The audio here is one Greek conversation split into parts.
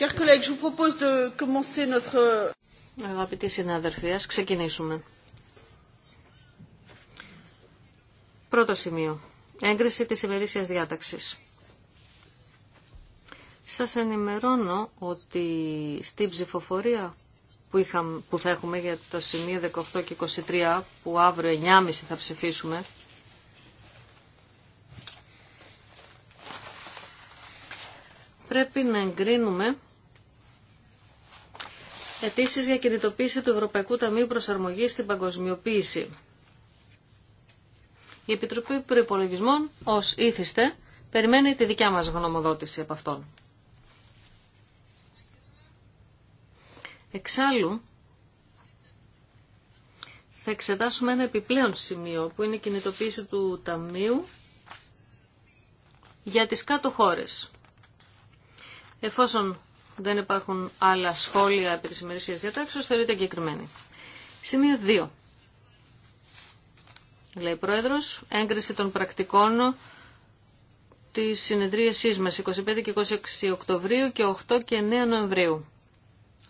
Chers collègues, je propose de commencer notre... Αγαπητοί συνάδελφοι, ας ξεκινήσουμε. Πρώτο σημείο. Έγκριση της ημερήσιας διάταξης. Σας ενημερώνω ότι στην ψηφοφορία που, που θα έχουμε για το σημείο 18 και 23, που αύριο 9.30 θα ψηφίσουμε, πρέπει να εγκρίνουμε Επίσης για κινητοποίηση του Ευρωπαϊκού Ταμείου Προσαρμογής στην Παγκοσμιοποίηση. Η Επιτροπή Προϋπολογισμών, ως ήθιστε, περιμένει τη δικιά μας γνωμοδότηση από αυτόν. Εξάλλου, θα εξετάσουμε ένα επιπλέον σημείο που είναι η κινητοποίηση του Ταμείου για τις κάτω χώρες. Εφόσον δεν υπάρχουν άλλα σχόλια επί της ημερησίας διατάξεως, θεωρείται εγκεκριμένη. Σημείο 2. Λέει Πρόεδρος, έγκριση των πρακτικών της συνεδρίασής μας 25 και 26 Οκτωβρίου και 8 και 9 Νοεμβρίου.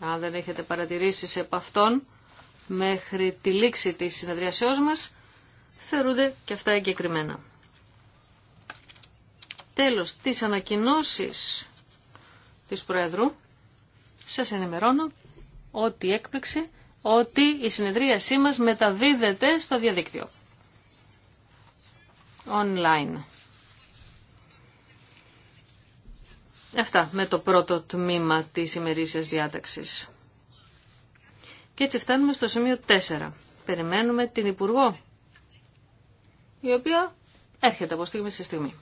Αν δεν έχετε παρατηρήσει επ' αυτών μέχρι τη λήξη της συνεδριασιός μας, θεωρούνται και αυτά εγκεκριμένα. Τέλος, τις ανακοινώσεις της Προεδρού, σας ενημερώνω ότι η έκπληξη, ότι η συνεδρίασή μας μεταδίδεται στο διαδίκτυο. Online. Αυτά με το πρώτο τμήμα της ημερήσιας διάταξης. Και έτσι φτάνουμε στο σημείο 4. Περιμένουμε την Υπουργό, η οποία έρχεται από στιγμή σε στιγμή.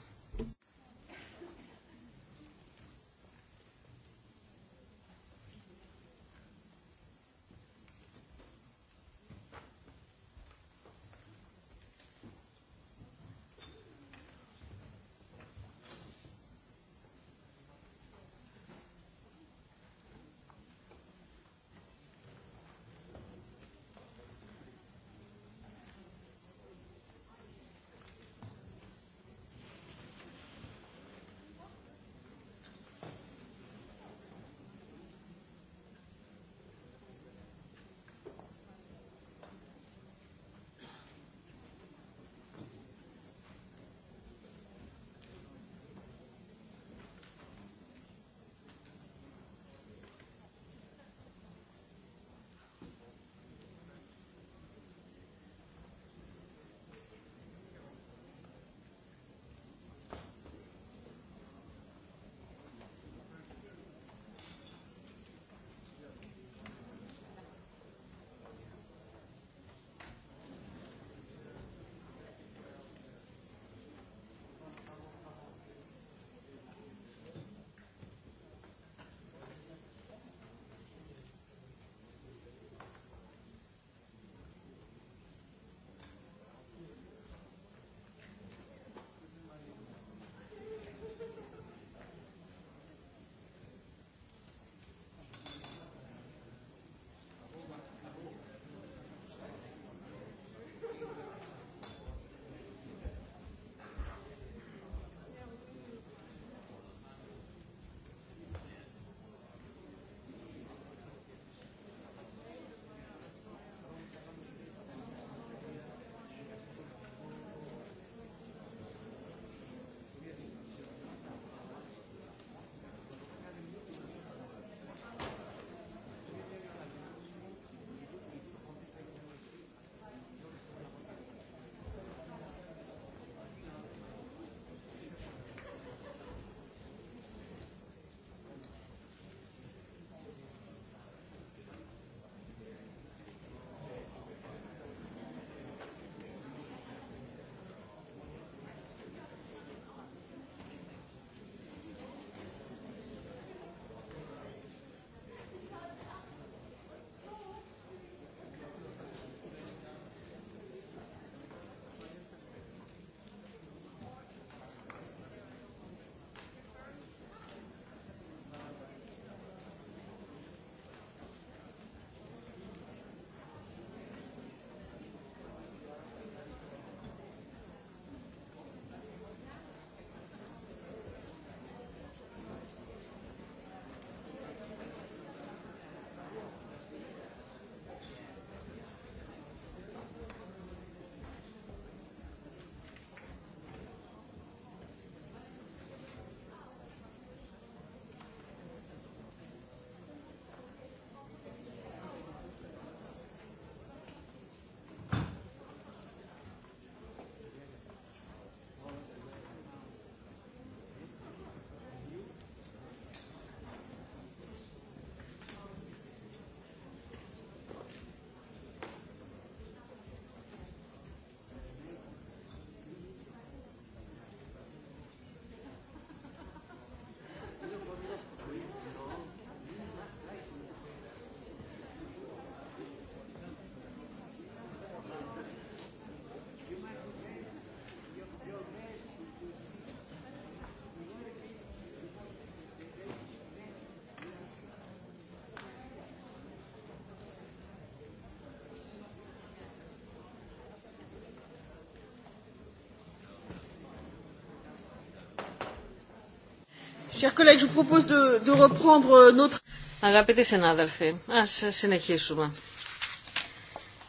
Αγαπητοί συνάδελφοι, ας συνεχίσουμε.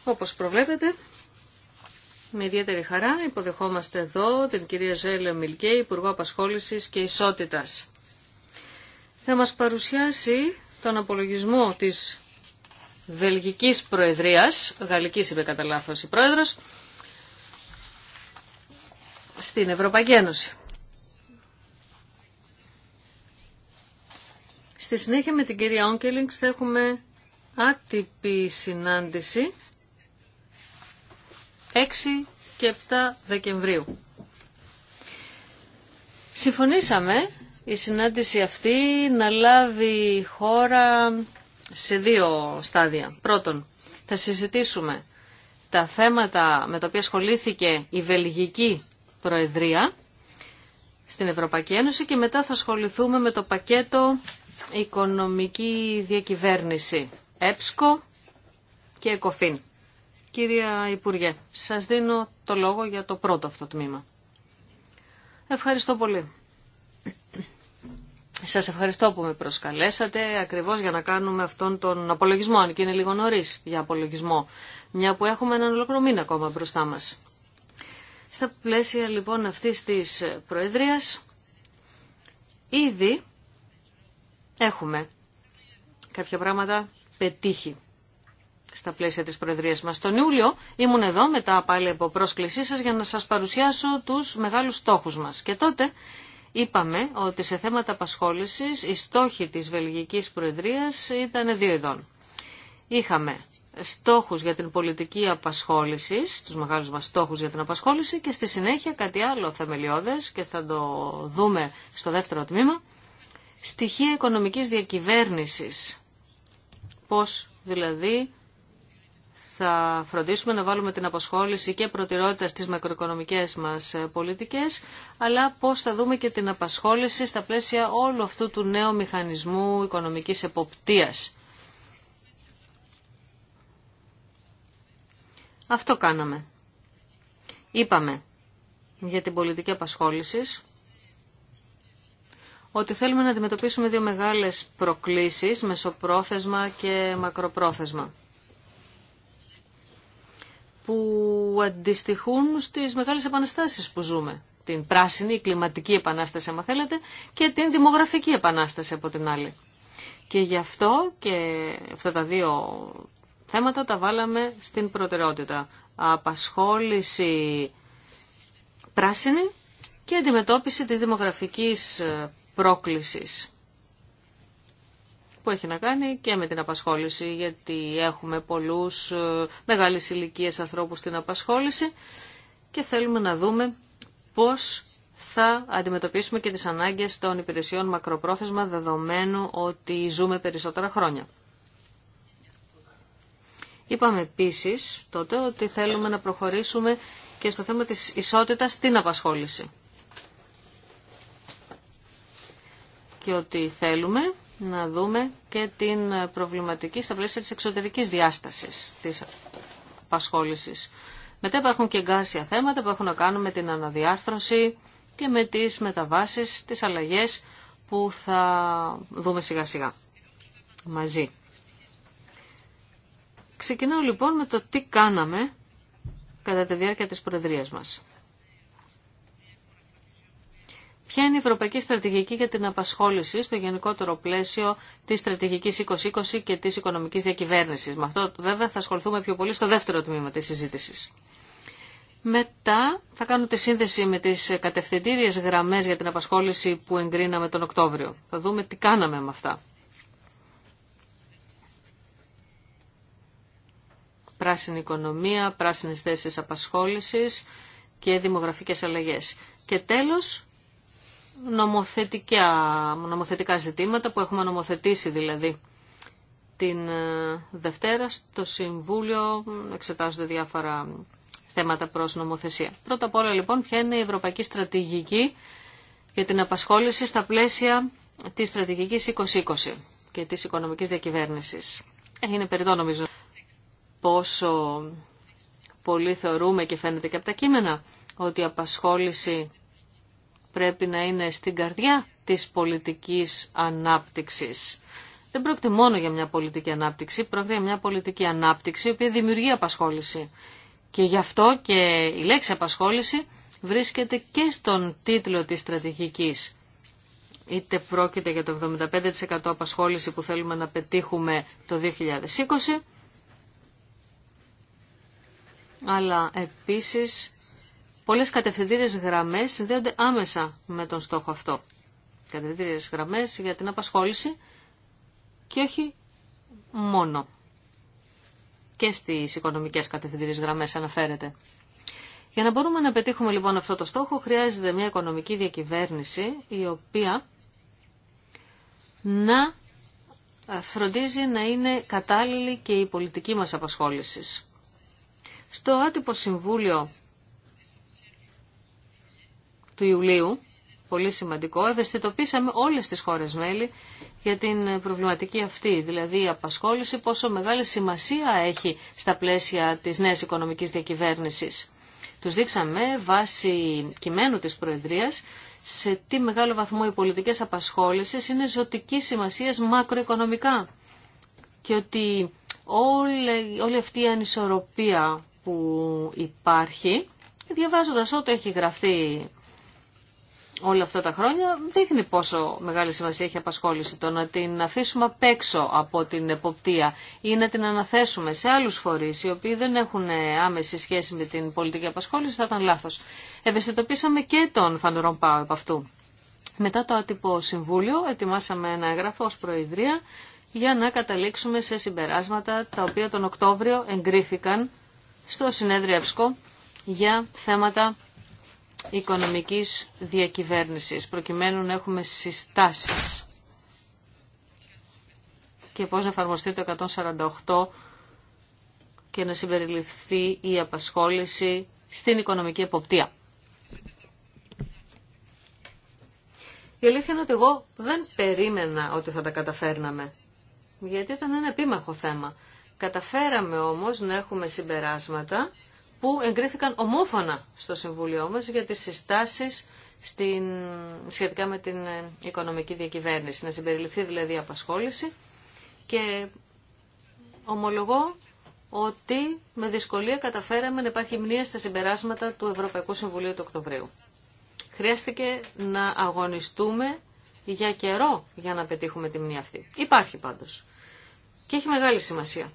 Όπως προβλέπετε, με ιδιαίτερη χαρά υποδεχόμαστε εδώ την κυρία Ζέλε Μιλκέ, Υπουργό Απασχόλησης και Ισότητας. Θα μας παρουσιάσει τον απολογισμό της Βελγικής Προεδρίας, Γαλλικής είπε κατά λάθος η Πρόεδρος, στην Ευρωπαϊκή Ένωση. Στη συνέχεια με την κυρία Όγκελινγκς θα έχουμε άτυπη συνάντηση 6 και 7 Δεκεμβρίου. Συμφωνήσαμε η συνάντηση αυτή να λάβει χώρα σε δύο στάδια. Πρώτον, θα συζητήσουμε τα θέματα με τα οποία ασχολήθηκε η Βελγική Προεδρία στην Ευρωπαϊκή Ένωση και μετά θα ασχοληθούμε με το πακέτο Οικονομική Διακυβέρνηση, ΕΠΣΚΟ και ΕΚΟΦΗΝ. Κυρία Υπουργέ, σας δίνω το λόγο για το πρώτο αυτό τμήμα. Ευχαριστώ πολύ. Σας ευχαριστώ που με προσκαλέσατε ακριβώς για να κάνουμε αυτόν τον απολογισμό, αν και είναι λίγο νωρί για απολογισμό, μια που έχουμε έναν ολόκληρο ακόμα μπροστά μας. Στα πλαίσια λοιπόν αυτής της Προεδρίας, ήδη έχουμε κάποια πράγματα πετύχει στα πλαίσια της Προεδρίας μας. Τον Ιούλιο ήμουν εδώ μετά πάλι από πρόσκλησή σας για να σας παρουσιάσω τους μεγάλους στόχους μας. Και τότε είπαμε ότι σε θέματα απασχόλησης οι στόχοι της Βελγικής Προεδρίας ήταν δύο ειδών. Είχαμε στόχους για την πολιτική απασχόληση, τους μεγάλους μας στόχους για την απασχόληση και στη συνέχεια κάτι άλλο θεμελιώδες και θα το δούμε στο δεύτερο τμήμα, στοιχεία οικονομικής διακυβέρνησης. Πώς δηλαδή θα φροντίσουμε να βάλουμε την απασχόληση και προτεραιότητα στις μακροοικονομικές μας ε, πολιτικές, αλλά πώς θα δούμε και την απασχόληση στα πλαίσια όλου αυτού του νέου μηχανισμού οικονομικής εποπτείας. Αυτό κάναμε. Είπαμε για την πολιτική απασχόλησης ότι θέλουμε να αντιμετωπίσουμε δύο μεγάλες προκλήσεις, μεσοπρόθεσμα και μακροπρόθεσμα, που αντιστοιχούν στις μεγάλες επαναστάσεις που ζούμε. Την πράσινη, η κλιματική επανάσταση, αν θέλετε, και την δημογραφική επανάσταση από την άλλη. Και γι' αυτό και αυτά τα δύο θέματα τα βάλαμε στην προτεραιότητα. Απασχόληση πράσινη και αντιμετώπιση της δημογραφικής πρόκλησης που έχει να κάνει και με την απασχόληση, γιατί έχουμε πολλούς ε, μεγάλες ηλικίες ανθρώπους στην απασχόληση και θέλουμε να δούμε πώς θα αντιμετωπίσουμε και τις ανάγκες των υπηρεσιών μακροπρόθεσμα, δεδομένου ότι ζούμε περισσότερα χρόνια. Είπαμε επίσης τότε ότι θέλουμε να προχωρήσουμε και στο θέμα της ισότητας στην απασχόληση. και ότι θέλουμε να δούμε και την προβληματική στα πλαίσια της εξωτερικής διάστασης της απασχόλησης. Μετά υπάρχουν και εγκάσια θέματα που έχουν να κάνουν με την αναδιάρθρωση και με τις μεταβάσεις, τις αλλαγές που θα δούμε σιγά σιγά μαζί. Ξεκινάω λοιπόν με το τι κάναμε κατά τη διάρκεια της Προεδρίας μας. Ποια είναι η ευρωπαϊκή στρατηγική για την απασχόληση στο γενικότερο πλαίσιο της στρατηγικής 2020 και της οικονομικής διακυβέρνησης. Με αυτό βέβαια θα ασχοληθούμε πιο πολύ στο δεύτερο τμήμα της συζήτησης. Μετά θα κάνω τη σύνδεση με τις κατευθυντήριες γραμμές για την απασχόληση που εγκρίναμε τον Οκτώβριο. Θα δούμε τι κάναμε με αυτά. Πράσινη οικονομία, πράσινες θέσεις απασχόλησης και δημογραφικές αλλαγές. Και τέλος, νομοθετικά, νομοθετικά ζητήματα που έχουμε νομοθετήσει δηλαδή. Την ε, Δευτέρα στο Συμβούλιο εξετάζονται διάφορα θέματα προς νομοθεσία. Πρώτα απ' όλα λοιπόν ποια είναι η Ευρωπαϊκή Στρατηγική για την απασχόληση στα πλαίσια της στρατηγικής 2020 και της οικονομικής διακυβέρνησης. Είναι περιττό νομίζω πόσο πολύ θεωρούμε και φαίνεται και από τα κείμενα ότι η απασχόληση πρέπει να είναι στην καρδιά της πολιτικής ανάπτυξης. Δεν πρόκειται μόνο για μια πολιτική ανάπτυξη, πρόκειται για μια πολιτική ανάπτυξη η οποία δημιουργεί απασχόληση. Και γι' αυτό και η λέξη απασχόληση βρίσκεται και στον τίτλο της στρατηγικής. Είτε πρόκειται για το 75% απασχόληση που θέλουμε να πετύχουμε το 2020, αλλά επίσης Πολλές κατευθυντήριες γραμμές συνδέονται άμεσα με τον στόχο αυτό. Κατευθυντήριες γραμμές για την απασχόληση και όχι μόνο. Και στις οικονομικές κατευθυντήριες γραμμές αναφέρεται. Για να μπορούμε να πετύχουμε λοιπόν αυτό το στόχο χρειάζεται μια οικονομική διακυβέρνηση η οποία να φροντίζει να είναι κατάλληλη και η πολιτική μας απασχόλησης. Στο άτυπο συμβούλιο του Ιουλίου, πολύ σημαντικό, ευαισθητοποίησαμε όλες τις χώρες μέλη για την προβληματική αυτή, δηλαδή η απασχόληση, πόσο μεγάλη σημασία έχει στα πλαίσια της νέας οικονομικής διακυβέρνησης. Τους δείξαμε βάσει κειμένου της Προεδρίας σε τι μεγάλο βαθμό οι πολιτικές απασχόλησης είναι ζωτική σημασίας μακροοικονομικά και ότι όλη, όλη αυτή η ανισορροπία που υπάρχει, διαβάζοντας ό,τι έχει γραφτεί όλα αυτά τα χρόνια δείχνει πόσο μεγάλη σημασία έχει απασχόληση το να την αφήσουμε απ' έξω από την εποπτεία ή να την αναθέσουμε σε άλλους φορείς οι οποίοι δεν έχουν άμεση σχέση με την πολιτική απασχόληση θα ήταν λάθος. Ευαισθητοποίησαμε και τον Φαντορόν Πάο από αυτού. Μετά το άτυπο συμβούλιο ετοιμάσαμε ένα έγγραφο ως Προεδρία για να καταλήξουμε σε συμπεράσματα τα οποία τον Οκτώβριο εγκρίθηκαν στο συνέδριο Ευσκο για θέματα οικονομικής διακυβέρνησης, προκειμένου να έχουμε συστάσεις και πώς να εφαρμοστεί το 148 και να συμπεριληφθεί η απασχόληση στην οικονομική εποπτεία. Η αλήθεια είναι ότι εγώ δεν περίμενα ότι θα τα καταφέρναμε, γιατί ήταν ένα επίμαχο θέμα. Καταφέραμε όμως να έχουμε συμπεράσματα που εγκρίθηκαν ομόφωνα στο Συμβούλιο μας για τις συστάσεις στην... σχετικά με την ε, οικονομική διακυβέρνηση. Να συμπεριληφθεί δηλαδή η απασχόληση και ομολογώ ότι με δυσκολία καταφέραμε να υπάρχει μνήμα στα συμπεράσματα του Ευρωπαϊκού Συμβουλίου του Οκτωβρίου. Χρειάστηκε να αγωνιστούμε για καιρό για να πετύχουμε τη μνήμα αυτή. Υπάρχει πάντως. Και έχει μεγάλη σημασία.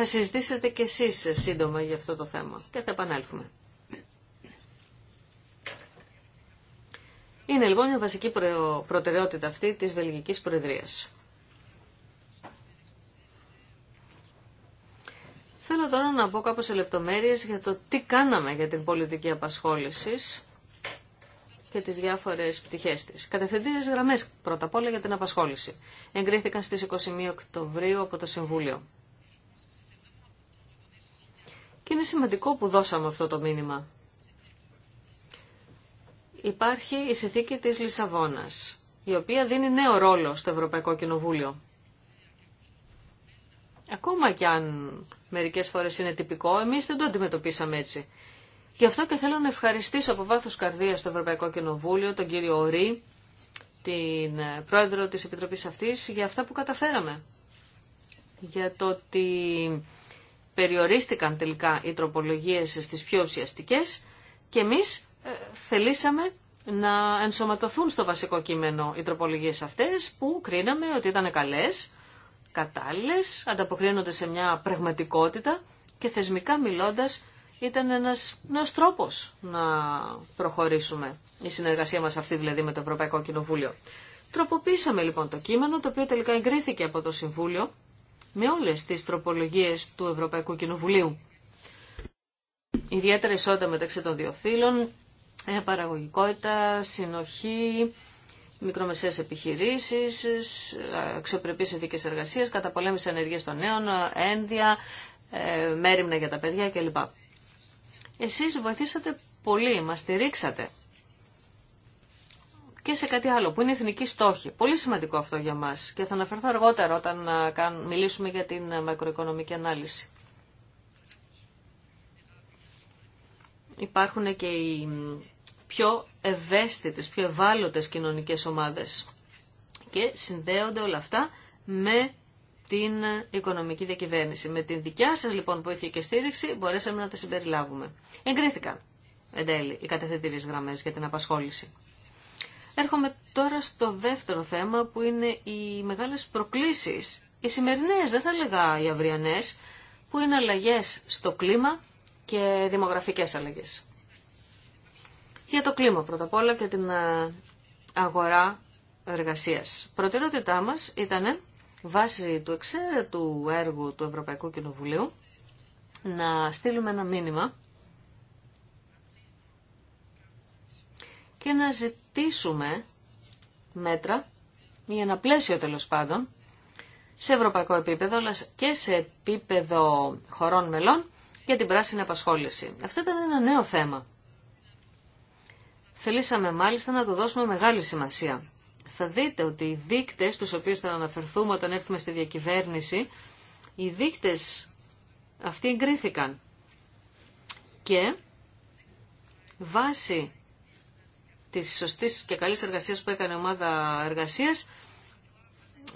Θα συζητήσετε κι εσείς σύντομα για αυτό το θέμα και θα επανέλθουμε. Είναι λοιπόν η βασική προτεραιότητα αυτή της Βελγικής Προεδρίας. Θέλω τώρα να πω κάπως σε λεπτομέρειες για το τι κάναμε για την πολιτική απασχόληση και τις διάφορες πτυχές της. Κατευθυντήρες γραμμές πρώτα απ' όλα για την απασχόληση. Εγκρίθηκαν στις 21 Οκτωβρίου από το Συμβούλιο. Και είναι σημαντικό που δώσαμε αυτό το μήνυμα. Υπάρχει η συνθήκη της Λισαβόνας, η οποία δίνει νέο ρόλο στο Ευρωπαϊκό Κοινοβούλιο. Ακόμα κι αν μερικές φορές είναι τυπικό, εμείς δεν το αντιμετωπίσαμε έτσι. Γι' αυτό και θέλω να ευχαριστήσω από βάθος καρδίας το Ευρωπαϊκό Κοινοβούλιο, τον κύριο Ορή, την ε, πρόεδρο της Επιτροπής αυτής, για αυτά που καταφέραμε. Για το ότι περιορίστηκαν τελικά οι τροπολογίες στις πιο ουσιαστικές και εμείς ε, θελήσαμε να ενσωματωθούν στο βασικό κείμενο οι τροπολογίες αυτές που κρίναμε ότι ήταν καλές, κατάλληλες, ανταποκρίνονται σε μια πραγματικότητα και θεσμικά μιλώντας ήταν ένας νέος τρόπος να προχωρήσουμε η συνεργασία μας αυτή δηλαδή με το Ευρωπαϊκό Κοινοβούλιο. Τροποποίησαμε λοιπόν το κείμενο το οποίο τελικά εγκρίθηκε από το Συμβούλιο με όλες τις τροπολογίες του Ευρωπαϊκού Κοινοβουλίου. Ιδιαίτερα ισότητα μεταξύ των δύο φύλων, ε, παραγωγικότητα, συνοχή, μικρομεσαίες επιχειρήσεις, ε, αξιοπρεπείς ειδικές εργασίες, καταπολέμηση ενέργειας των νέων, ε, ένδια, μέρημνα για τα παιδιά κλπ. Εσείς βοηθήσατε πολύ, μας στηρίξατε και σε κάτι άλλο που είναι εθνική στόχη. Πολύ σημαντικό αυτό για μας και θα αναφερθώ αργότερα όταν μιλήσουμε για την μακροοικονομική ανάλυση. Υπάρχουν και οι πιο ευαίσθητες, πιο ευάλωτες κοινωνικές ομάδες και συνδέονται όλα αυτά με την οικονομική διακυβέρνηση. Με την δικιά σας λοιπόν βοήθεια και στήριξη μπορέσαμε να τα συμπεριλάβουμε. Εγκρίθηκαν εν τέλει οι κατευθυντήριες γραμμές για την απασχόληση. Έρχομαι τώρα στο δεύτερο θέμα που είναι οι μεγάλες προκλήσεις. Οι σημερινές, δεν θα έλεγα οι αυριανές, που είναι αλλαγές στο κλίμα και δημογραφικές αλλαγές. Για το κλίμα πρώτα απ' όλα και την αγορά εργασίας. Προτεραιότητά μας ήταν βάσει του εξαίρετου έργου του Ευρωπαϊκού Κοινοβουλίου να στείλουμε ένα μήνυμα και να ζητήσουμε χτίσουμε μέτρα ή ένα πλαίσιο τέλος πάντων σε ευρωπαϊκό επίπεδο αλλά και σε επίπεδο χωρών μελών για την πράσινη απασχόληση. Αυτό ήταν ένα νέο θέμα. Θελήσαμε μάλιστα να το δώσουμε μεγάλη σημασία. Θα δείτε ότι οι δείκτες, τους οποίους θα αναφερθούμε όταν έρθουμε στη διακυβέρνηση, οι δείκτες αυτοί εγκρίθηκαν. Και βάσει Τη σωστή και καλή εργασία που έκανε η ομάδα εργασία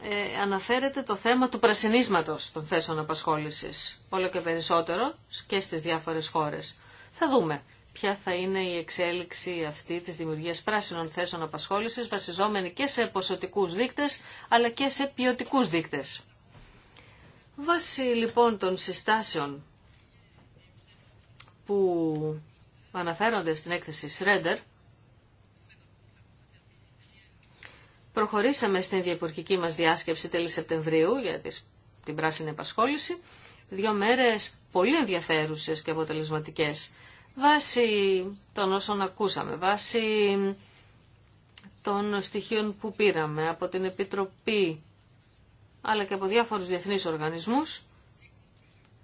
ε, αναφέρεται το θέμα του πρασινίσματος των θέσεων απασχόλησης όλο και περισσότερο και στις διάφορες χώρες. Θα δούμε ποια θα είναι η εξέλιξη αυτή της δημιουργίας πράσινων θέσεων απασχόλησης βασιζόμενη και σε ποσοτικούς δείκτες αλλά και σε ποιοτικούς δείκτες. Βάσει λοιπόν των συστάσεων που αναφέρονται στην έκθεση Σρέντερ, Προχωρήσαμε στην διαπορκική μας διάσκεψη τέλη Σεπτεμβρίου για την πράσινη επασχόληση. Δύο μέρες πολύ ενδιαφέρουσες και αποτελεσματικές. Βάσει των όσων ακούσαμε, βάσει των στοιχείων που πήραμε από την Επιτροπή αλλά και από διάφορους διεθνείς οργανισμούς,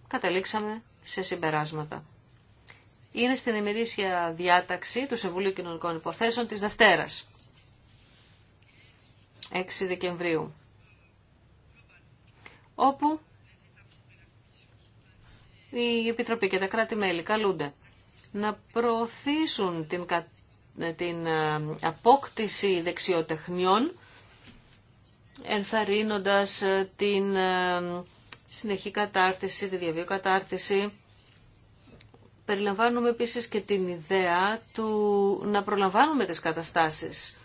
καταλήξαμε σε συμπεράσματα. Είναι στην ημερήσια διάταξη του Συμβουλίου Κοινωνικών Υποθέσεων της Δευτέρας. 6 Δεκεμβρίου, όπου η Επιτροπή και τα κράτη-μέλη καλούνται να προωθήσουν την, ε, απόκτηση δεξιοτεχνιών, ενθαρρύνοντας ε, την ε, συνεχή κατάρτιση, τη διαβίω κατάρτιση. Περιλαμβάνουμε επίσης και την ιδέα του να προλαμβάνουμε τις καταστάσεις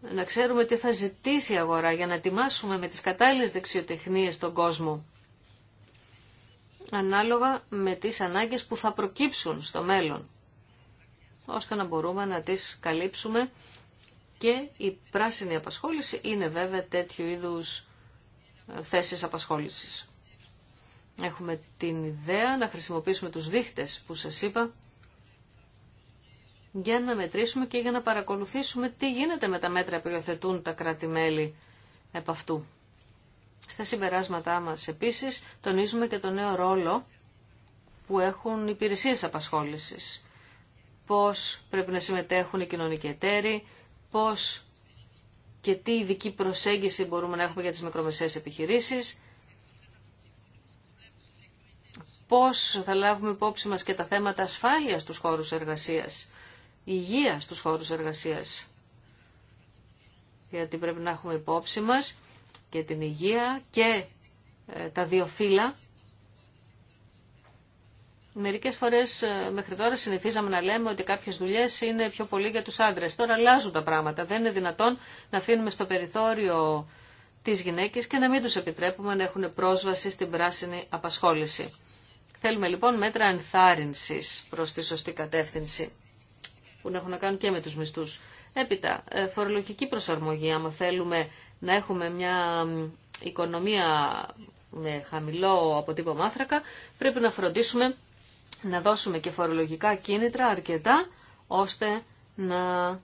να ξέρουμε τι θα ζητήσει η αγορά για να ετοιμάσουμε με τις κατάλληλες δεξιοτεχνίες τον κόσμο ανάλογα με τις ανάγκες που θα προκύψουν στο μέλλον ώστε να μπορούμε να τις καλύψουμε και η πράσινη απασχόληση είναι βέβαια τέτοιου είδους ε, θέσεις απασχόλησης. Έχουμε την ιδέα να χρησιμοποιήσουμε τους δείχτες που σας είπα για να μετρήσουμε και για να παρακολουθήσουμε τι γίνεται με τα μέτρα που υιοθετούν τα κράτη-μέλη επ' αυτού. Στα συμπεράσματά μας επίσης τονίζουμε και το νέο ρόλο που έχουν οι υπηρεσίες απασχόλησης. Πώς πρέπει να συμμετέχουν οι κοινωνικοί εταίροι, πώς και τι ειδική προσέγγιση μπορούμε να έχουμε για τις μικρομεσαίες επιχειρήσεις, πώς θα λάβουμε υπόψη μας και τα θέματα ασφάλειας στους χώρους εργασίας υγεία στους χώρους εργασίας. Γιατί πρέπει να έχουμε υπόψη μας και την υγεία και ε, τα δύο φύλλα. Μερικές φορές ε, μέχρι τώρα συνηθίζαμε να λέμε ότι κάποιες δουλειές είναι πιο πολύ για τους άντρες. Τώρα αλλάζουν τα πράγματα. Δεν είναι δυνατόν να αφήνουμε στο περιθώριο τις γυναίκες και να μην τους επιτρέπουμε να έχουν πρόσβαση στην πράσινη απασχόληση. Θέλουμε λοιπόν μέτρα ενθάρρυνσης προς τη σωστή κατεύθυνση που να έχουν να κάνουν και με τους μισθούς. Έπειτα, ε, φορολογική προσαρμογή, άμα θέλουμε να έχουμε μια οικονομία με χαμηλό αποτύπωμα άνθρακα, πρέπει να φροντίσουμε να δώσουμε και φορολογικά κίνητρα αρκετά, ώστε να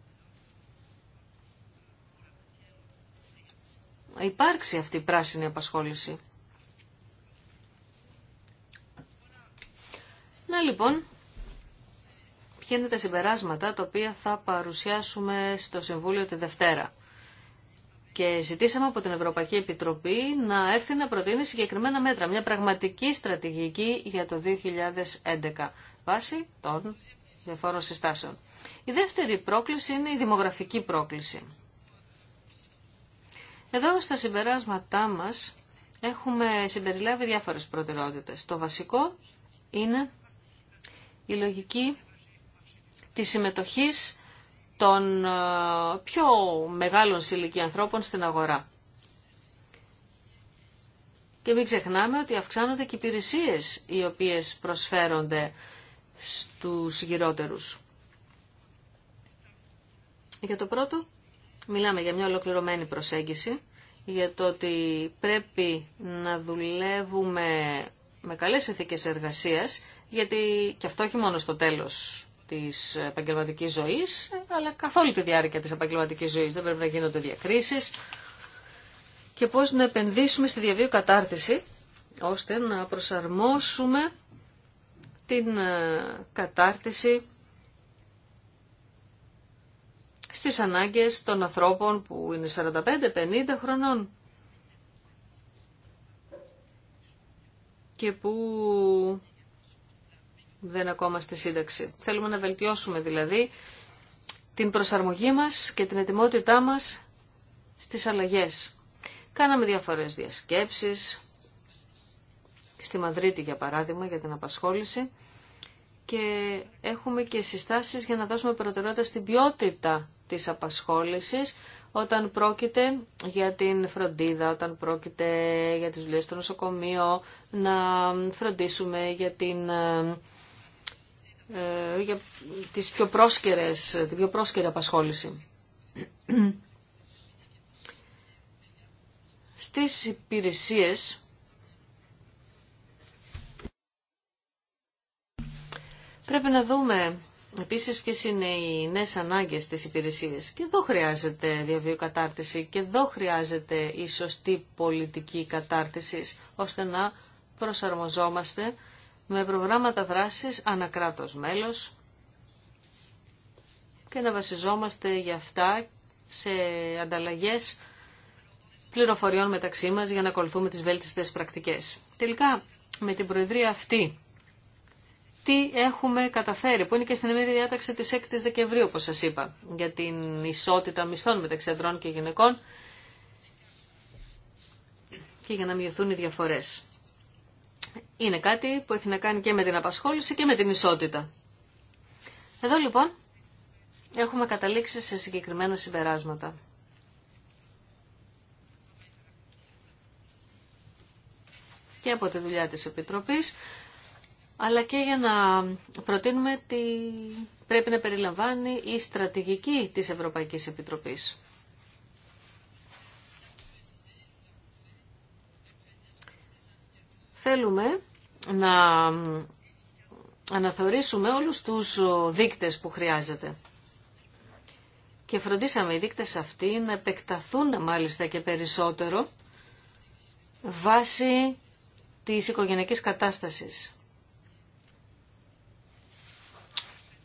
υπάρξει αυτή η πράσινη απασχόληση. Να λοιπόν, ποια είναι τα συμπεράσματα τα οποία θα παρουσιάσουμε στο Συμβούλιο τη Δευτέρα. Και ζητήσαμε από την Ευρωπαϊκή Επιτροπή να έρθει να προτείνει συγκεκριμένα μέτρα, μια πραγματική στρατηγική για το 2011, βάσει των διαφόρων συστάσεων. Η δεύτερη πρόκληση είναι η δημογραφική πρόκληση. Εδώ στα συμπεράσματά μας έχουμε συμπεριλάβει διάφορες προτεραιότητες. Το βασικό είναι η λογική Τη συμμετοχής των ε, πιο μεγάλων συλλογικών ανθρώπων στην αγορά. Και μην ξεχνάμε ότι αυξάνονται και οι υπηρεσίες οι οποίες προσφέρονται στους γυρότερους. Για το πρώτο, μιλάμε για μια ολοκληρωμένη προσέγγιση, για το ότι πρέπει να δουλεύουμε με καλές ηθικές εργασίας, γιατί και αυτό έχει μόνο στο τέλος της επαγγελματικής ζωής, αλλά καθ' όλη τη διάρκεια της επαγγελματικής ζωής. Δεν πρέπει να γίνονται διακρίσεις. Και πώς να επενδύσουμε στη διαβίου κατάρτιση, ώστε να προσαρμόσουμε την ε, κατάρτιση στις ανάγκες των ανθρώπων που είναι 45-50 χρονών και που δεν ακόμα στη σύνταξη. Θέλουμε να βελτιώσουμε δηλαδή την προσαρμογή μας και την ετοιμότητά μας στις αλλαγές. Κάναμε διάφορες διασκέψεις, στη Μαδρίτη για παράδειγμα για την απασχόληση και έχουμε και συστάσεις για να δώσουμε προτεραιότητα στην ποιότητα της απασχόλησης όταν πρόκειται για την φροντίδα, όταν πρόκειται για τις δουλειές στο νοσοκομείο, να φροντίσουμε για την ε, ε, για τις πιο πρόσκαιρες, την πιο πρόσκαιρη απασχόληση. Στις υπηρεσίες πρέπει να δούμε Επίσης, ποιες είναι οι νέες ανάγκες της υπηρεσίας. Και εδώ χρειάζεται διαβίου κατάρτιση και εδώ χρειάζεται η σωστή πολιτική κατάρτιση, ώστε να προσαρμοζόμαστε με προγράμματα δράσης ανακράτος μέλος και να βασιζόμαστε για αυτά σε ανταλλαγές πληροφοριών μεταξύ μας για να ακολουθούμε τις βέλτιστες πρακτικές. Τελικά, με την Προεδρία αυτή, τι έχουμε καταφέρει, που είναι και στην ημέρη διάταξη της 6ης Δεκεμβρίου, όπως σας είπα, για την ισότητα μισθών μεταξύ αντρών και γυναικών και για να μειωθούν οι διαφορές είναι κάτι που έχει να κάνει και με την απασχόληση και με την ισότητα. Εδώ λοιπόν έχουμε καταλήξει σε συγκεκριμένα συμπεράσματα. και από τη δουλειά της Επιτροπής, αλλά και για να προτείνουμε ότι πρέπει να περιλαμβάνει η στρατηγική της Ευρωπαϊκής Επιτροπής. Θέλουμε να αναθεωρήσουμε όλους τους δείκτες που χρειάζεται. Και φροντίσαμε οι δείκτες αυτοί να επεκταθούν μάλιστα και περισσότερο βάσει της οικογενειακής κατάστασης.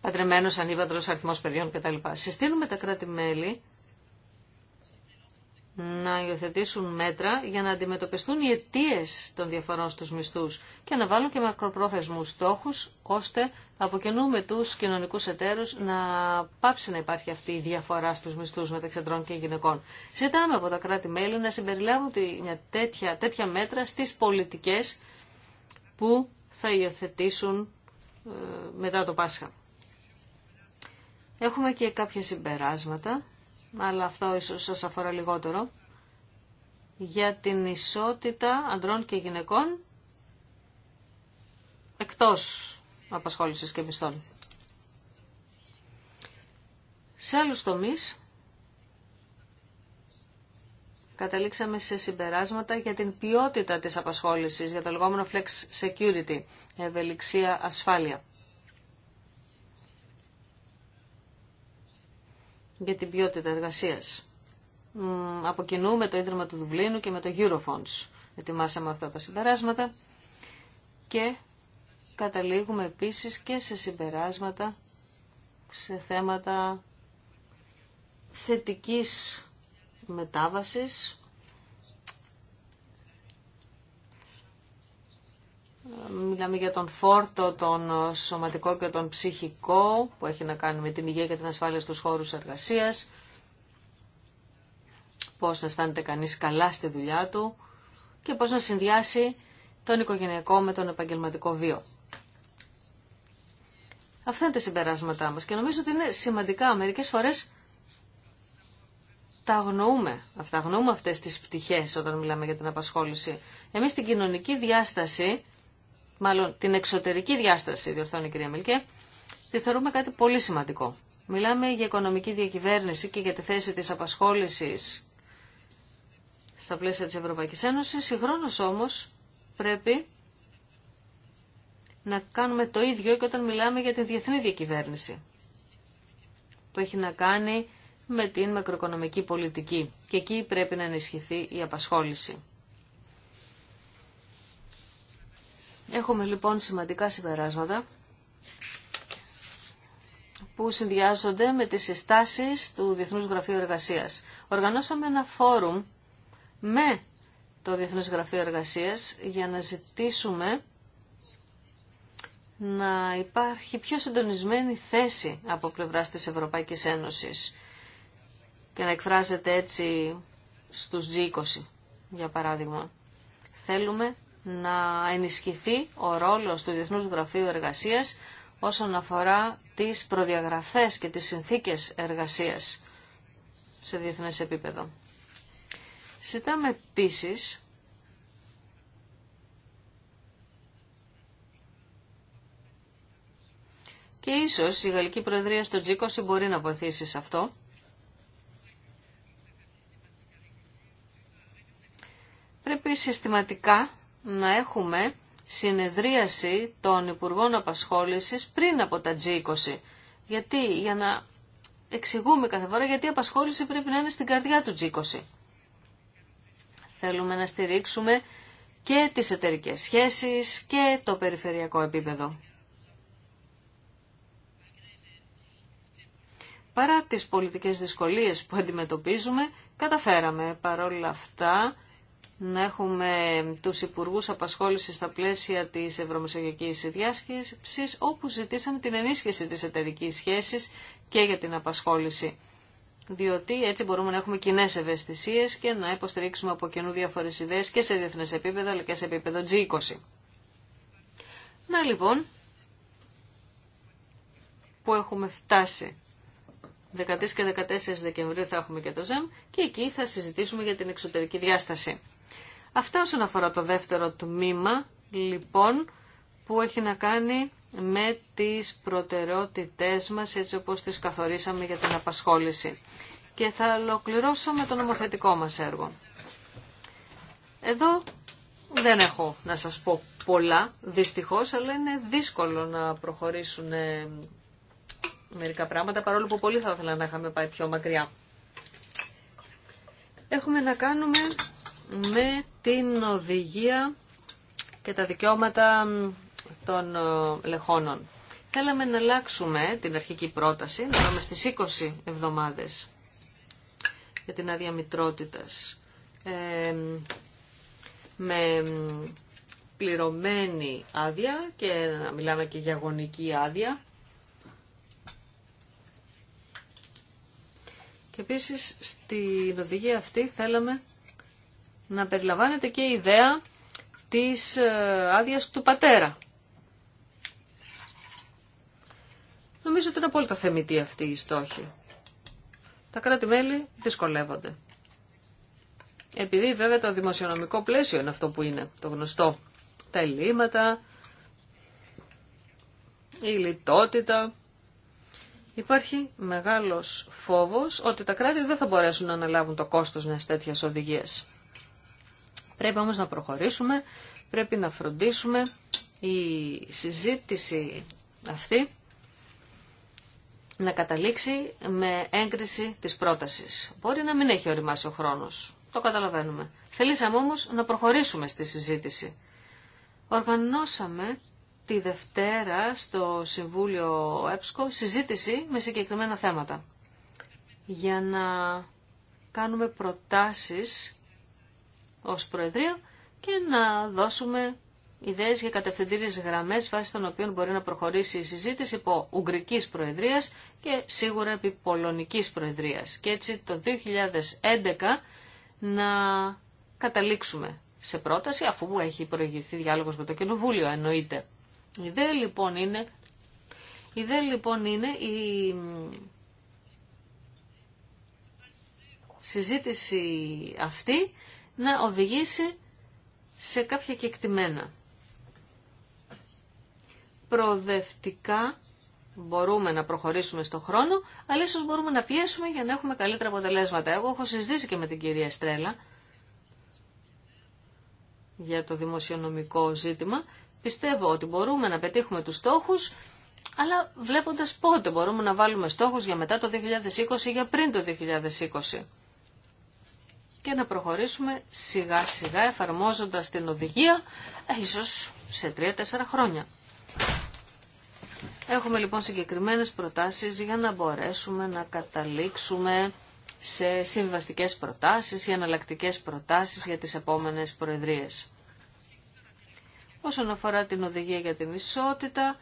Πατρεμένος, ανήπαντρος, αριθμός παιδιών κτλ. Συστήνουμε τα κράτη-μέλη να υιοθετήσουν μέτρα για να αντιμετωπιστούν οι αιτίε των διαφορών στους μισθούς και να βάλουν και μακροπρόθεσμους στόχους, ώστε από κοινού με τους κοινωνικούς εταίρους να πάψει να υπάρχει αυτή η διαφορά στους μισθούς μεταξύ αντρών και γυναικών. Ζητάμε από τα κράτη-μέλη να συμπεριλάβουν μια τέτοια, τέτοια μέτρα στις πολιτικές που θα υιοθετήσουν ε, μετά το Πάσχα. Έχουμε και κάποια συμπεράσματα αλλά αυτό ίσως σας αφορά λιγότερο, για την ισότητα ανδρών και γυναικών εκτός απασχόλησης και μισθών. Σε άλλους τομείς καταλήξαμε σε συμπεράσματα για την ποιότητα της απασχόλησης, για το λεγόμενο flex security, ευελιξία ασφάλεια. για την ποιότητα εργασία. Από κοινού με το Ίδρυμα του Δουβλίνου και με το Eurofonds ετοιμάσαμε αυτά τα συμπεράσματα και καταλήγουμε επίσης και σε συμπεράσματα σε θέματα θετικής μετάβασης Μιλάμε για τον φόρτο, τον σωματικό και τον ψυχικό που έχει να κάνει με την υγεία και την ασφάλεια στους χώρους εργασίας. Πώς να αισθάνεται κανείς καλά στη δουλειά του και πώς να συνδυάσει τον οικογενειακό με τον επαγγελματικό βίο. Αυτά είναι τα συμπεράσματά μας και νομίζω ότι είναι σημαντικά. Μερικές φορές τα αγνοούμε. Αυτά αγνοούμε αυτές τις πτυχές όταν μιλάμε για την απασχόληση. Εμείς στην κοινωνική διάσταση μάλλον την εξωτερική διάσταση, διορθώνει η κυρία Μιλκέ, τη θεωρούμε κάτι πολύ σημαντικό. Μιλάμε για οικονομική διακυβέρνηση και για τη θέση της απασχόλησης στα πλαίσια της Ευρωπαϊκής Ένωσης. Συγχρόνως όμως πρέπει να κάνουμε το ίδιο και όταν μιλάμε για τη διεθνή διακυβέρνηση που έχει να κάνει με την μακροοικονομική πολιτική και εκεί πρέπει να ενισχυθεί η απασχόληση. Έχουμε λοιπόν σημαντικά συμπεράσματα που συνδυάζονται με τις συστάσεις του Διεθνούς Γραφείου Εργασίας. Οργανώσαμε ένα φόρουμ με το Διεθνές Γραφείο Εργασίας για να ζητήσουμε να υπάρχει πιο συντονισμένη θέση από πλευράς της Ευρωπαϊκής Ένωσης και να εκφράζεται έτσι στους G20, για παράδειγμα. Θέλουμε να ενισχυθεί ο ρόλος του Διεθνούς Γραφείου Εργασίας όσον αφορά τις προδιαγραφές και τις συνθήκες εργασίας σε διεθνές επίπεδο. Συντάμε επίσης και ίσως η Γαλλική Προεδρία στο Τζίκοση μπορεί να βοηθήσει σε αυτό. Πρέπει συστηματικά να έχουμε συνεδρίαση των Υπουργών Απασχόλησης πριν από τα G20. Γιατί, για να εξηγούμε κάθε φορά γιατί η απασχόληση πρέπει να είναι στην καρδιά του G20. Θέλουμε να στηρίξουμε και τις εταιρικέ σχέσεις και το περιφερειακό επίπεδο. Παρά τις πολιτικές δυσκολίες που αντιμετωπίζουμε, καταφέραμε παρόλα αυτά να έχουμε τους υπουργούς απασχόλησης στα πλαίσια της Ευρωμεσογειακής Διάσκεψης, όπου ζητήσαμε την ενίσχυση της εταιρική σχέσης και για την απασχόληση. Διότι έτσι μπορούμε να έχουμε κοινέ ευαισθησίε και να υποστηρίξουμε από κοινού διάφορε ιδέε και σε διεθνέ επίπεδο αλλά και σε επίπεδο G20. Να λοιπόν, που έχουμε φτάσει. 13 και 14 Δεκεμβρίου θα έχουμε και το ΖΕΜ και εκεί θα συζητήσουμε για την εξωτερική διάσταση. Αυτά όσον αφορά το δεύτερο τμήμα, λοιπόν, που έχει να κάνει με τις προτεραιότητές μας έτσι όπως τις καθορίσαμε για την απασχόληση. Και θα ολοκληρώσω με το νομοθετικό μας έργο. Εδώ δεν έχω να σας πω πολλά, δυστυχώς, αλλά είναι δύσκολο να προχωρήσουν ε, μερικά πράγματα, παρόλο που πολύ θα ήθελα να είχαμε πάει πιο μακριά. Έχουμε να κάνουμε με την οδηγία και τα δικαιώματα των ε, λεχόνων. Θέλαμε να αλλάξουμε την αρχική πρόταση, να πάμε στις 20 εβδομάδες για την άδεια μητρότητας, ε, με πληρωμένη άδεια και να μιλάμε και για γονική άδεια. Και επίσης στην οδηγία αυτή θέλαμε να περιλαμβάνεται και η ιδέα της ε, άδειας του πατέρα. Νομίζω ότι είναι απόλυτα θεμητή αυτή η στόχη. Τα κράτη-μέλη δυσκολεύονται. Επειδή βέβαια το δημοσιονομικό πλαίσιο είναι αυτό που είναι, το γνωστό. Τα ελλείμματα, η λιτότητα. Υπάρχει μεγάλος φόβος ότι τα κράτη δεν θα μπορέσουν να αναλάβουν το κόστος μιας τέτοιας οδηγίας. Πρέπει όμως να προχωρήσουμε, πρέπει να φροντίσουμε η συζήτηση αυτή να καταλήξει με έγκριση της πρότασης. Μπορεί να μην έχει οριμάσει ο χρόνος, το καταλαβαίνουμε. Θελήσαμε όμως να προχωρήσουμε στη συζήτηση. Οργανώσαμε τη Δευτέρα στο Συμβούλιο ΕΠΣΚΟ συζήτηση με συγκεκριμένα θέματα για να κάνουμε προτάσεις ως Προεδρείο και να δώσουμε ιδέες για κατευθυντήριες γραμμές βάσει των οποίων μπορεί να προχωρήσει η συζήτηση υπό Ουγγρικής Προεδρίας και σίγουρα επί Πολωνικής Προεδρίας. Και έτσι το 2011 να καταλήξουμε σε πρόταση αφού έχει προηγηθεί διάλογος με το Κοινοβούλιο εννοείται. Η ιδέα λοιπόν είναι, η ιδέα, λοιπόν, είναι η συζήτηση αυτή να οδηγήσει σε κάποια κεκτημένα. Προοδευτικά μπορούμε να προχωρήσουμε στον χρόνο, αλλά ίσως μπορούμε να πιέσουμε για να έχουμε καλύτερα αποτελέσματα. Εγώ έχω συζητήσει και με την κυρία Στρέλα για το δημοσιονομικό ζήτημα. Πιστεύω ότι μπορούμε να πετύχουμε τους στόχους, αλλά βλέποντας πότε μπορούμε να βάλουμε στόχους για μετά το 2020 ή για πριν το 2020 και να προχωρήσουμε σιγά σιγά εφαρμόζοντας την οδηγία ε, ίσως σε τρία-τέσσερα χρόνια. Έχουμε λοιπόν συγκεκριμένες προτάσεις για να μπορέσουμε να καταλήξουμε σε συμβαστικές προτάσεις ή αναλλακτικές προτάσεις για τις επόμενες προεδρίες. Όσον αφορά την οδηγία για την ισότητα,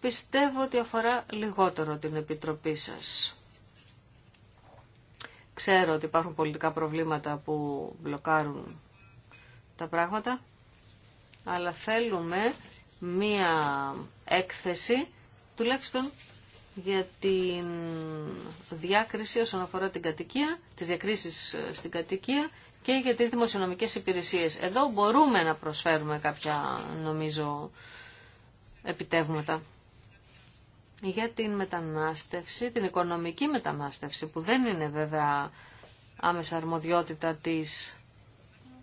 πιστεύω ότι αφορά λιγότερο την Επιτροπή σας. Ξέρω ότι υπάρχουν πολιτικά προβλήματα που μπλοκάρουν τα πράγματα, αλλά θέλουμε μία έκθεση τουλάχιστον για την διάκριση όσον αφορά την κατοικία, τις διακρίσεις ε, στην κατοικία και για τις δημοσιονομικές υπηρεσίες. Εδώ μπορούμε να προσφέρουμε κάποια, νομίζω, επιτεύγματα για την μετανάστευση, την οικονομική μετανάστευση, που δεν είναι βέβαια άμεσα αρμοδιότητα της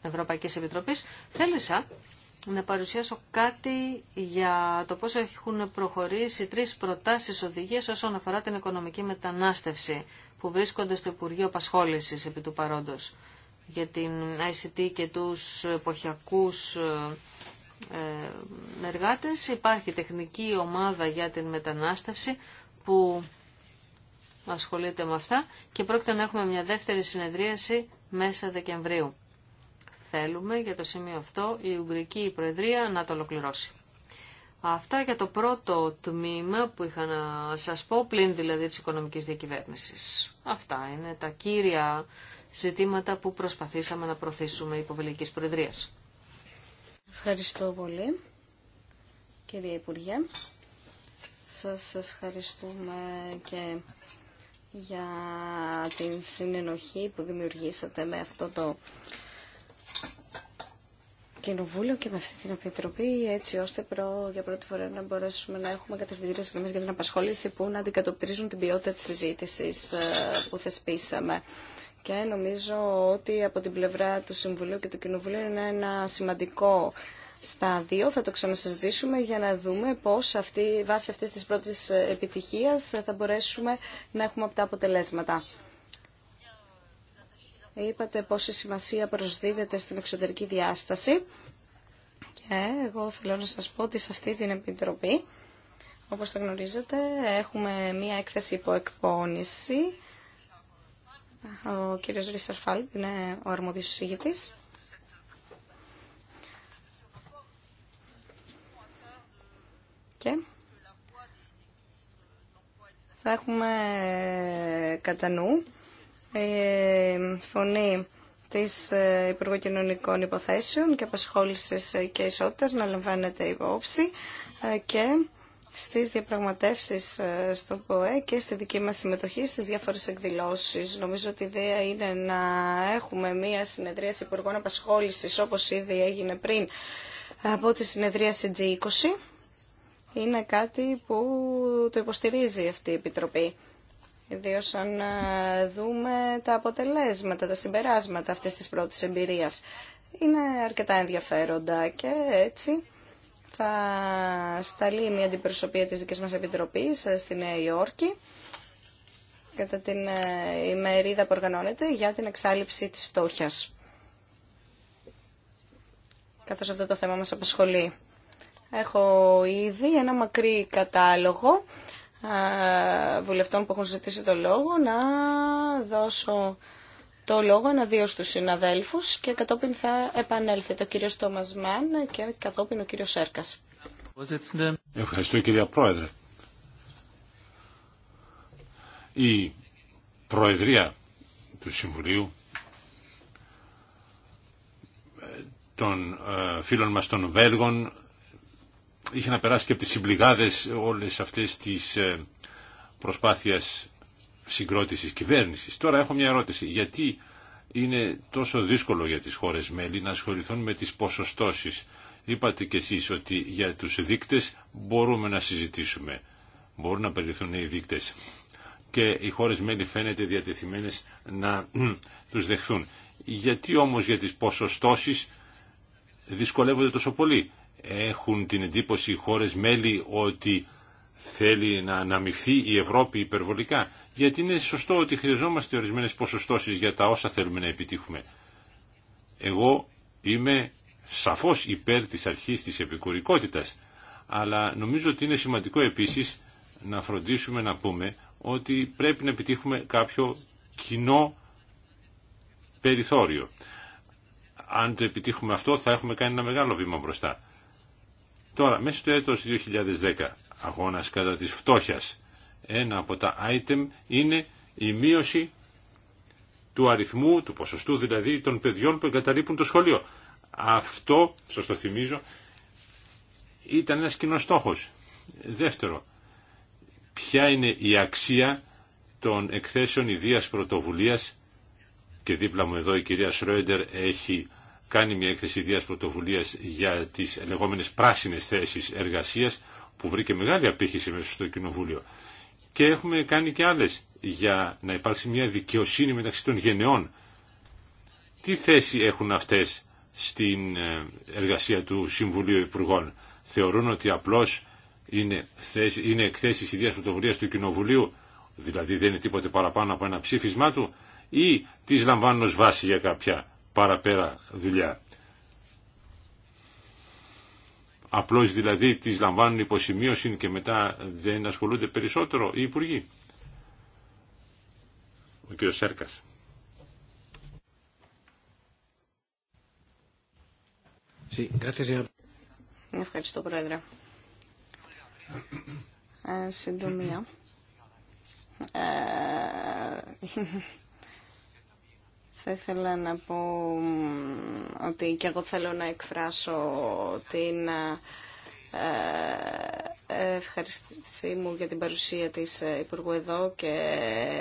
Ευρωπαϊκής Επιτροπής, θέλησα να παρουσιάσω κάτι για το πόσο έχουν προχωρήσει τρεις προτάσεις οδηγίες όσον αφορά την οικονομική μετανάστευση που βρίσκονται στο Υπουργείο Πασχόλησης επί του παρόντος για την ICT και τους εποχιακούς ε, ε, εργάτες. Υπάρχει τεχνική ομάδα για την μετανάστευση που ασχολείται με αυτά και πρόκειται να έχουμε μια δεύτερη συνεδρίαση μέσα Δεκεμβρίου. Θέλουμε για το σημείο αυτό η Ουγγρική Προεδρία να το ολοκληρώσει. Αυτά για το πρώτο τμήμα που είχα να σας πω, πλην δηλαδή της οικονομικής διακυβέρνησης. Αυτά είναι τα κύρια ζητήματα που προσπαθήσαμε να προωθήσουμε υποβελικής Προεδρίας. Ευχαριστώ πολύ, κύριε Υπουργέ. Σας ευχαριστούμε και για την συνενοχή που δημιουργήσατε με αυτό το Κοινοβούλιο και με αυτή την Επιτροπή, έτσι ώστε προ, για πρώτη φορά να μπορέσουμε να έχουμε κατευθυντήρε γραμμές για την απασχόληση που να αντικατοπτρίζουν την ποιότητα της συζήτηση ε, που θεσπίσαμε και νομίζω ότι από την πλευρά του Συμβουλίου και του Κοινοβουλίου είναι ένα σημαντικό στάδιο. Θα το ξανασυζητήσουμε για να δούμε πώς αυτή, βάσει αυτής της πρώτης επιτυχίας θα μπορέσουμε να έχουμε τα αποτελέσματα. Είπατε πόση σημασία προσδίδεται στην εξωτερική διάσταση και εγώ θέλω να σας πω ότι σε αυτή την Επιτροπή, όπως τα γνωρίζετε, έχουμε μία έκθεση υποεκπόνηση ο κύριος Φάλπ είναι ο αρμόδιος συζητητής. Και θα έχουμε κατά νου ε, φωνή της ε, Υπουργού Υποθέσεων και Απασχόλησης και Ισότητας να λαμβάνεται υπόψη ε, και στις διαπραγματεύσεις ε, στο ΠΟΕ και στη δική μας συμμετοχή στις διάφορες εκδηλώσεις. Νομίζω ότι η ιδέα είναι να έχουμε μία συνεδρίαση υπουργών απασχόλησης όπως ήδη έγινε πριν από τη συνεδρίαση G20. Είναι κάτι που το υποστηρίζει αυτή η Επιτροπή. Ιδίω αν ε, δούμε τα αποτελέσματα, τα συμπεράσματα αυτής της πρώτης εμπειρίας. Είναι αρκετά ενδιαφέροντα και έτσι θα σταλεί μια αντιπροσωπεία της δικής μας επιτροπής ε, στη Νέα Υόρκη κατά την ε, ημερίδα που οργανώνεται για την εξάλληψη της φτώχειας. Καθώς αυτό το θέμα μας απασχολεί. Έχω ήδη ένα μακρύ κατάλογο ε, βουλευτών που έχουν ζητήσει το λόγο να δώσω το λόγο δύο στους συναδέλφους και κατόπιν θα επανέλθει το κύριο Τόμας Μαν και κατόπιν ο κύριος Σέρκας. Ευχαριστώ κυρία Πρόεδρε. Η Προεδρία του Συμβουλίου ε, των ε, φίλων μας των Βέλγων είχε να περάσει και από τις συμπληγάδες όλες αυτές τις ε, προσπάθειες συγκρότησης κυβέρνησης. Τώρα έχω μια ερώτηση. Γιατί είναι τόσο δύσκολο για τις χώρες μέλη να ασχοληθούν με τις ποσοστώσεις. Είπατε κι εσείς ότι για τους δείκτες μπορούμε να συζητήσουμε. Μπορούν να περιληφθούν οι δείκτες. Και οι χώρες μέλη φαίνεται διατεθειμένες να τους δεχθούν. Γιατί όμως για τις ποσοστώσεις δυσκολεύονται τόσο πολύ. Έχουν την εντύπωση οι χώρες μέλη ότι θέλει να αναμειχθεί η Ευρώπη υπερβολικά γιατί είναι σωστό ότι χρειαζόμαστε ορισμένες ποσοστώσεις για τα όσα θέλουμε να επιτύχουμε. Εγώ είμαι σαφώς υπέρ της αρχής της επικουρικότητας, αλλά νομίζω ότι είναι σημαντικό επίσης να φροντίσουμε να πούμε ότι πρέπει να επιτύχουμε κάποιο κοινό περιθώριο. Αν το επιτύχουμε αυτό θα έχουμε κάνει ένα μεγάλο βήμα μπροστά. Τώρα, μέσα στο έτος 2010, αγώνας κατά της φτώχειας, ένα από τα item είναι η μείωση του αριθμού, του ποσοστού δηλαδή των παιδιών που εγκαταλείπουν το σχολείο. Αυτό, σα το θυμίζω, ήταν ένας κοινό στόχος. Δεύτερο, ποια είναι η αξία των εκθέσεων ιδία πρωτοβουλία και δίπλα μου εδώ η κυρία Σρόιντερ έχει κάνει μια έκθεση ιδίας πρωτοβουλία για τις λεγόμενες πράσινε θέσει εργασία που βρήκε μεγάλη απήχηση μέσα στο Κοινοβούλιο και έχουμε κάνει και άλλες για να υπάρξει μια δικαιοσύνη μεταξύ των γενεών. Τι θέση έχουν αυτές στην ε, εργασία του Συμβουλίου Υπουργών. Θεωρούν ότι απλώς είναι, θέση, είναι εκθέσεις του Κοινοβουλίου, δηλαδή δεν είναι τίποτε παραπάνω από ένα ψήφισμά του, ή τις λαμβάνουν ω βάση για κάποια παραπέρα δουλειά. Απλώς δηλαδή τις λαμβάνουν υποσημείωση και μετά δεν ασχολούνται περισσότερο οι υπουργοί. Ο κ. Σέρκας. Ευχαριστώ, Πρόεδρε. Ε, συντομία. Ε, θα ήθελα να πω ότι και εγώ θέλω να εκφράσω την ε, ε, ευχαριστή μου για την παρουσία της ε, Υπουργού εδώ και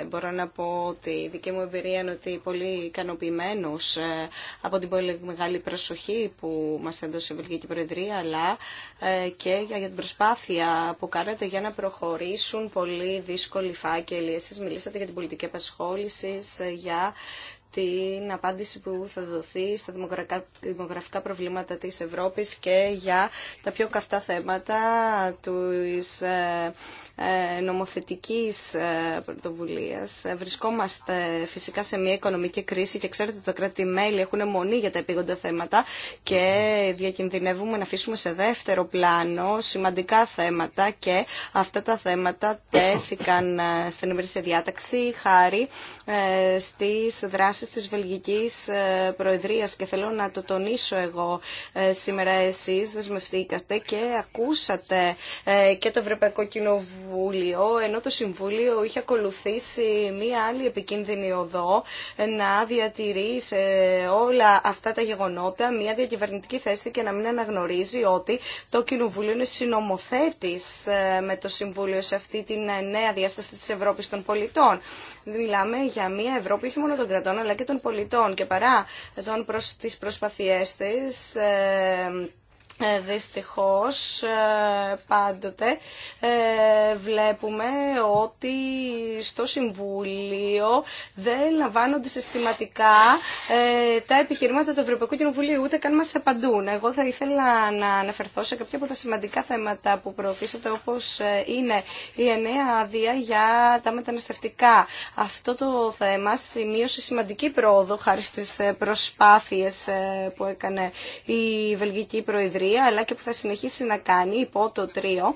μπορώ να πω ότι η δική μου εμπειρία είναι ότι πολύ ικανοποιημένο από την πολύ μεγάλη προσοχή που μας έδωσε η Βελγική Προεδρία αλλά και για την προσπάθεια που κάνετε για να προχωρήσουν πολύ δύσκολοι φάκελοι. Εσείς μιλήσατε για την πολιτική απασχόληση, για την απάντηση που θα δοθεί στα δημογραφικά προβλήματα της Ευρώπης και για τα πιο καυτά θέματα του. Ε, ε, νομοθετικής ε, πρωτοβουλίας. Ε, βρισκόμαστε φυσικά σε μια οικονομική κρίση και ξέρετε ότι τα κράτη-μέλη έχουν μονή για τα επίγοντα θέματα και διακινδυνεύουμε να αφήσουμε σε δεύτερο πλάνο σημαντικά θέματα και αυτά τα θέματα τέθηκαν στην ημερήσια διάταξη χάρη στις δράσεις της Βελγικής Προεδρίας και θέλω να το τονίσω εγώ σήμερα εσείς δεσμευτήκατε και ακούσατε και το Ευρωπαϊκό Κοινοβούλιο συμβούλιο ενώ το Συμβούλιο είχε ακολουθήσει μία άλλη επικίνδυνη οδό να διατηρεί σε ε, όλα αυτά τα γεγονότα μία διακυβερνητική θέση και να μην αναγνωρίζει ότι το Κοινοβούλιο είναι συνομοθέτης ε, με το Συμβούλιο σε αυτή την ε, νέα διάσταση της Ευρώπης των πολιτών. Μιλάμε για μια Ευρώπη όχι μόνο των κρατών αλλά και των πολιτών και παρά τις προσπαθίες ε, δυστυχώς ε, πάντοτε ε, βλέπουμε ότι στο Συμβούλιο δεν λαμβάνονται συστηματικά τα επιχειρήματα του Ευρωπαϊκού Κοινοβουλίου, ούτε καν μας απαντούν. Εγώ θα ήθελα να αναφερθώ σε κάποια από τα σημαντικά θέματα που προωθήσατε, όπως είναι η εννέα άδεια για τα μεταναστευτικά. Αυτό το θέμα σημείωσε σημαντική πρόοδο χάρη στις προσπάθειες που έκανε η Βελγική Προεδρία αλλά και που θα συνεχίσει να κάνει υπό το τρίο,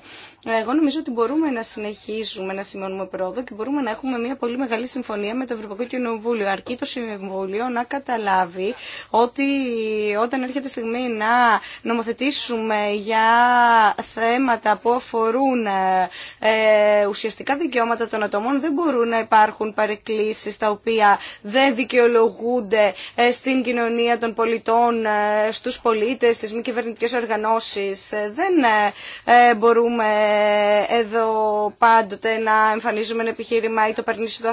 εγώ νομίζω ότι μπορούμε να συνεχίζουμε να σημειώνουμε πρόοδο και μπορούμε να έχουμε μια πολύ μεγάλη συμφωνία με το Ευρωπαϊκό Κοινοβούλιο. Αρκεί το Συμβούλιο να καταλάβει ότι όταν έρχεται η στιγμή να νομοθετήσουμε για θέματα που αφορούν ε, ουσιαστικά δικαιώματα των ατομών, δεν μπορούν να υπάρχουν παρεκκλήσεις τα οποία δεν δικαιολογούνται ε, στην κοινωνία των πολιτών, ε, στους πολίτες, στις μη κυβερνητικές οργανώσεις. Ε, δεν ε, ε, μπορούμε εδώ πάντοτε να εμφανίζουμε ένα επιχείρημα ή το παρνήσι του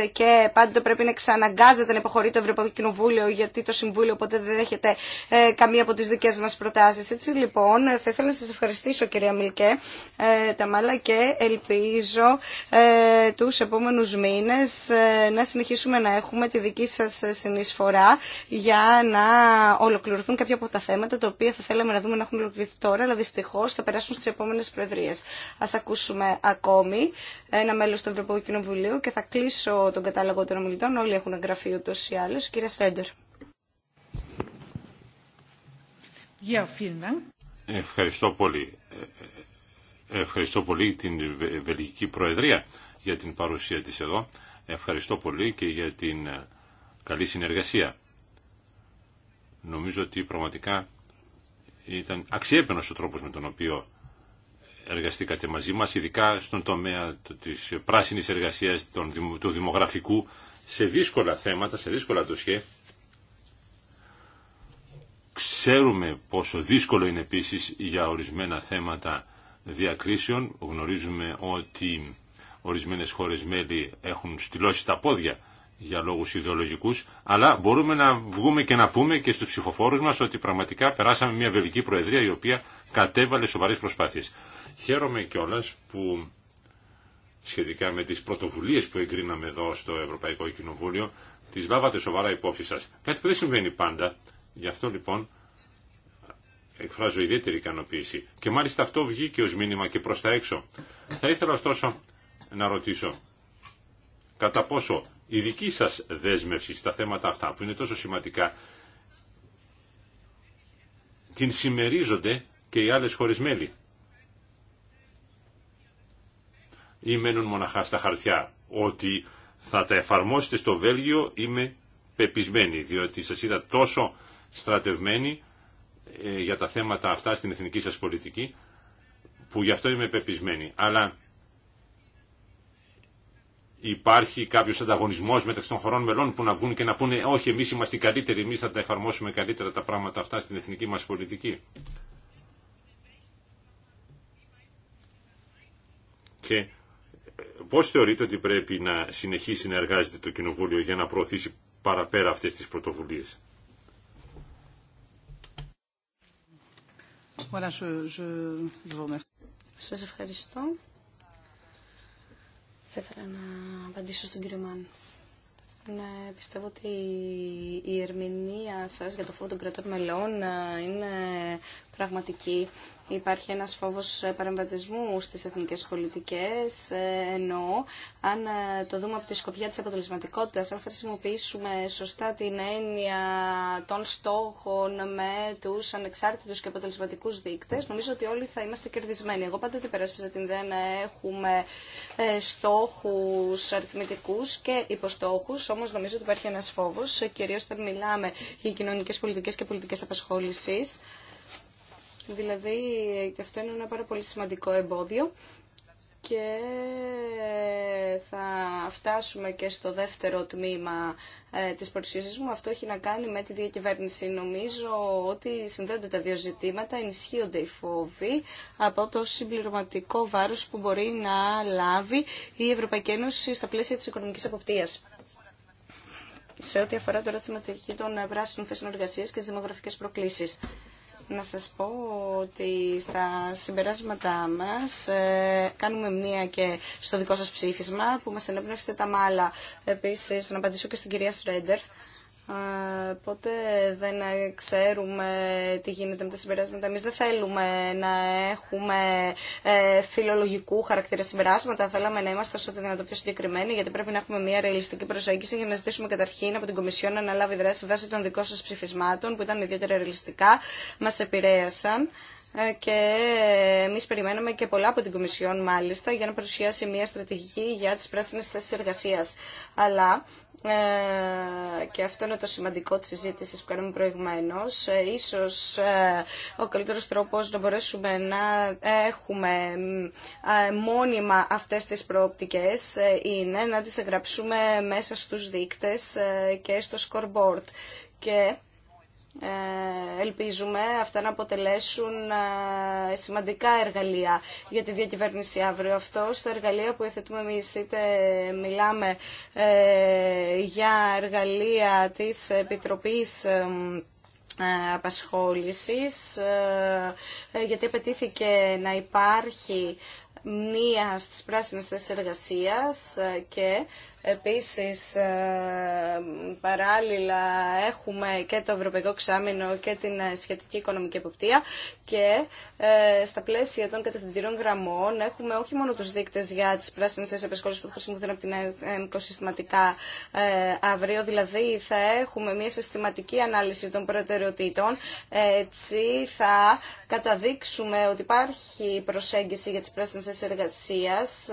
το και πάντοτε πρέπει να ξαναγκάζεται να υποχωρεί το Ευρωπαϊκό Κοινοβούλιο γιατί το Συμβούλιο ποτέ δεν δέχεται καμία από τις δικές μας προτάσεις. Έτσι λοιπόν θα ήθελα να σας ευχαριστήσω κυρία Μιλκέ Ταμάλα και ελπίζω τους επόμενους μήνες να συνεχίσουμε να έχουμε τη δική σας συνεισφορά για να ολοκληρωθούν κάποια από τα θέματα τα οποία θα θέλαμε θέλαμε να δούμε να έχουν ολοκληρωθεί τώρα, αλλά δυστυχώ θα περάσουν στι επόμενε προεδρίε. Α ακούσουμε ακόμη ένα μέλο του Ευρωπαϊκού Κοινοβουλίου και θα κλείσω τον κατάλογο των ομιλητών. Όλοι έχουν εγγραφεί ούτω ή άλλω. Κύριε Σέντερ Ευχαριστώ πολύ. Ευχαριστώ πολύ την Βελγική Προεδρία για την παρουσία της εδώ. Ευχαριστώ πολύ και για την καλή συνεργασία. Νομίζω ότι πραγματικά ήταν αξιέπαινος ο τρόπος με τον οποίο εργαστήκατε μαζί μας, ειδικά στον τομέα της πράσινης εργασίας, του δημογραφικού, σε δύσκολα θέματα, σε δύσκολα τοσχέ. Ξέρουμε πόσο δύσκολο είναι επίσης για ορισμένα θέματα διακρίσεων. Γνωρίζουμε ότι ορισμένες χώρες μέλη έχουν στυλώσει τα πόδια για λόγους ιδεολογικούς, αλλά μπορούμε να βγούμε και να πούμε και στους ψηφοφόρους μας ότι πραγματικά περάσαμε μια βελική προεδρία η οποία κατέβαλε σοβαρές προσπάθειες. Χαίρομαι κιόλα που σχετικά με τις πρωτοβουλίες που εγκρίναμε εδώ στο Ευρωπαϊκό Κοινοβούλιο, τις λάβατε σοβαρά υπόψη σας. Κάτι που δεν συμβαίνει πάντα, γι' αυτό λοιπόν εκφράζω ιδιαίτερη ικανοποίηση. Και μάλιστα αυτό βγήκε ως μήνυμα και προς τα έξω. Θα ήθελα ωστόσο να ρωτήσω κατά πόσο η δική σας δέσμευση στα θέματα αυτά που είναι τόσο σημαντικά την συμμερίζονται και οι άλλες χώρες μέλη. Ή μένουν μοναχά στα χαρτιά ότι θα τα εφαρμόσετε στο Βέλγιο είμαι πεπισμένη διότι σας είδα τόσο στρατευμένη ε, για τα θέματα αυτά στην εθνική σας πολιτική που γι' αυτό είμαι πεπισμένη. Αλλά υπάρχει κάποιο ανταγωνισμό μεταξύ των χωρών μελών που να βγουν και να πούνε Όχι, εμεί είμαστε οι καλύτεροι, εμεί θα τα εφαρμόσουμε καλύτερα τα πράγματα αυτά στην εθνική μα πολιτική. Και ε, πώς θεωρείτε ότι πρέπει να συνεχίσει να εργάζεται το Κοινοβούλιο για να προωθήσει παραπέρα αυτές τις πρωτοβουλίες. Σας ευχαριστώ. Θα ήθελα να απαντήσω στον κύριο Μάν. Ναι, πιστεύω ότι η ερμηνεία σας για το φόβο των κρατών μελών ε, είναι πραγματική. Υπάρχει ένας φόβος παρεμβατισμού στις εθνικές πολιτικές, ε, ενώ αν ε, το δούμε από τη σκοπιά της αποτελεσματικότητας, αν χρησιμοποιήσουμε σωστά την έννοια των στόχων με τους ανεξάρτητους και αποτελεσματικούς δείκτες, νομίζω ότι όλοι θα είμαστε κερδισμένοι. Εγώ πάντοτε υπεράσπιζα την ιδέα να έχουμε ε, στόχους αριθμητικούς και υποστόχους, όμως νομίζω ότι υπάρχει ένας φόβος, κυρίως όταν μιλάμε για κοινωνικές πολιτικές και πολιτικές απασχόλησης Δηλαδή και αυτό είναι ένα πάρα πολύ σημαντικό εμπόδιο και θα φτάσουμε και στο δεύτερο τμήμα ε, της παρουσίασης μου. Αυτό έχει να κάνει με τη διακυβέρνηση. Νομίζω ότι συνδέονται τα δύο ζητήματα, ενισχύονται οι φόβοι από το συμπληρωματικό βάρος που μπορεί να λάβει η Ευρωπαϊκή Ένωση στα πλαίσια της οικονομικής αποπτίας σε ό,τι αφορά τώρα τη των ε, πράσινων θέσεων εργασία και τις δημογραφικές προκλήσεις να σας πω ότι στα συμπεράσματά μας ε, κάνουμε μία και στο δικό σας ψήφισμα που μας ενέπνευσε τα μάλα. Επίσης, να απαντήσω και στην κυρία Σρέντερ Οπότε δεν ξέρουμε τι γίνεται με τα συμπεράσματα. Εμεί δεν θέλουμε να έχουμε ε, φιλολογικού χαρακτήρα συμπεράσματα. Θέλαμε να είμαστε όσο το δυνατόν πιο συγκεκριμένοι, γιατί πρέπει να έχουμε μια ρεαλιστική προσέγγιση για να ζητήσουμε καταρχήν από την Κομισιόν να αναλάβει δράση βάσει των δικών σα ψηφισμάτων, που ήταν ιδιαίτερα ρεαλιστικά, μα επηρέασαν ε, και εμεί περιμέναμε και πολλά από την Κομισιόν μάλιστα για να παρουσιάσει μια στρατηγική για τι πράσινε θέσει εργασία. Αλλά ε, και αυτό είναι το σημαντικό της συζήτηση που κάνουμε προηγουμένως. Ε, ίσως ε, ο καλύτερος τρόπος να μπορέσουμε να έχουμε μόνιμα αυτές τις προοπτικές είναι να τις εγγραψούμε μέσα στους δείκτες και στο scoreboard. Και ε, ελπίζουμε αυτά να αποτελέσουν ε, σημαντικά εργαλεία για τη διακυβέρνηση αύριο. Αυτό στα εργαλεία που εθετούμε εμεί είτε μιλάμε ε, για εργαλεία της Επιτροπής Απασχόλησης, γιατί απαιτήθηκε να υπάρχει μία στις πράσινες θέσεις εργασίας και Επίσης, ε, παράλληλα έχουμε και το Ευρωπαϊκό Ξάμεινο και την ε, σχετική οικονομική εποπτεία και ε, στα πλαίσια των κατευθυντηρών γραμμών έχουμε όχι μόνο τους δείκτες για τις πράσινες επεσχόλες που θα χρησιμοποιηθούν από την ΕΜΚΟ συστηματικά αύριο, δηλαδή θα έχουμε μια συστηματική ανάλυση των προτεραιοτήτων, έτσι θα καταδείξουμε ότι υπάρχει προσέγγιση για τις πράσινες εργασίες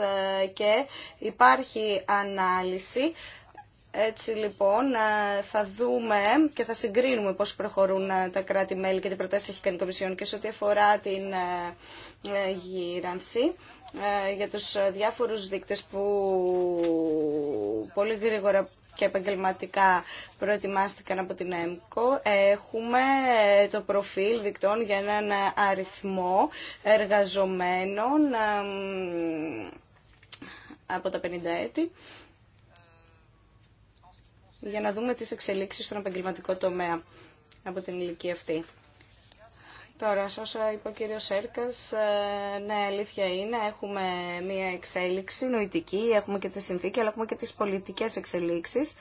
και υπάρχει ανάλυση ανάλυση. Έτσι λοιπόν ε, θα δούμε και θα συγκρίνουμε πώς προχωρούν ε, τα κράτη-μέλη και τι προτάσεις έχει κάνει η Κομισιόν και σε ό,τι αφορά την ε, γύρανση για τους διάφορους δείκτες που πολύ γρήγορα και επαγγελματικά προετοιμάστηκαν από την ΕΜΚΟ. Έχουμε το προφίλ δικτών για έναν αριθμό εργαζομένων από τα 50 έτη για να δούμε τις εξελίξεις στον επαγγελματικό τομέα από την ηλικία αυτή. Τώρα, όσο όσα είπε ο κύριο Σέρκα, ε, ναι, αλήθεια είναι, έχουμε μία εξέλιξη νοητική, έχουμε και τη συνθήκη, αλλά έχουμε και τις πολιτικές εξελίξεις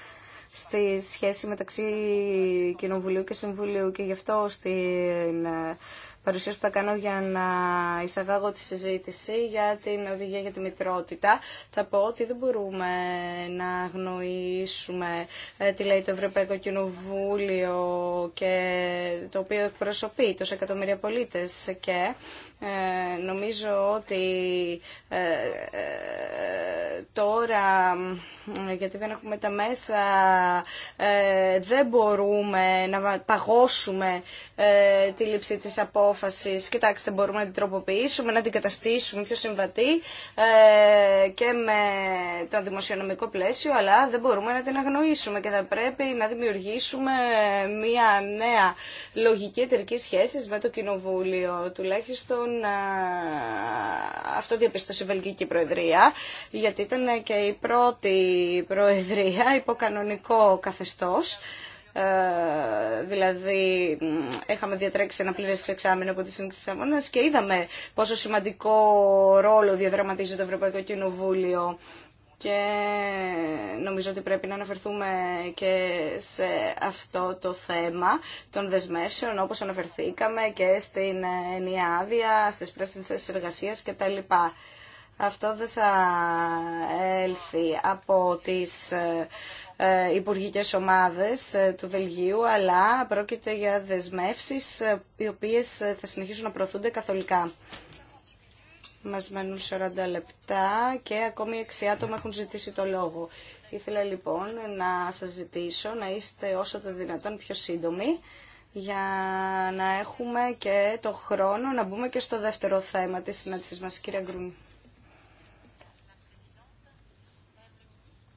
στη σχέση μεταξύ Κοινοβουλίου και Συμβουλίου και γι' αυτό στην ε, παρουσίαση που θα κάνω για να εισαγάγω τη συζήτηση για την οδηγία για τη μητρότητα. Θα πω ότι δεν μπορούμε να αγνοήσουμε ε, τι λέει το Ευρωπαϊκό Κοινοβούλιο και το οποίο εκπροσωπεί τόσα εκατομμύρια πολίτες και ε, νομίζω ότι ε, ε, τώρα, γιατί δεν έχουμε τα μέσα, δεν μπορούμε να παγώσουμε τη λήψη της απόφασης. Κοιτάξτε, μπορούμε να την τροποποιήσουμε, να την καταστήσουμε πιο συμβατή και με το δημοσιονομικό πλαίσιο, αλλά δεν μπορούμε να την αγνοήσουμε και θα πρέπει να δημιουργήσουμε μια νέα λογική εταιρική σχέση με το Κοινοβούλιο, τουλάχιστον αυτό διαπίστωσε η Βελγική Προεδρία, γιατί ήταν και η πρώτη Προεδρία υπό κανονικό καθεστώς. Ε, δηλαδή είχαμε διατρέξει ένα πλήρες εξάμεινο από τη Σύνθεση της και είδαμε πόσο σημαντικό ρόλο διαδραματίζει το Ευρωπαϊκό Κοινοβούλιο και νομίζω ότι πρέπει να αναφερθούμε και σε αυτό το θέμα των δεσμεύσεων όπως αναφερθήκαμε και στην ενιαία άδεια, στις πράσινες και κτλ. Αυτό δεν θα έλθει από τις ε, υπουργικές ομάδες ε, του Βελγίου, αλλά πρόκειται για δεσμεύσεις ε, οι οποίες θα συνεχίσουν να προωθούνται καθολικά. Μας μένουν 40 λεπτά και ακόμη 6 άτομα έχουν ζητήσει το λόγο. Ήθελα λοιπόν να σας ζητήσω να είστε όσο το δυνατόν πιο σύντομοι για να έχουμε και το χρόνο να μπούμε και στο δεύτερο θέμα της συνάντησης μας. Κύριε Γκρουμ.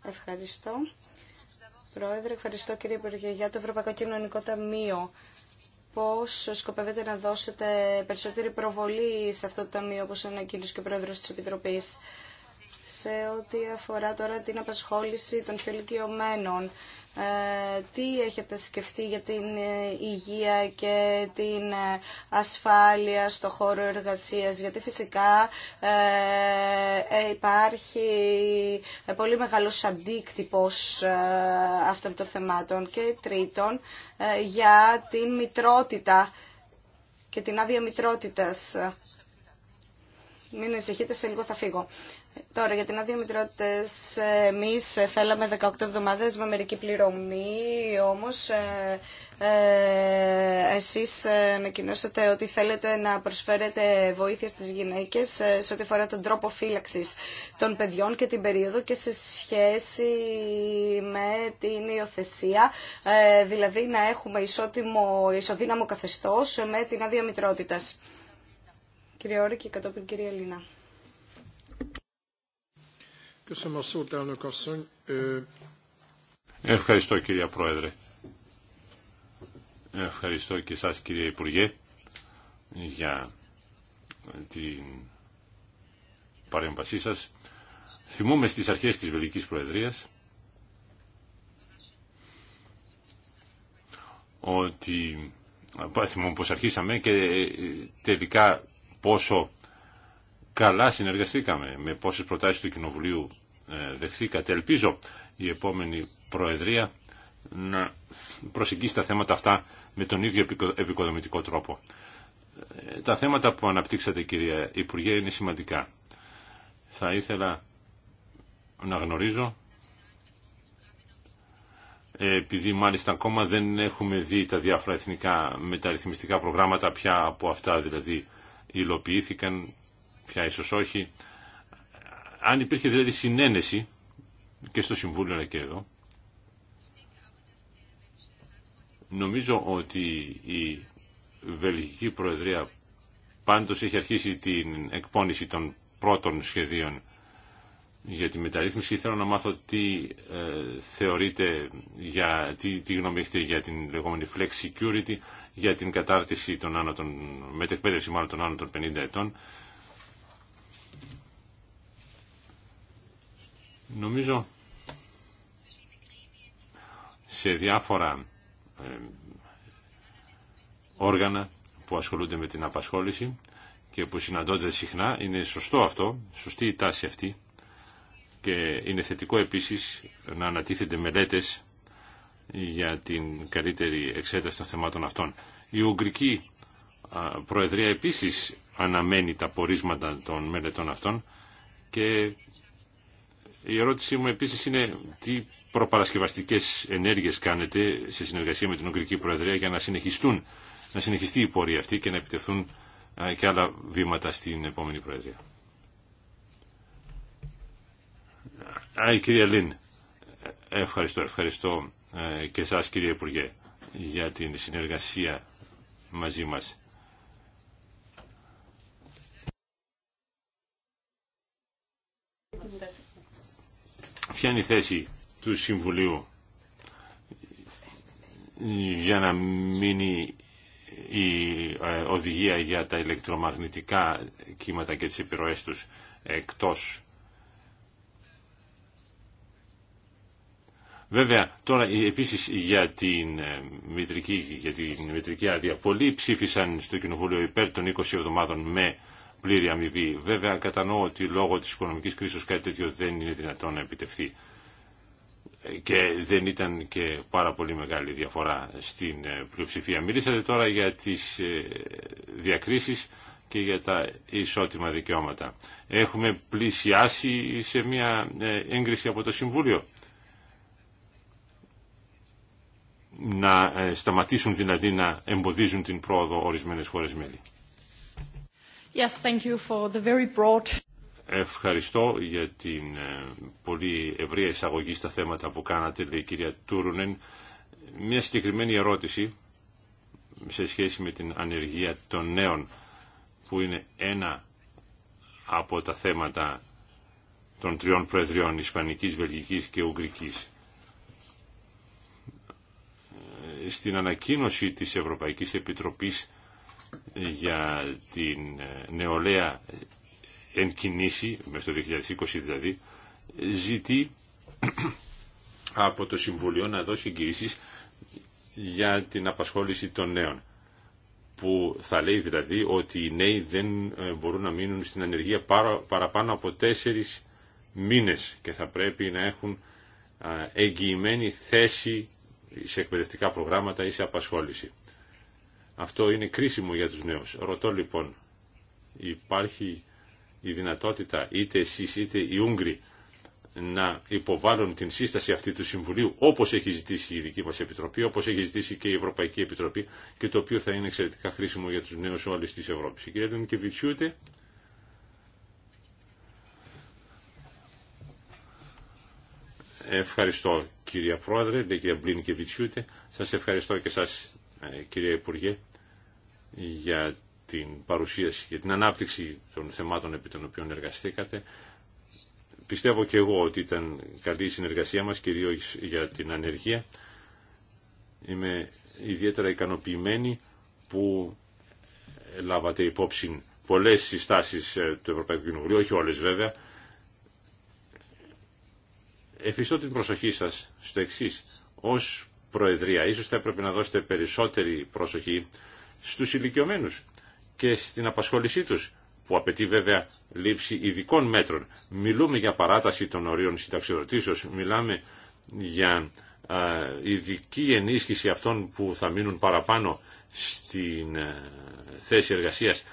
Ευχαριστώ. Πρόεδρε, ευχαριστώ κύριε Υπουργέ για το Ευρωπαϊκό Κοινωνικό Ταμείο πώς σκοπεύετε να δώσετε περισσότερη προβολή σε αυτό το ταμείο, όπως ανακοίνωσε και ο Πρόεδρος της Επιτροπής, σε ό,τι αφορά τώρα την απασχόληση των πιο ηλικιωμένων. Ε, τι έχετε σκεφτεί για την ε, υγεία και την ε, ασφάλεια στο χώρο εργασίας, γιατί φυσικά υπάρχει πολύ μεγάλος αντίκτυπος αυτών των θεμάτων και τρίτον για την μητρότητα και την άδεια μητρότητας. Μην ανησυχείτε, σε λίγο θα φύγω. Τώρα για την άδεια μητρότητα, εμείς θέλαμε 18 εβδομάδες με μερική πληρωμή, όμως ε, ε, εσείς ανακοινώσατε ότι θέλετε να προσφέρετε βοήθεια στις γυναίκες ε, σε ό,τι αφορά τον τρόπο φύλαξη των παιδιών και την περίοδο και σε σχέση με την υιοθεσία, ε, δηλαδή να έχουμε ισότιμο, ισοδύναμο καθεστώς με την άδεια μητρότητα. Κύριε Όρη και κατόπιν κυρία Ελίνα. Ευχαριστώ κύριε Πρόεδρε. Ευχαριστώ και σας κύριε Υπουργέ για την παρέμβασή σας. Θυμούμε στις αρχές της Βελικής Προεδρίας ότι θυμούμε πως αρχίσαμε και ε, τελικά πόσο καλά συνεργαστήκαμε με πόσες προτάσεις του Κοινοβουλίου ε, δεχθήκατε. Ελπίζω η επόμενη Προεδρία να προσεγγίσει τα θέματα αυτά με τον ίδιο επικοδομητικό τρόπο. Ε, τα θέματα που αναπτύξατε κυρία Υπουργέ είναι σημαντικά. Θα ήθελα να γνωρίζω ε, επειδή μάλιστα ακόμα δεν έχουμε δει τα διάφορα εθνικά μεταρρυθμιστικά προγράμματα, ποια από αυτά δηλαδή υλοποιήθηκαν πια ίσως όχι, αν υπήρχε δηλαδή συνένεση και στο Συμβούλιο αλλά και εδώ, νομίζω ότι η Βελγική Προεδρία πάντως έχει αρχίσει την εκπόνηση των πρώτων σχεδίων για τη μεταρρύθμιση. Θέλω να μάθω τι ε, θεωρείτε, για, τι, τι γνώμη έχετε για την λεγόμενη flex security, για την κατάρτιση των άνω των, μετεκπαίδευση μάλλον των άνω των 50 ετών Νομίζω σε διάφορα ε, όργανα που ασχολούνται με την απασχόληση και που συναντώνται συχνά. Είναι σωστό αυτό, σωστή η τάση αυτή και είναι θετικό επίσης να ανατίθενται μελέτες για την καλύτερη εξέταση των θεμάτων αυτών. Η Ουγγρική Προεδρία επίσης αναμένει τα πορίσματα των μελετών αυτών και η ερώτησή μου επίσης είναι τι προπαρασκευαστικές ενέργειες κάνετε σε συνεργασία με την Ουγγρική Προεδρία για να συνεχιστούν, να συνεχιστεί η πορεία αυτή και να επιτεθούν και άλλα βήματα στην επόμενη Προεδρία. Α, Λίν, ευχαριστώ, ευχαριστώ ε, και εσάς κύριε Υπουργέ για την συνεργασία μαζί μας. Ποια είναι η θέση του Συμβουλίου για να μείνει η ε, οδηγία για τα ηλεκτρομαγνητικά κύματα και τις επιρροές τους εκτός. Βέβαια, τώρα ε, επίσης για την ε, μητρική, για την μητρική άδεια, πολλοί ψήφισαν στο Κοινοβούλιο υπέρ των 20 εβδομάδων με πλήρη αμοιβή. Βέβαια κατανοώ ότι λόγω της οικονομικής κρίσης κάτι τέτοιο δεν είναι δυνατόν να επιτευχθεί και δεν ήταν και πάρα πολύ μεγάλη διαφορά στην ε, πλειοψηφία. Μιλήσατε τώρα για τις ε, διακρίσεις και για τα ισότιμα δικαιώματα. Έχουμε πλησιάσει σε μια ε, έγκριση από το Συμβούλιο. Να σταματήσουν δηλαδή να εμποδίζουν την πρόοδο ορισμένες χώρες μέλη. Ευχαριστώ για την ε, πολύ ευρία εισαγωγή στα θέματα που κάνατε, λέει η κυρία Τούρουνεν. Μια συγκεκριμένη ερώτηση σε σχέση με την ανεργία των νέων, που είναι ένα από τα θέματα των τριών προεδριών Ισπανικής, Βελγικής και Ουγγρικής. Ε, στην ανακοίνωση της Ευρωπαϊκής Επιτροπής για την ε, νεολαία εν κινήσει, μέσα στο 2020 δηλαδή, ζητεί από το Συμβουλίο να δώσει εγγυήσεις για την απασχόληση των νέων. Που θα λέει δηλαδή ότι οι νέοι δεν ε, μπορούν να μείνουν στην ανεργία παραπάνω από τέσσερις μήνες και θα πρέπει να έχουν ε, εγγυημένη θέση σε εκπαιδευτικά προγράμματα ή σε απασχόληση. Αυτό είναι κρίσιμο για τους νέους. Ρωτώ λοιπόν, υπάρχει η δυνατότητα είτε εσείς είτε οι Ούγγροι να υποβάλουν την σύσταση αυτή του Συμβουλίου όπως έχει ζητήσει η δική μας Επιτροπή, όπως έχει ζητήσει και η Ευρωπαϊκή Επιτροπή και το οποίο θα είναι εξαιρετικά χρήσιμο για τους νέους όλης της Ευρώπης. Κύριε Λενικεβιτσιούτε Ευχαριστώ κυρία Πρόεδρε, λέει κυρία Μπλίνικεβιτσιούτε. Σας ευχαριστώ και σας κύριε Υπουργέ για την παρουσίαση και την ανάπτυξη των θεμάτων επί των οποίων εργαστήκατε. Πιστεύω και εγώ ότι ήταν καλή η συνεργασία μας, κυρίως για την ανεργία. Είμαι ιδιαίτερα ικανοποιημένη που λάβατε υπόψη πολλές συστάσεις ε, του Ευρωπαϊκού Κοινοβουλίου, όχι όλες βέβαια. Εφιστώ την προσοχή σας στο εξής. Ως Προεδρία, ίσως θα έπρεπε να δώσετε περισσότερη προσοχή στους ηλικιωμένους και στην απασχόλησή τους, που απαιτεί βέβαια λήψη ειδικών μέτρων. Μιλούμε για παράταση των ορίων συνταξιοδοτήσεως μιλάμε για ειδική ενίσχυση αυτών που θα μείνουν παραπάνω στην θέση εργασίας.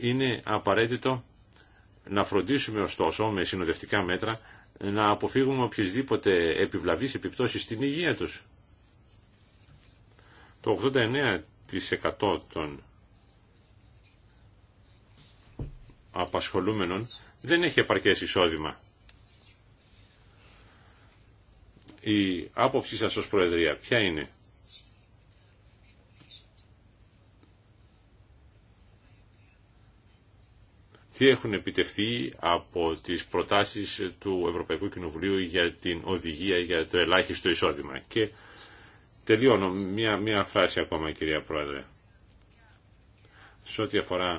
Είναι απαραίτητο να φροντίσουμε ωστόσο με συνοδευτικά μέτρα να αποφύγουμε οποιασδήποτε επιβλαβείς επιπτώσεις στην υγεία τους. Το εκατό των απασχολούμενων δεν έχει επαρκές εισόδημα. Η άποψή σας ως Προεδρία ποια είναι. Τι έχουν επιτευχθεί από τις προτάσεις του Ευρωπαϊκού Κοινοβουλίου για την οδηγία για το ελάχιστο εισόδημα. Και Τελειώνω. Μία, μία φράση ακόμα κυρία Πρόεδρε. Σε ό,τι αφορά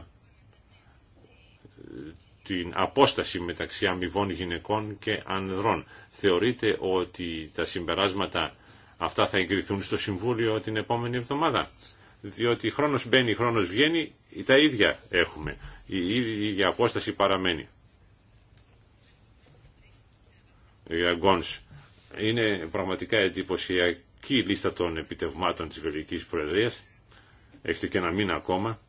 ε, την απόσταση μεταξύ αμοιβών γυναικών και ανδρών. Θεωρείτε ότι τα συμπεράσματα αυτά θα εγκριθούν στο Συμβούλιο την επόμενη εβδομάδα. Διότι χρόνος μπαίνει, χρόνος βγαίνει, τα ίδια έχουμε. Η ίδια απόσταση παραμένει. Για Είναι πραγματικά εντυπωσιακή και η λίστα των επιτευμάτων της Βελγικής Προεδρίας. Έχετε και ένα μήνα ακόμα.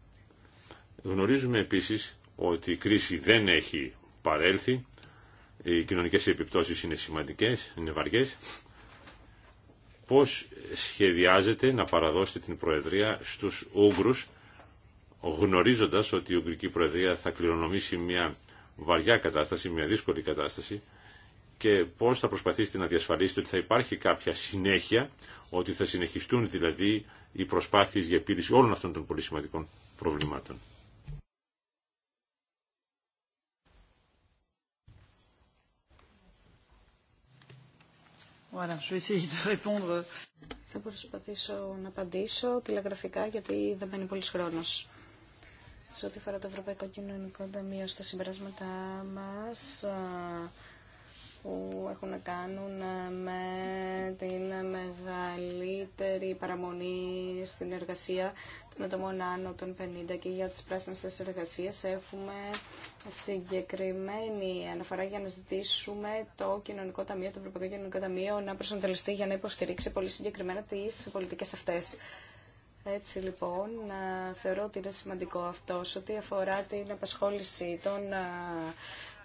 Γνωρίζουμε επίσης ότι η κρίση δεν έχει παρέλθει. Οι κοινωνικές επιπτώσεις είναι σημαντικές, είναι βαριές. Πώς σχεδιάζετε να παραδώσετε την Προεδρία στους Ούγγρους γνωρίζοντας ότι η Ουγγρική Προεδρία θα κληρονομήσει μια βαριά κατάσταση, μια δύσκολη κατάσταση και πώς θα προσπαθήσετε να διασφαλίσετε ότι θα υπάρχει κάποια συνέχεια, ότι θα συνεχιστούν δηλαδή οι προσπάθειες για επίλυση όλων αυτών των πολύ σημαντικών προβλημάτων. Θα προσπαθήσω να απαντήσω τηλεγραφικά γιατί δεν μένει πολλής χρόνος. Σε ό,τι αφορά το Ευρωπαϊκό Κοινωνικό Ταμείο στα συμπεράσματα μα που έχουν να κάνουν ε, με την μεγαλύτερη παραμονή στην εργασία των ατομών άνω των 50 και για τις πράσινες εργασίες έχουμε συγκεκριμένη αναφορά για να ζητήσουμε το Κοινωνικό Ταμείο, το Ευρωπαϊκό Κοινωνικό Ταμείο να προσανατολιστεί για να υποστηρίξει πολύ συγκεκριμένα τις πολιτικές αυτές. Έτσι λοιπόν, ε, θεωρώ ότι είναι σημαντικό αυτό ό,τι αφορά την απασχόληση των ε,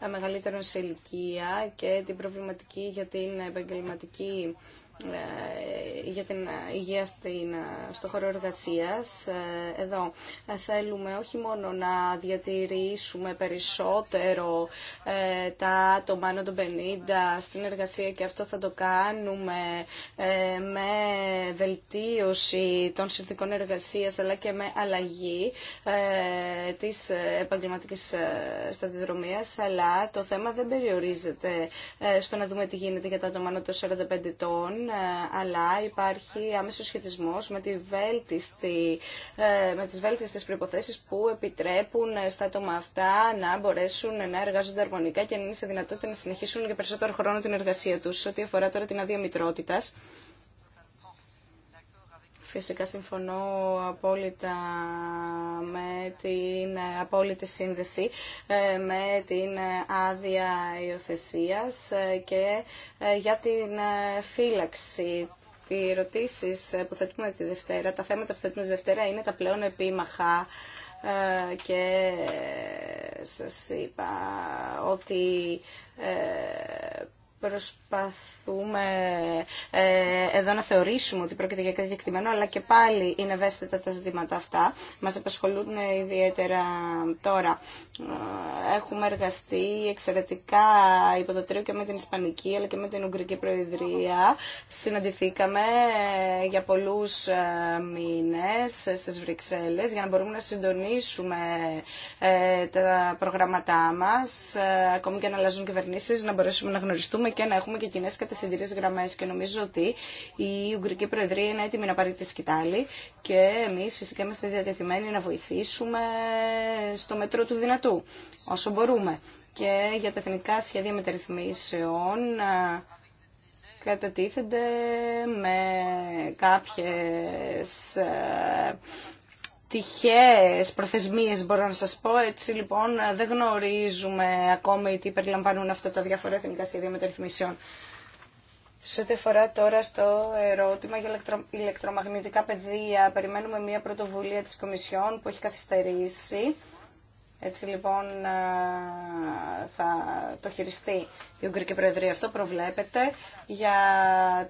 μεγαλύτερων σε ηλικία και την προβληματική για την επαγγελματική ε, για την υγεία στην, στο χώρο εργασίας. Ε, εδώ ε, θέλουμε όχι μόνο να διατηρήσουμε περισσότερο τα άτομα άνω των 50 στην εργασία και αυτό θα το κάνουμε με βελτίωση των συνθήκων εργασίας αλλά και με αλλαγή της επαγγελματικής σταδιοδρομίας αλλά το θέμα δεν περιορίζεται στο να δούμε τι γίνεται για τα άτομα άνω των 45 ετών ε, αλλά υπάρχει άμεσο σχετισμό με, τη βέλτιστη, ε, με τις βέλτιστες προϋποθέσεις που επιτρέπουν στα άτομα αυτά να μπορέσουν να εργάζονται αρμονικά και να είναι σε δυνατότητα να συνεχίσουν για περισσότερο χρόνο την εργασία τους. Ό,τι αφορά τώρα την αδεια Φυσικά συμφωνώ απόλυτα με την απόλυτη σύνδεση ε, με την άδεια υιοθεσία ε, και ε, για την φύλαξη οι ερωτήσει που θέτουμε τη Δευτέρα, τα θέματα που θέτουμε τη Δευτέρα είναι τα πλέον επίμαχα και σας είπα ότι προσπαθούμε ε, εδώ να θεωρήσουμε ότι πρόκειται για κάτι διεκτημένο, αλλά και πάλι είναι ευαίσθητα τα ζητήματα αυτά. Μας απασχολούν ιδιαίτερα τώρα. Ε, έχουμε εργαστεί εξαιρετικά υπό το τρίο και με την Ισπανική, αλλά και με την Ουγγρική Προεδρία. Συναντηθήκαμε ε, για πολλούς ε, μήνες στις Βρυξέλλες για να μπορούμε να συντονίσουμε τα προγράμματά μας, ακόμη και να αλλάζουν κυβερνήσεις, να μπορέσουμε να γνωριστούμε και να έχουμε και κοινέ κατευθυντήριε γραμμέ. Και νομίζω ότι η Ουγγρική Προεδρία είναι έτοιμη να πάρει τη σκητάλη και εμεί φυσικά είμαστε διατεθειμένοι να βοηθήσουμε στο μέτρο του δυνατού, όσο μπορούμε. Και για τα εθνικά σχέδια μεταρρυθμίσεων κατατίθενται με κάποιες τυχαίες προθεσμίες μπορώ να σας πω. Έτσι λοιπόν δεν γνωρίζουμε ακόμη τι περιλαμβάνουν αυτά τα διάφορα εθνικά σχέδια μεταρρυθμίσεων. Σε ό,τι αφορά τώρα στο ερώτημα για ηλεκτρομαγνητικά πεδία, περιμένουμε μια πρωτοβουλία της Κομισιόν που έχει καθυστερήσει. Έτσι λοιπόν θα το χειριστεί η Ουγγρική Προεδρία. Αυτό προβλέπεται για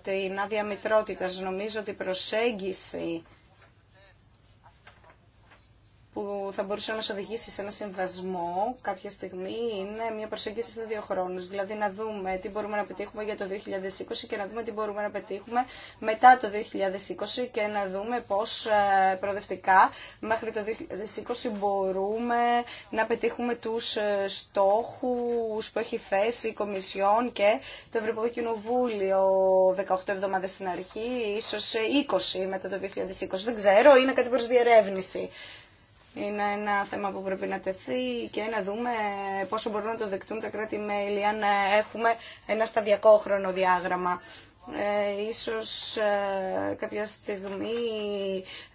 την άδεια μητρότητας. Νομίζω ότι η προσέγγιση που θα μπορούσε να μας οδηγήσει σε ένα συμβασμό κάποια στιγμή είναι μια προσέγγιση σε δύο χρόνους. Δηλαδή να δούμε τι μπορούμε να πετύχουμε για το 2020 και να δούμε τι μπορούμε να πετύχουμε μετά το 2020 και να δούμε πώς ε, προοδευτικά μέχρι το 2020 μπορούμε να πετύχουμε τους ε, στόχους που έχει θέσει η Κομισιόν και το Ευρωπαϊκό Κοινοβούλιο 18 εβδομάδες στην αρχή, ίσως 20 ε, μετά το 2020. Δεν ξέρω, είναι κάτι προς διερεύνηση είναι ένα θέμα που πρέπει να τεθεί και να δούμε πόσο μπορούν να το δεκτούν τα κράτη-μέλη αν ε, έχουμε ένα σταδιακό χρονοδιάγραμμα. Ε, ίσως ε, κάποια στιγμή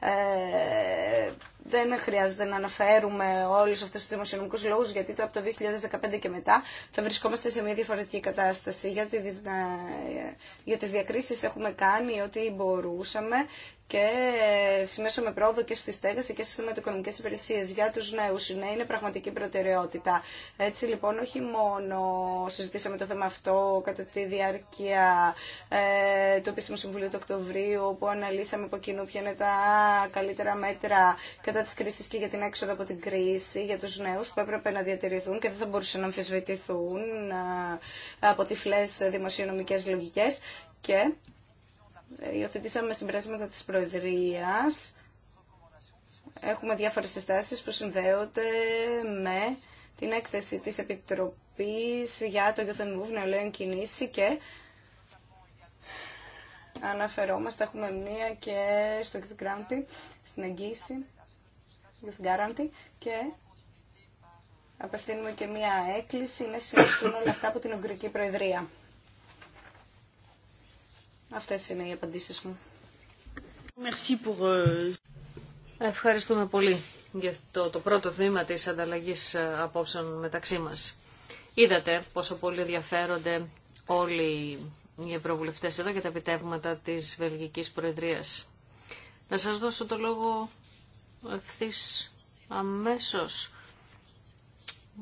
ε, δεν χρειάζεται να αναφέρουμε όλου αυτού του δημοσιονομικού λόγου, γιατί το από το 2015 και μετά θα βρισκόμαστε σε μια διαφορετική κατάσταση. Για, τις, για διακρίσεις έχουμε κάνει ό,τι μπορούσαμε και μέσω με πρόοδο και στη στέγαση και στι χρηματοοικονομικέ υπηρεσίε για του νέου. Οι ναι, είναι πραγματική προτεραιότητα. Έτσι λοιπόν, όχι μόνο συζητήσαμε το θέμα αυτό κατά τη διάρκεια ε, του Επίσημου Συμβουλίου του Οκτωβρίου, όπου αναλύσαμε από κοινού ποια είναι τα καλύτερα μέτρα κατά της κρίσης και για την έξοδο από την κρίση, για τους νέους που έπρεπε να διατηρηθούν και δεν θα μπορούσαν να αμφισβητηθούν από τυφλέ δημοσιονομικές λογικές και ε, υιοθετήσαμε συμπεράσματα της Προεδρίας. Έχουμε διάφορες συστάσεις που συνδέονται με την έκθεση της Επιτροπής για το Youth and Move, Κινήση και αναφερόμαστε, έχουμε μία και στο Youth στην εγγύηση και απευθύνουμε και μία έκκληση να συνεχιστούν όλα αυτά από την Ουγγρική Προεδρία. Αυτές είναι οι απαντήσεις μου. Ε, Ευχαριστούμε πολύ για το το πρώτο βήμα της ανταλλαγής ε, απόψεων μεταξύ μας. Είδατε πόσο πολύ ενδιαφέρονται όλοι οι ευρωβουλευτές εδώ για τα επιτεύγματα της Βελγικής Προεδρίας. Να σας δώσω το λόγο ευθύς αμέσως.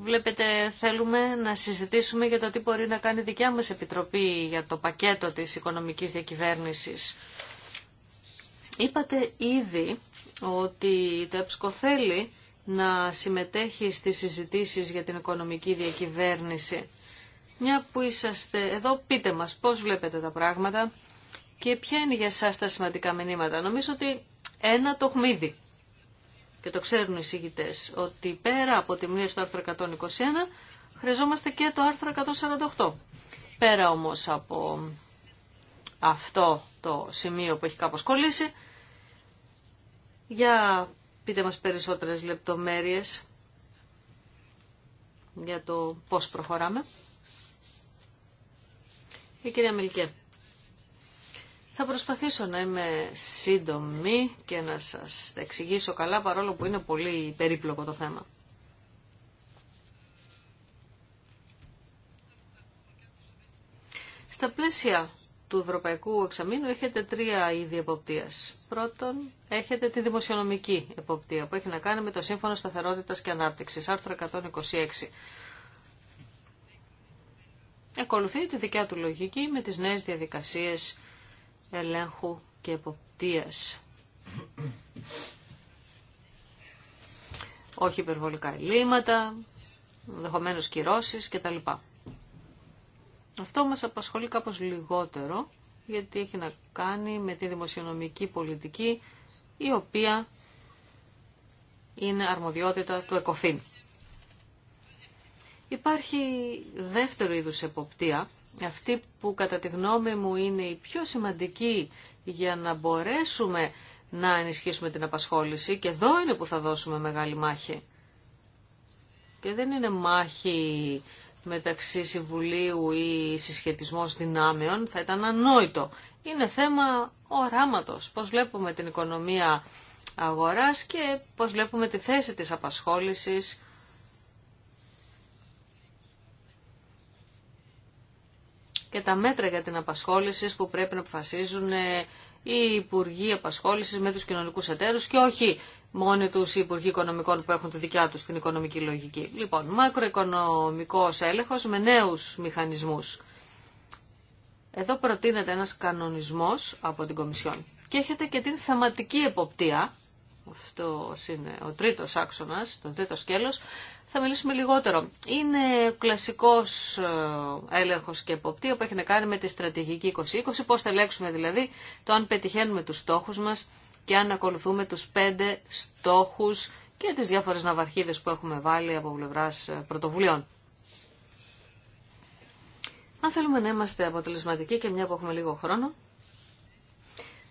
Βλέπετε, θέλουμε να συζητήσουμε για το τι μπορεί να κάνει η δικιά μας Επιτροπή για το πακέτο της οικονομικής διακυβέρνησης. Είπατε ήδη ότι το ΕΠΣΚΟ θέλει να συμμετέχει στις συζητήσεις για την οικονομική διακυβέρνηση. Μια που είσαστε εδώ, πείτε μας πώς βλέπετε τα πράγματα και ποια είναι για σας τα σημαντικά μηνύματα. Νομίζω ότι ένα το και το ξέρουν οι συγκητέ, ότι πέρα από τη μνήμη του άρθρου 121 χρειαζόμαστε και το άρθρο 148. Πέρα όμως από αυτό το σημείο που έχει κάπως κολλήσει, για πείτε μας περισσότερες λεπτομέρειες για το πώς προχωράμε. Η κυρία Μιλκέ. Θα προσπαθήσω να είμαι σύντομη και να σας τα εξηγήσω καλά παρόλο που είναι πολύ περίπλοκο το θέμα. Στα πλαίσια του Ευρωπαϊκού Εξαμήνου έχετε τρία είδη εποπτείας. Πρώτον, έχετε τη δημοσιονομική εποπτεία που έχει να κάνει με το Σύμφωνο Σταθερότητας και Ανάπτυξης, άρθρο 126. Ακολουθεί τη δικιά του λογική με τις νέες διαδικασίες ελέγχου και εποπτείας. Όχι υπερβολικά ελλείμματα, ενδεχομένω κυρώσεις κτλ. Αυτό μας απασχολεί κάπως λιγότερο, γιατί έχει να κάνει με τη δημοσιονομική πολιτική, η οποία είναι αρμοδιότητα του ΕΚΟΦΗΝ. Υπάρχει δεύτερο είδους εποπτεία, αυτή που κατά τη γνώμη μου είναι η πιο σημαντική για να μπορέσουμε να ενισχύσουμε την απασχόληση και εδώ είναι που θα δώσουμε μεγάλη μάχη. Και δεν είναι μάχη μεταξύ Συμβουλίου ή συσχετισμός δυνάμεων, θα ήταν ανόητο. Είναι θέμα οράματος, πώς βλέπουμε την οικονομία αγοράς και πώς βλέπουμε τη θέση της απασχόλησης και τα μέτρα για την απασχόληση που πρέπει να αποφασίζουν ε, οι Υπουργοί Απασχόληση με του κοινωνικού εταίρου και όχι μόνοι του οι Υπουργοί Οικονομικών που έχουν τη δικιά του την οικονομική λογική. Λοιπόν, μακροοικονομικό έλεγχο με νέου μηχανισμού. Εδώ προτείνεται ένας κανονισμός από την Κομισιόν. Και έχετε και την θεματική εποπτεία αυτό είναι ο τρίτος άξονας, το τρίτο σκέλος, θα μιλήσουμε λιγότερο. Είναι κλασικός ε, έλεγχος και εποπτεία που έχει να κάνει με τη στρατηγική 2020, πώς θα ελέγξουμε δηλαδή το αν πετυχαίνουμε τους στόχους μας και αν ακολουθούμε τους πέντε στόχους και τις διάφορες ναυαρχίδες που έχουμε βάλει από πλευρά ε, πρωτοβουλειών. Αν θέλουμε να είμαστε αποτελεσματικοί και μια που έχουμε λίγο χρόνο,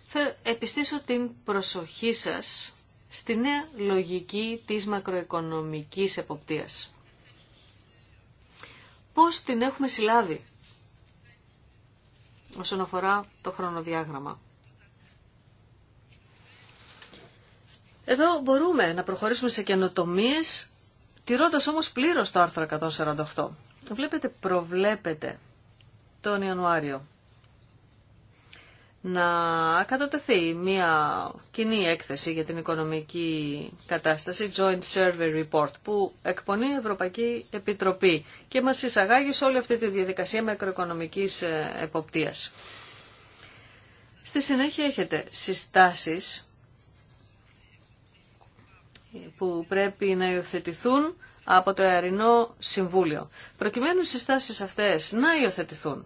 θα επιστήσω την προσοχή σας στη νέα λογική της μακροοικονομικής εποπτείας. Πώς την έχουμε συλλάβει όσον αφορά το χρονοδιάγραμμα. Εδώ μπορούμε να προχωρήσουμε σε καινοτομίες, τηρώντας όμως πλήρως το άρθρο 148. Βλέπετε, προβλέπετε τον Ιανουάριο να κατατεθεί μια κοινή έκθεση για την οικονομική κατάσταση, Joint Survey Report, που εκπονεί η Ευρωπαϊκή Επιτροπή και μας εισαγάγει σε όλη αυτή τη διαδικασία μακροοικονομικής ε, εποπτείας. Στη συνέχεια έχετε συστάσεις που πρέπει να υιοθετηθούν από το Εαρινό Συμβούλιο. Προκειμένου οι συστάσεις αυτές να υιοθετηθούν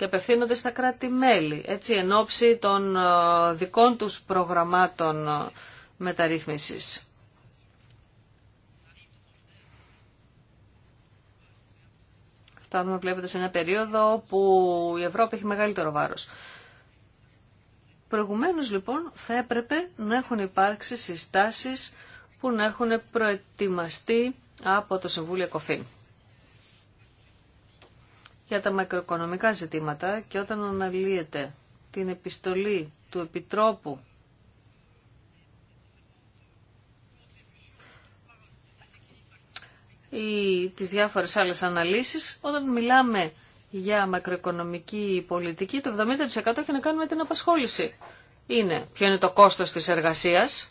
και απευθύνονται στα κράτη-μέλη, έτσι εν ώψη των ε, δικών τους προγραμμάτων ε, μεταρρύθμισης. Φτάνουμε, βλέπετε, σε ένα περίοδο που η Ευρώπη έχει μεγαλύτερο βάρος. Προηγουμένως, λοιπόν, θα έπρεπε να έχουν υπάρξει συστάσεις που να έχουν προετοιμαστεί από το Συμβούλιο Κοφίν για τα μακροοικονομικά ζητήματα και όταν αναλύεται την επιστολή του Επιτρόπου ή τις διάφορες άλλες αναλύσεις, όταν μιλάμε για μακροοικονομική πολιτική, το 70% έχει να κάνει με την απασχόληση. Είναι ποιο είναι το κόστος της εργασίας,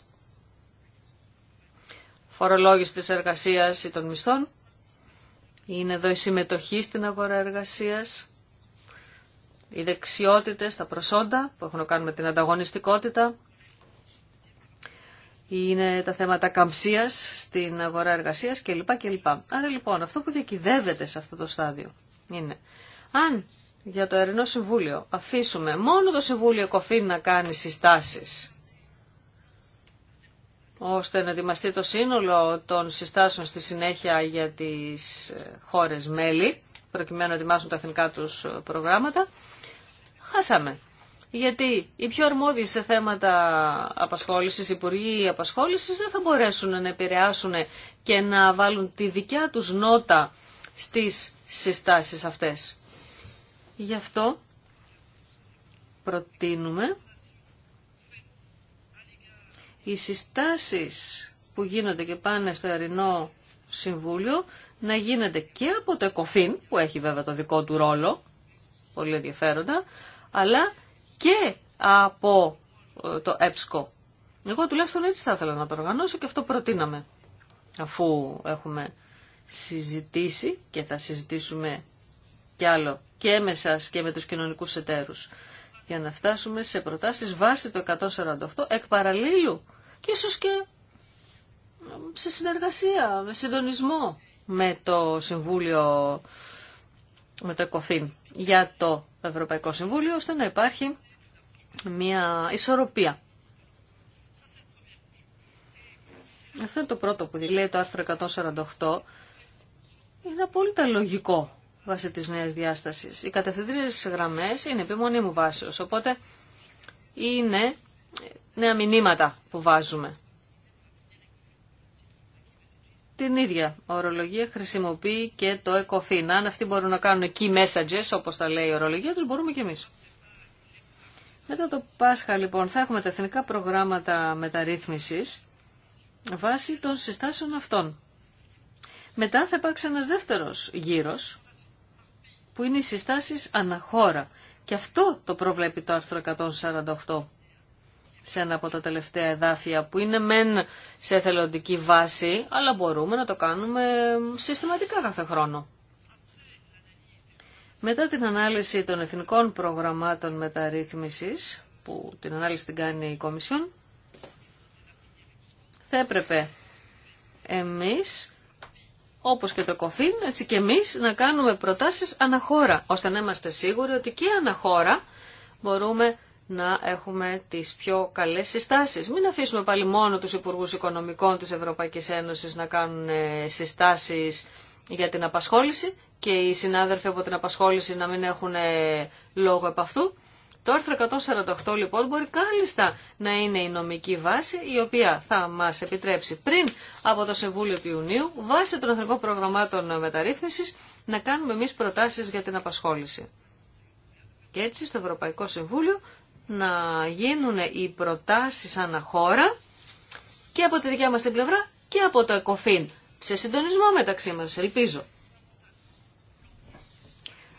φορολόγηση της εργασίας ή των μισθών, είναι εδώ η συμμετοχή στην αγορά εργασίας, οι δεξιότητες, τα προσόντα που έχουν να κάνουν με την ανταγωνιστικότητα. Είναι τα θέματα καμψίας στην αγορά εργασίας κλπ. Άρα λοιπόν αυτό που διακυδεύεται σε αυτό το στάδιο είναι αν για το Ερεινό Συμβούλιο αφήσουμε μόνο το Συμβούλιο Κοφίν να κάνει συστάσεις ώστε να ετοιμαστεί το σύνολο των συστάσεων στη συνέχεια για τις ε, χώρες μέλη, προκειμένου να ετοιμάσουν τα εθνικά τους ε, προγράμματα, χάσαμε. Γιατί οι πιο αρμόδιοι σε θέματα απασχόλησης, οι υπουργοί απασχόλησης, δεν θα μπορέσουν να επηρεάσουν και να βάλουν τη δικιά τους νότα στις συστάσεις αυτές. Γι' αυτό προτείνουμε οι συστάσεις που γίνονται και πάνε στο Ερηνό Συμβούλιο να γίνεται και από το ΕΚΟΦΗΝ, που έχει βέβαια το δικό του ρόλο, πολύ ενδιαφέροντα, αλλά και από ε, το ΕΠΣΚΟ. Εγώ τουλάχιστον έτσι θα ήθελα να το οργανώσω και αυτό προτείναμε, αφού έχουμε συζητήσει και θα συζητήσουμε κι άλλο και με σας και με τους κοινωνικούς εταίρους για να φτάσουμε σε προτάσεις βάση το 148 εκ παραλίλου και ίσως και σε συνεργασία, με συντονισμό με το Συμβούλιο, με το ΕΚΟΦΗΝ για το Ευρωπαϊκό Συμβούλιο, ώστε να υπάρχει μια ισορροπία. Αυτό είναι το πρώτο που λέει το άρθρο 148. Είναι απόλυτα λογικό βάσει της νέας διάστασης. Οι κατευθυντήριες γραμμές είναι επιμονή μου βάσεως, οπότε είναι νέα μηνύματα που βάζουμε. Την ίδια ορολογία χρησιμοποιεί και το ECOFIN. Αν αυτοί μπορούν να κάνουν key messages, όπως τα λέει η ορολογία τους, μπορούμε και εμείς. Μετά το Πάσχα, λοιπόν, θα έχουμε τα εθνικά προγράμματα μεταρρύθμισης βάσει των συστάσεων αυτών. Μετά θα υπάρξει ένας δεύτερος γύρος που είναι οι συστάσεις αναχώρα. Και αυτό το προβλέπει το άρθρο 148 σε ένα από τα τελευταία εδάφια που είναι μεν σε εθελοντική βάση, αλλά μπορούμε να το κάνουμε συστηματικά κάθε χρόνο. Μετά την ανάλυση των εθνικών προγραμμάτων μεταρρύθμισης, που την ανάλυση την κάνει η Κομισιόν, θα έπρεπε εμείς όπως και το κοφίν, έτσι και εμείς να κάνουμε προτάσεις αναχώρα, ώστε να είμαστε σίγουροι ότι και αναχώρα μπορούμε να έχουμε τις πιο καλές συστάσεις. Μην αφήσουμε πάλι μόνο τους Υπουργούς Οικονομικών της Ευρωπαϊκής Ένωσης να κάνουν ε, συστάσεις για την απασχόληση και οι συνάδελφοι από την απασχόληση να μην έχουν ε, λόγο επ' αυτού. Το άρθρο 148 λοιπόν μπορεί κάλλιστα να είναι η νομική βάση η οποία θα μας επιτρέψει πριν από το Συμβούλιο του Ιουνίου βάσει των εθνικών προγραμμάτων μεταρρύθμισης να κάνουμε εμείς προτάσεις για την απασχόληση. Και έτσι στο Ευρωπαϊκό Συμβούλιο να γίνουν οι προτάσεις χώρα και από τη δικιά μας την πλευρά και από το ΕΚΟΦΗΝ. Σε συντονισμό μεταξύ μας, ελπίζω.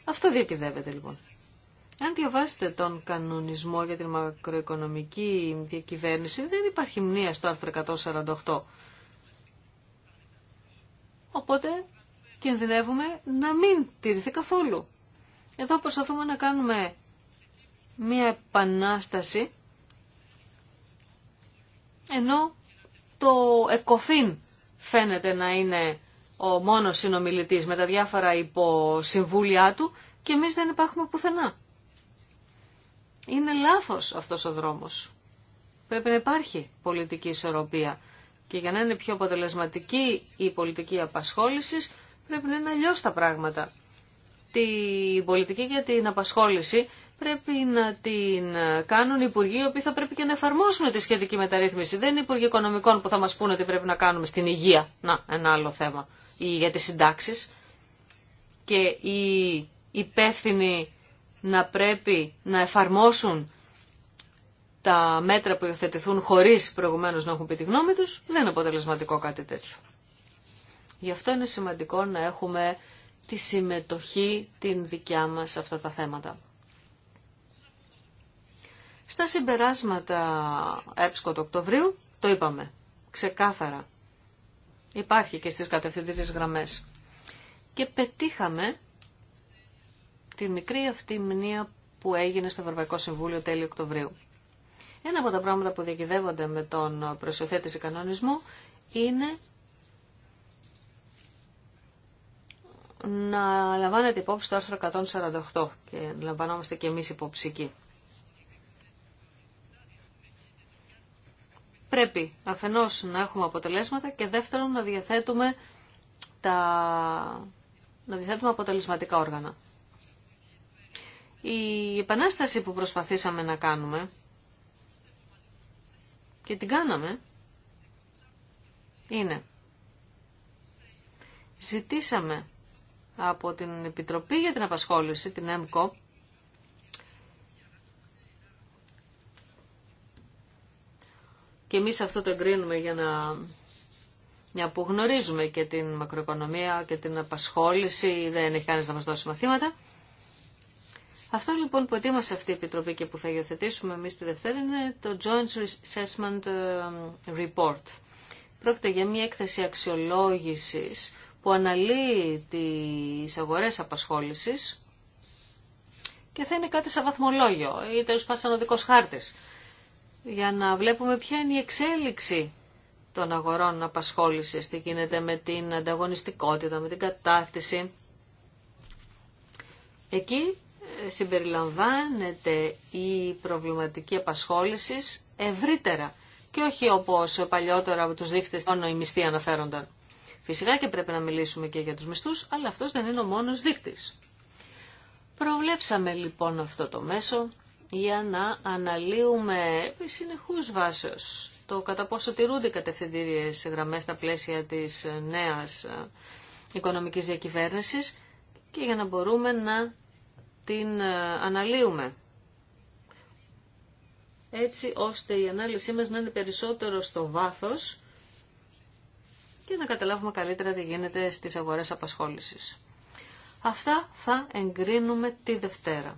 Αυτό διεπιδεύεται λοιπόν. Αν διαβάσετε τον κανονισμό για την μακροοικονομική διακυβέρνηση, δεν υπάρχει μνήμα στο άρθρο 148. Οπότε κινδυνεύουμε να μην τηρηθεί καθόλου. Εδώ προσπαθούμε να κάνουμε μία επανάσταση, ενώ το ΕΚΟΦΗΝ φαίνεται να είναι ο μόνος συνομιλητής με τα διάφορα υποσυμβούλια του και εμείς δεν υπάρχουμε πουθενά. Είναι λάθος αυτός ο δρόμος. Πρέπει να υπάρχει πολιτική ισορροπία. Και για να είναι πιο αποτελεσματική η πολιτική απασχόληση πρέπει να είναι αλλιώ τα πράγματα. Την πολιτική για την απασχόληση πρέπει να την κάνουν οι υπουργοί οι οποίοι θα πρέπει και να εφαρμόσουν τη σχετική μεταρρύθμιση. Δεν είναι οι υπουργοί οικονομικών που θα μας πούνε τι πρέπει να κάνουμε στην υγεία. Να, ένα άλλο θέμα. Ή για τις συντάξεις. Και οι υπεύθυνοι να πρέπει να εφαρμόσουν τα μέτρα που υιοθετηθούν χωρίς προηγουμένως να έχουν πει τη γνώμη τους, δεν είναι αποτελεσματικό κάτι τέτοιο. Γι' αυτό είναι σημαντικό να έχουμε τη συμμετοχή την δικιά μας σε αυτά τα θέματα. Στα συμπεράσματα έψκο του Οκτωβρίου το είπαμε ξεκάθαρα. Υπάρχει και στις κατευθυντήριες γραμμές. Και πετύχαμε τη μικρή αυτή μνήμα που έγινε στο Ευρωπαϊκό Συμβούλιο τέλειο Οκτωβρίου. Ένα από τα πράγματα που διακυδεύονται με τον προσιοθέτηση κανονισμού είναι να λαμβάνετε υπόψη το άρθρο 148 και λαμβανόμαστε και εμείς υπόψικη. Πρέπει αφενός να έχουμε αποτελέσματα και δεύτερον να διαθέτουμε, τα... να διαθέτουμε αποτελεσματικά όργανα. Η επανάσταση που προσπαθήσαμε να κάνουμε και την κάναμε είναι ζητήσαμε από την Επιτροπή για την Απασχόληση, την ΕΜΚΟ, και εμείς αυτό το εγκρίνουμε για να μια που γνωρίζουμε και την μακροοικονομία και την απασχόληση, δεν έχει κανείς να μας δώσει μαθήματα. Αυτό λοιπόν που ετοίμασε αυτή η Επιτροπή και που θα υιοθετήσουμε εμείς τη Δευτέρα είναι το Joint Assessment ε, Report. Πρόκειται για μια έκθεση αξιολόγησης που αναλύει τις αγορές απασχόλησης και θα είναι κάτι σαν βαθμολόγιο ή τέλος πάντων σαν οδικός χάρτης για να βλέπουμε ποια είναι η εξέλιξη των αγορών απασχόλησης, τι γίνεται με την ανταγωνιστικότητα, με την κατάρτιση. Εκεί συμπεριλαμβάνεται η προβληματική απασχόληση ευρύτερα και όχι όπως παλιότερα από τους δείχτες μόνο οι μισθοί αναφέρονταν. Φυσικά και πρέπει να μιλήσουμε και για τους μισθούς, αλλά αυτός δεν είναι ο μόνος δείχτης. Προβλέψαμε λοιπόν αυτό το μέσο για να αναλύουμε συνεχούς βάσεως το κατά πόσο τηρούνται οι κατευθυντήριες γραμμές στα πλαίσια της νέας ε, οικονομικής διακυβέρνησης και για να μπορούμε να την ε, αναλύουμε. Έτσι ώστε η ανάλυση μας να είναι περισσότερο στο βάθος και να καταλάβουμε καλύτερα τι γίνεται στις αγορές απασχόλησης. Αυτά θα εγκρίνουμε τη Δευτέρα.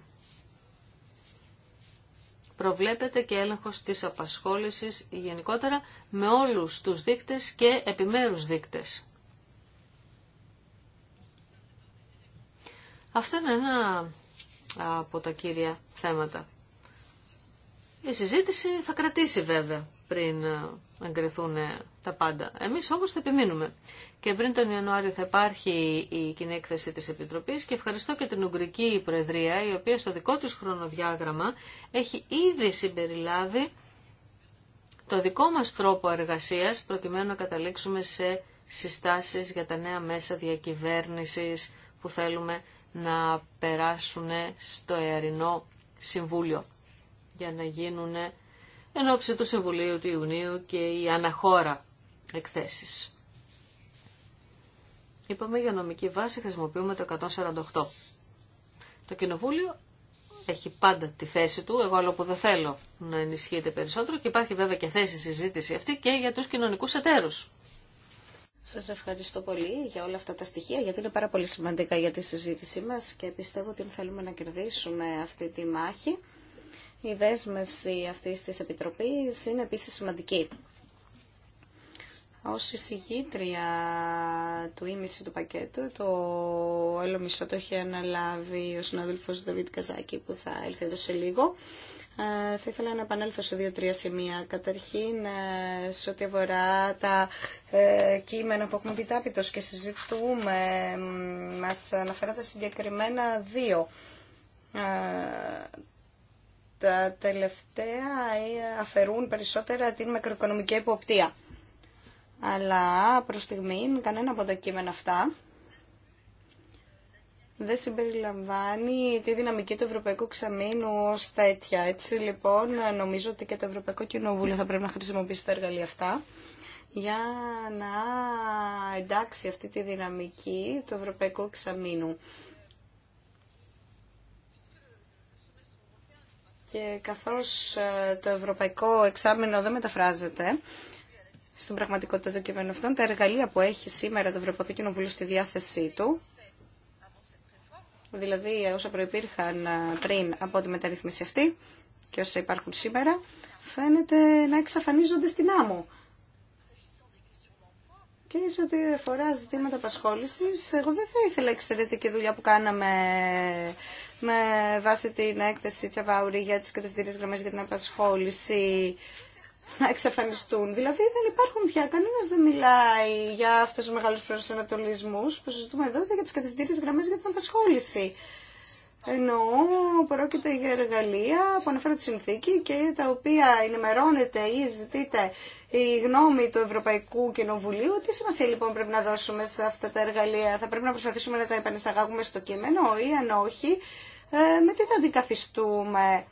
Προβλέπεται και έλεγχος της απασχόλησης γενικότερα με όλους τους δείκτες και επιμέρους δείκτες. Αυτό είναι ένα από τα κύρια θέματα. Η συζήτηση θα κρατήσει βέβαια πριν ε, εγκριθούν ε, τα πάντα. Εμείς όμως θα επιμείνουμε. Και πριν τον Ιανουάριο θα υπάρχει η κοινή έκθεση της Επιτροπής και ευχαριστώ και την Ουγγρική Προεδρία η οποία στο δικό της χρονοδιάγραμμα έχει ήδη συμπεριλάβει το δικό μας τρόπο εργασίας προκειμένου να καταλήξουμε σε συστάσεις για τα νέα μέσα διακυβέρνησης που θέλουμε να περάσουν στο Εαρινό Συμβούλιο για να γίνουν εν ώψη του Συμβουλίου του Ιουνίου και η αναχώρα εκθέσεις. Είπαμε για νομική βάση χρησιμοποιούμε το 148. Το Κοινοβούλιο έχει πάντα τη θέση του, εγώ άλλο που δεν θέλω να ενισχύεται περισσότερο και υπάρχει βέβαια και θέση συζήτηση αυτή και για τους κοινωνικούς εταίρους. Σας ευχαριστώ πολύ για όλα αυτά τα στοιχεία, γιατί είναι πάρα πολύ σημαντικά για τη συζήτησή μας και πιστεύω ότι θέλουμε να κερδίσουμε αυτή τη μάχη. Η δέσμευση αυτής της Επιτροπής είναι επίσης σημαντική. Ως εισηγήτρια του ίμιση του πακέτου, το άλλο μισό το έχει αναλάβει ο συναδελφός Δαβίτ Καζάκη που θα έλθει εδώ σε λίγο. Ε, θα ήθελα να επανέλθω σε δύο-τρία σημεία. Καταρχήν, ε, σε ό,τι αφορά τα ε, κείμενα που έχουμε πει και συζητούμε, μας αναφέρατε συγκεκριμένα δύο. τα τελευταία αφαιρούν περισσότερα την μακροοικονομική υποπτία. Αλλά προς στιγμή κανένα από τα κείμενα αυτά δεν συμπεριλαμβάνει τη δυναμική του Ευρωπαϊκού Ξαμήνου ω τέτοια. Έτσι λοιπόν νομίζω ότι και το Ευρωπαϊκό Κοινοβούλιο θα πρέπει να χρησιμοποιήσει τα εργαλεία αυτά για να εντάξει αυτή τη δυναμική του Ευρωπαϊκού Ξαμήνου. Και καθώς ε, το Ευρωπαϊκό Εξάμεινο δεν μεταφράζεται, στην πραγματικότητα των κειμένων αυτών, τα εργαλεία που έχει σήμερα το Ευρωπαϊκό Κοινοβούλιο στη διάθεσή του δηλαδή όσα προϋπήρχαν ε, πριν από τη μεταρρύθμιση αυτή και όσα υπάρχουν σήμερα, φαίνεται να εξαφανίζονται στην άμμο. Και σε ό,τι αφορά ζητήματα απασχόληση, εγώ δεν θα ήθελα εξαιρετική δουλειά που κάναμε με βάση την έκθεση Τσαβάουρη για τις κατευθυντήριες γραμμές για την απασχόληση να εξαφανιστούν. Δηλαδή δεν υπάρχουν πια, κανένα δεν μιλάει για αυτού του μεγάλου προσανατολισμού που συζητούμε εδώ και για τι κατευθυντήριε γραμμέ για την απασχόληση. Ενώ πρόκειται για εργαλεία που αναφέρουν τη συνθήκη και τα οποία ενημερώνεται ή ζητείται η γνώμη του Ευρωπαϊκού Κοινοβουλίου. Τι σημασία λοιπόν πρέπει να δώσουμε σε αυτά τα εργαλεία. Θα πρέπει να προσπαθήσουμε να τα επανεισαγάγουμε στο κείμενο ή αν όχι, ε, με τι θα αντικαθιστούμε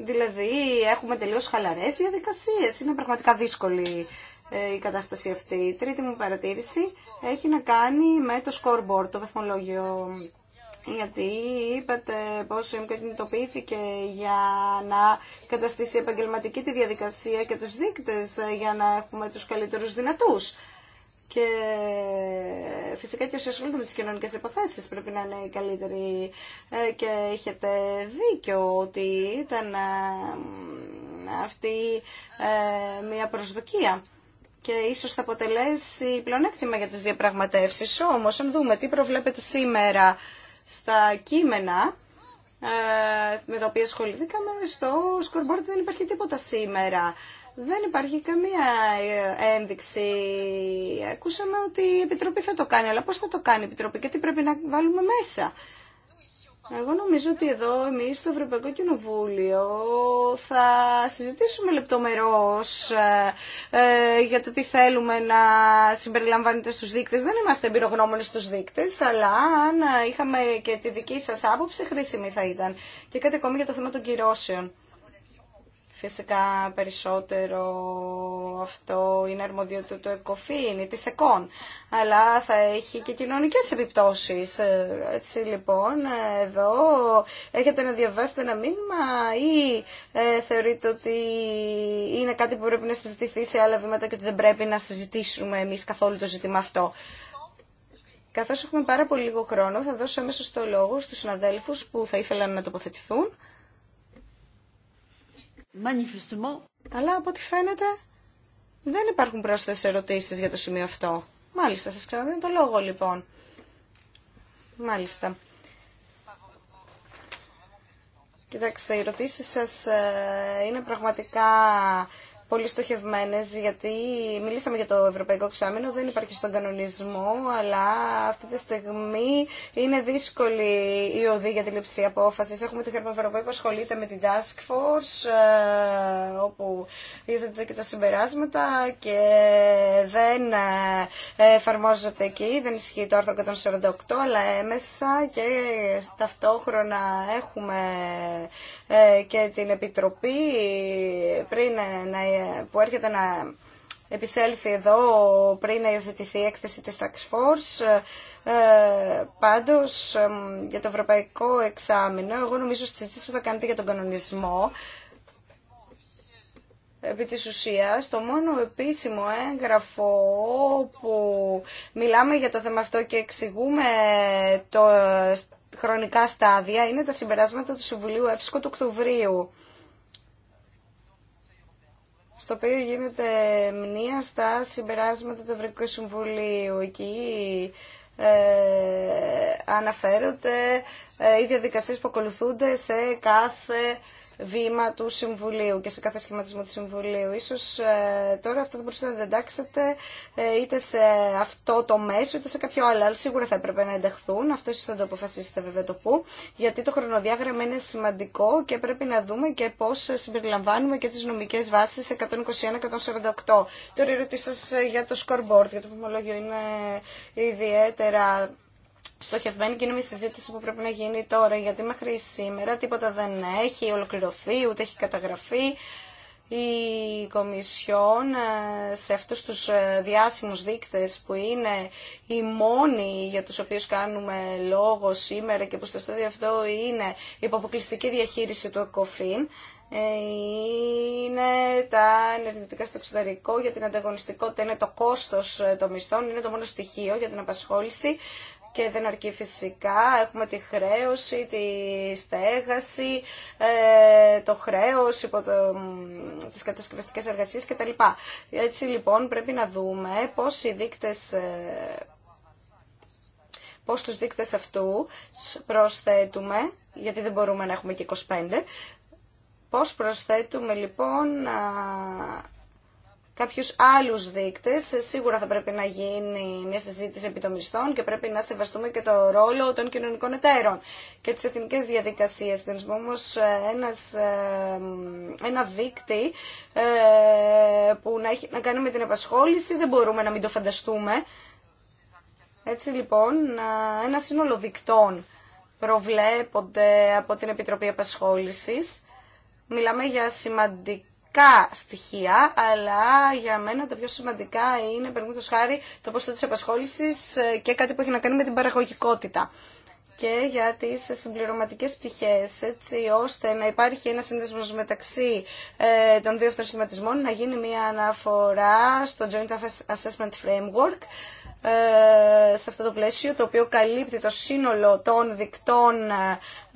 Δηλαδή έχουμε τελείως χαλαρές διαδικασίες. Είναι πραγματικά δύσκολη ε, η κατάσταση αυτή. Η τρίτη μου παρατήρηση έχει να κάνει με το scoreboard, το βαθμολόγιο. Γιατί είπατε πώς κινητοποιήθηκε για να καταστήσει επαγγελματική τη διαδικασία και τους δείκτες ε, για να έχουμε τους καλύτερους δυνατούς. Και φυσικά και όσοι ασχολούνται με τις κοινωνικέ υποθέσει πρέπει να είναι οι καλύτεροι. Ε, και έχετε δίκιο ότι ήταν ε, αυτή ε, μια προσδοκία και ίσως θα αποτελέσει πλεονέκτημα για τι διαπραγματεύσει. Όμω, αν δούμε τι προβλέπετε σήμερα στα κείμενα με τα οποία ασχοληθήκαμε, στο scoreboard δεν υπάρχει τίποτα σήμερα. Δεν υπάρχει καμία ε, ένδειξη. Ακούσαμε ότι η Επιτροπή θα το κάνει, αλλά πώς θα το κάνει η Επιτροπή και τι πρέπει να βάλουμε μέσα. Εγώ νομίζω ότι εδώ εμείς στο Ευρωπαϊκό Κοινοβούλιο θα συζητήσουμε λεπτομερώς ε, ε, για το τι θέλουμε να συμπεριλαμβάνεται στους δείκτες. Δεν είμαστε εμπειρογνώμονες στους δείκτες, αλλά αν είχαμε και τη δική σας άποψη χρήσιμη θα ήταν. Και κάτι ακόμη για το θέμα των κυρώσεων. Φυσικά περισσότερο αυτό είναι αρμοδιότητα του ΕΚΟΦΗΝ ή της ΕΚΟΝ, αλλά θα έχει και κοινωνικές επιπτώσεις. Ε, έτσι λοιπόν, εδώ έχετε να διαβάσετε ένα μήνυμα ή ε, θεωρείτε ότι είναι κάτι που πρέπει να συζητηθεί σε άλλα βήματα και ότι δεν πρέπει να συζητήσουμε εμείς καθόλου το ζήτημα αυτό. Καθώς έχουμε πάρα πολύ λίγο χρόνο, θα δώσω αμέσως το λόγο στους συναδέλφους που θα ήθελαν να τοποθετηθούν. Αλλά από ό,τι φαίνεται δεν υπάρχουν πρόσθετες ερωτήσεις για το σημείο αυτό. Μάλιστα, σας ξαναδίνω το λόγο λοιπόν. Μάλιστα. Κοιτάξτε, οι ερωτήσεις σας ε, είναι πραγματικά πολύ στοχευμένε, γιατί μιλήσαμε για το Ευρωπαϊκό Ξάμεινο, δεν υπάρχει στον κανονισμό, αλλά αυτή τη στιγμή είναι δύσκολη η οδή για τη λήψη απόφαση. Έχουμε το Χερμαυροβέο που ασχολείται με την Task Force, ε, όπου υιοθετείται και τα συμπεράσματα και δεν ε, εφαρμόζεται εκεί, δεν ισχύει το άρθρο 148, αλλά έμεσα και ταυτόχρονα έχουμε ε, και την Επιτροπή πριν που έρχεται να επισέλθει εδώ πριν να υιοθετηθεί η έκθεση της Tax Force. Ε, πάντως, ε, για το ευρωπαϊκό εξάμεινο, εγώ νομίζω στις συζητήσεις που θα κάνετε για τον κανονισμό, επί της ουσίας, το μόνο επίσημο έγγραφο που μιλάμε για το θέμα αυτό και εξηγούμε το, χρονικά στάδια είναι τα συμπεράσματα του Συμβουλίου έψικο του Οκτωβρίου στο οποίο γίνεται μνήα στα συμπεράσματα του Ευρωπαϊκού Συμβουλίου. Εκεί ε, αναφέρονται ε, οι διαδικασίες που ακολουθούνται σε κάθε βήμα του Συμβουλίου και σε κάθε σχηματισμό του Συμβουλίου. Ίσως ε, τώρα αυτό θα μπορούσατε να εντάξετε ε, είτε σε αυτό το μέσο είτε σε κάποιο άλλο. Αλλά σίγουρα θα έπρεπε να ενταχθούν. Αυτό εσείς θα το αποφασίσετε βέβαια το πού. Γιατί το χρονοδιάγραμμα είναι σημαντικό και πρέπει να δούμε και πώς συμπεριλαμβάνουμε και τις νομικές βάσεις 121-148. Τώρα η ρωτή σας για το scoreboard, για το βαθμολόγιο είναι ιδιαίτερα στοχευμένη και είναι συζήτηση που πρέπει να γίνει τώρα, γιατί μέχρι σήμερα τίποτα δεν έχει ολοκληρωθεί, ούτε έχει καταγραφεί. Η Κομισιόν ε, σε αυτούς τους ε, διάσημους δείκτες που είναι οι μόνοι για τους οποίους κάνουμε λόγο σήμερα και που στο στάδιο αυτό είναι η υποποκλειστική διαχείριση του ΕΚΟΦΗΝ, ε, είναι τα ενεργητικά στο εξωτερικό για την ανταγωνιστικότητα, είναι το κόστος των μισθών, είναι το μόνο στοιχείο για την απασχόληση και δεν αρκεί φυσικά. Έχουμε τη χρέωση, τη στέγαση, ε, το χρέος υπό το, τις κατασκευαστικές εργασίες κτλ. Έτσι λοιπόν πρέπει να δούμε πώς οι δείκτες ε, πώς τους δείκτες αυτού προσθέτουμε, γιατί δεν μπορούμε να έχουμε και 25, πώς προσθέτουμε λοιπόν κάποιους άλλους δείκτες. Σίγουρα θα πρέπει να γίνει μια συζήτηση επί των μισθών και πρέπει να σεβαστούμε και το ρόλο των κοινωνικών εταίρων και τις εθνικές διαδικασίες. Δεν όμως ε, ένας, ε, ένα δείκτη ε, που να, έχει, να κάνει με την απασχόληση δεν μπορούμε να μην το φανταστούμε. Έτσι λοιπόν, ένα σύνολο δικτών προβλέπονται από την Επιτροπή Απασχόλησης. Μιλάμε για σημαντική στοιχεία, αλλά για μένα τα πιο σημαντικά είναι, παραδείγματο χάρη, το ποσοστό τη απασχόληση ε, και κάτι που έχει να κάνει με την παραγωγικότητα και για τι συμπληρωματικέ πτυχέ, έτσι ώστε να υπάρχει ένα σύνδεσμο μεταξύ ε, των δύο αυτών σχηματισμών, να γίνει μια αναφορά στο Joint Assessment Framework, ε, σε αυτό το πλαίσιο το οποίο καλύπτει το σύνολο των δικτών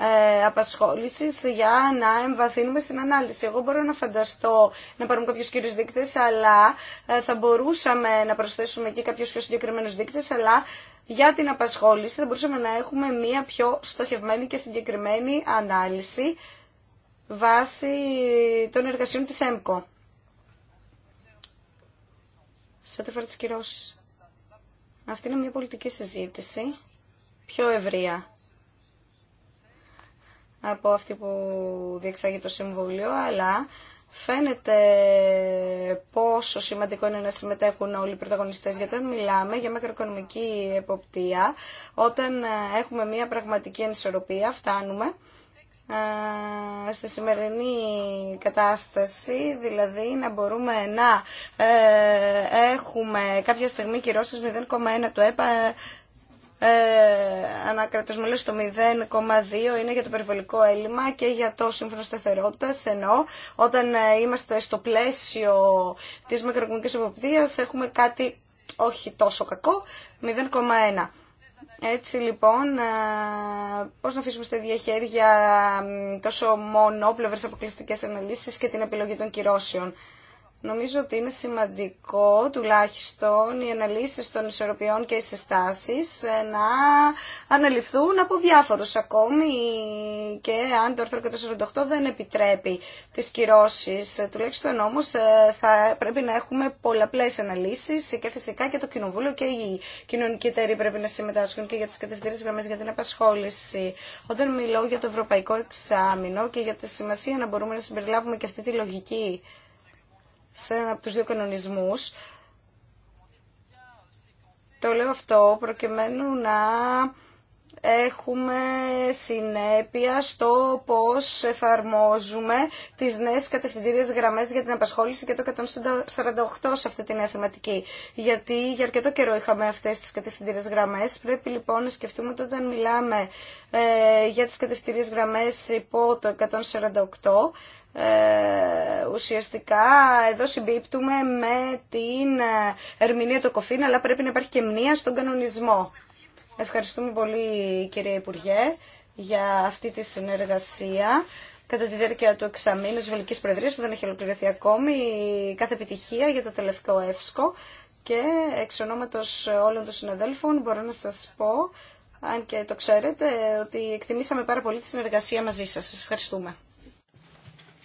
ε, απασχόλησης για να εμβαθύνουμε στην ανάλυση. Εγώ μπορώ να φανταστώ να πάρουμε κάποιους κύριους δείκτες, αλλά ε, θα μπορούσαμε να προσθέσουμε και κάποιους πιο συγκεκριμένους δείκτες, αλλά για την απασχόληση θα μπορούσαμε να έχουμε μία πιο στοχευμένη και συγκεκριμένη ανάλυση βάσει των εργασιών της ΕΜΚΟ. Σε ό,τι αφορά τις αυτή είναι μια πολιτική συζήτηση πιο ευρεία από αυτή που διεξάγει το Συμβούλιο, αλλά φαίνεται πόσο σημαντικό είναι να συμμετέχουν όλοι οι πρωταγωνιστές, γιατί όταν μιλάμε για μακροοικονομική εποπτεία, όταν έχουμε μια πραγματική ανισορροπία, φτάνουμε στη σημερινή κατάσταση, δηλαδή να μπορούμε να ε, έχουμε κάποια στιγμή κυρώσεις 0,1 του ΕΠΑ ε, ανακρατοσμέλος 0,2 είναι για το περιβολικό έλλειμμα και για το σύμφωνο σταθερότητα, ενώ όταν ε, είμαστε στο πλαίσιο της μικροοικονομικής εποπτείας έχουμε κάτι όχι τόσο κακό, 0,1. Έτσι λοιπόν, ε, πώς να αφήσουμε στα ίδια χέρια τόσο μονόπλευρες αποκλειστικέ αναλύσει και την επιλογή των κυρώσεων. Νομίζω ότι είναι σημαντικό τουλάχιστον οι αναλύσεις των ισορροπιών και οι συστάσεις ε, να αναλυφθούν από διάφορους ακόμη και αν το άρθρο 148 δεν επιτρέπει τις κυρώσεις. Ε, τουλάχιστον όμως ε, θα πρέπει να έχουμε πολλαπλές αναλύσεις και φυσικά και το Κοινοβούλιο και οι κοινωνικοί εταιροί πρέπει να συμμετάσχουν και για τις κατευθυντήρες γραμμές για την απασχόληση. Όταν μιλώ για το ευρωπαϊκό εξάμεινο και για τη σημασία να μπορούμε να συμπεριλάβουμε και αυτή τη λογική σε ένα από τους δύο κανονισμούς. Το λέω αυτό προκειμένου να έχουμε συνέπεια στο πώς εφαρμόζουμε τις νέες κατευθυντήριες γραμμές για την απασχόληση και το 148 σε αυτή την θεματική. Γιατί για αρκετό καιρό είχαμε αυτές τις κατευθυντήριες γραμμές. Πρέπει λοιπόν να σκεφτούμε ότι όταν μιλάμε ε, για τις κατευθυντήριες γραμμές υπό το 148 ε, ουσιαστικά εδώ συμπίπτουμε με την ερμηνεία του κοφίν, αλλά πρέπει να υπάρχει και μνήμα στον κανονισμό. Ευχαριστούμε πολύ κυρία Υπουργέ για αυτή τη συνεργασία κατά τη διάρκεια του εξαμήνου της Βελικής Προεδρίας που δεν έχει ολοκληρωθεί ακόμη κάθε επιτυχία για το τελευταίο ΕΦΣΚΟ και εξ ονόματος όλων των συναδέλφων μπορώ να σας πω αν και το ξέρετε ότι εκτιμήσαμε πάρα πολύ τη συνεργασία μαζί σας. Σας ευχαριστούμε.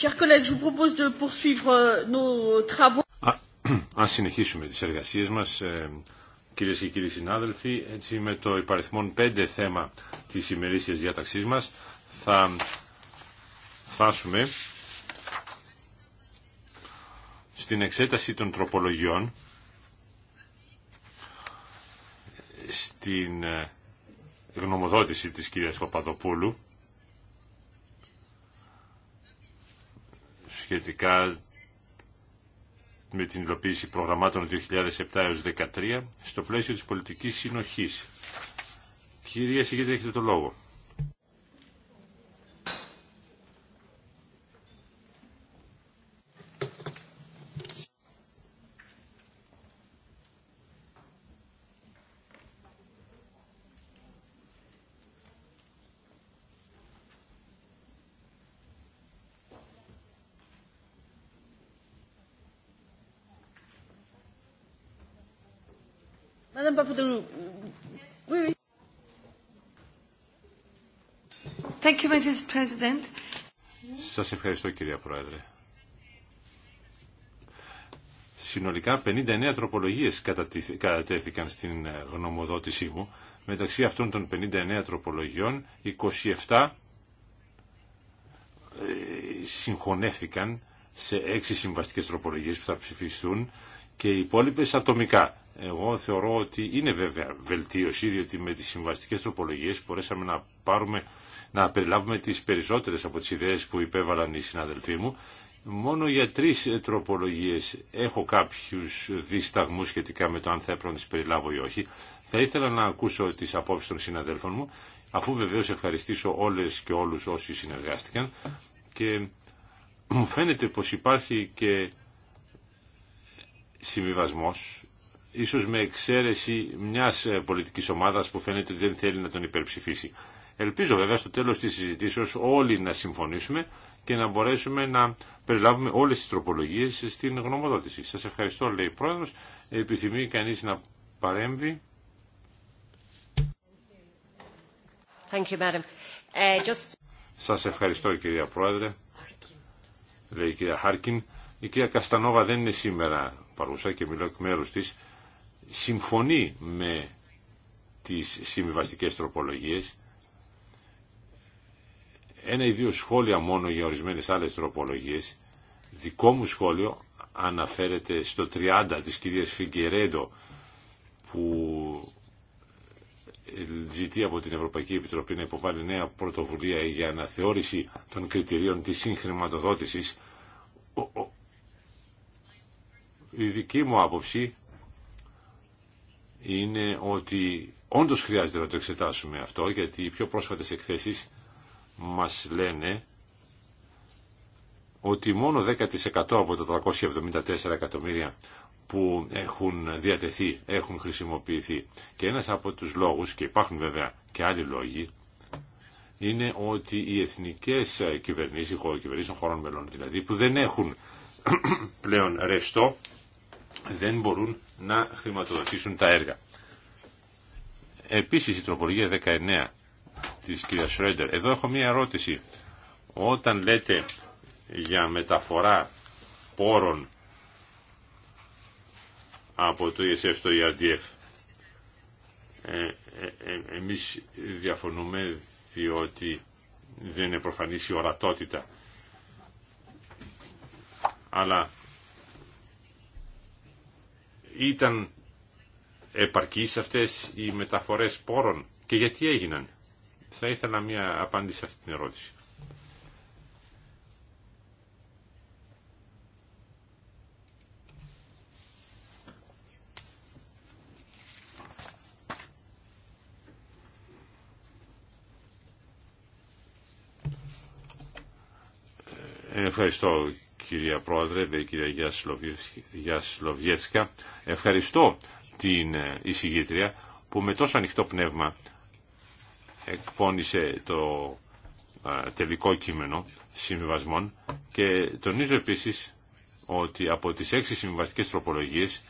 Chers Α συνεχίσουμε τις εργασίες μας, ε, κυρίες και κύριοι συνάδελφοι, έτσι με το υπαριθμόν πέντε θέμα της ημερήσιας διάταξής μας θα φτάσουμε στην εξέταση των τροπολογιών στην ε, γνωμοδότηση της κυρίας Παπαδοπούλου σχετικά με την υλοποίηση προγραμμάτων 2007 έως 2013 στο πλαίσιο της πολιτικής συνοχής. Κυρία Σιγήτη, έχετε το λόγο. Mrs. Σας ευχαριστώ κυρία Πρόεδρε. Συνολικά 59 τροπολογίες κατατέθηκαν στην ε, γνωμοδότησή μου. Μεταξύ αυτών των 59 τροπολογιών 27 ε, συγχωνεύτηκαν σε 6 συμβαστικές τροπολογίες που θα ψηφιστούν και οι υπόλοιπες ατομικά. Εγώ θεωρώ ότι είναι βέβαια βελτίωση, διότι με τις συμβαστικές τροπολογίες μπορέσαμε να πάρουμε να περιλάβουμε τις περισσότερες από τις ιδέες που υπέβαλαν οι συναδελφοί μου. Μόνο για τρεις τροπολογίες έχω κάποιους δισταγμούς σχετικά με το αν θα έπρεπε να τις περιλάβω ή όχι. Θα ήθελα να ακούσω τις απόψεις των συναδέλφων μου, αφού βεβαίως ευχαριστήσω όλες και όλους όσοι συνεργάστηκαν και μου φαίνεται πως υπάρχει και συμβιβασμός, ίσως με εξαίρεση μιας πολιτικής ομάδας που φαίνεται δεν θέλει να τον υπερψηφίσει. Ελπίζω βέβαια στο τέλος της συζητήσεως όλοι να συμφωνήσουμε και να μπορέσουμε να περιλάβουμε όλες τις τροπολογίες στην γνωμοδότηση. Σας ευχαριστώ, λέει η Πρόεδρος. Επιθυμεί κανείς να παρέμβει. Thank you, madam. Ε, Σας ευχαριστώ, κυρία Πρόεδρε. Λέει η κυρία Χάρκιν. Η κυρία Καστανόβα δεν είναι σήμερα παρούσα και μιλώ εκ μέρους της. Συμφωνεί με τις συμβιβαστικές τροπολογίες ένα ή δύο σχόλια μόνο για ορισμένες άλλες τροπολογίες. Δικό μου σχόλιο αναφέρεται στο 30 της κυρίας Φιγκερέντο που ζητεί από την Ευρωπαϊκή Επιτροπή να υποβάλει νέα πρωτοβουλία για αναθεώρηση των κριτηρίων της συγχρηματοδότησης. Η δική μου άποψη είναι ότι όντως χρειάζεται να το εξετάσουμε αυτό γιατί οι πιο πρόσφατες εκθέσεις μας λένε ότι μόνο 10% από τα 374 εκατομμύρια που έχουν διατεθεί, έχουν χρησιμοποιηθεί. Και ένας από τους λόγους, και υπάρχουν βέβαια και άλλοι λόγοι, είναι ότι οι εθνικές κυβερνήσεις, οι κυβερνήσεις των χωρών μελών δηλαδή, που δεν έχουν πλέον ρευστό, δεν μπορούν να χρηματοδοτήσουν τα έργα. Επίσης η τροπολογία 19 της κυρίας Σρέντερ. Εδώ έχω μία ερώτηση. Όταν λέτε για μεταφορά πόρων από το ESF στο ERDF, ε, ε, ε, εμείς διαφωνούμε διότι δεν είναι προφανής η ορατότητα. Αλλά ήταν επαρκείς αυτές οι μεταφορές πόρων και γιατί έγιναν. Θα ήθελα μια απάντηση σε αυτή την ερώτηση. Ε, ευχαριστώ κυρία Πρόεδρε, λέει κυρία Γιάσλοβιέτσκα. Ευχαριστώ την ε, εισηγήτρια που με τόσο ανοιχτό πνεύμα εκπώνησε το τελικό κείμενο συμβιβασμών και τονίζω επίσης ότι από τις έξι συμβιβαστικές τροπολογίες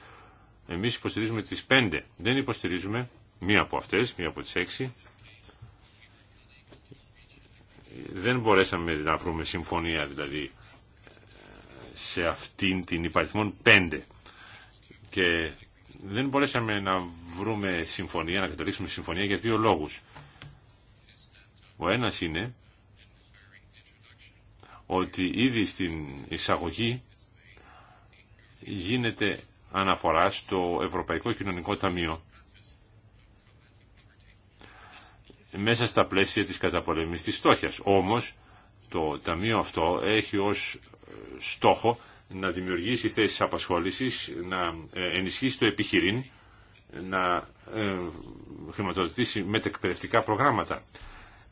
εμείς υποστηρίζουμε τις πέντε. Δεν υποστηρίζουμε μία από αυτές, μία από τις έξι. Δεν μπορέσαμε να βρούμε συμφωνία δηλαδή σε αυτήν την υπαριθμόν πέντε και δεν μπορέσαμε να βρούμε συμφωνία, να καταλήξουμε συμφωνία για δύο λόγους. Ο ένας είναι ότι ήδη στην εισαγωγή γίνεται αναφορά στο Ευρωπαϊκό Κοινωνικό Ταμείο μέσα στα πλαίσια της καταπολεμής της στόχιας. Όμως το Ταμείο αυτό έχει ως στόχο να δημιουργήσει θέσεις απασχόλησης, να ε, ενισχύσει το επιχειρήν, να ε, χρηματοδοτήσει μετεκπαιδευτικά προγράμματα.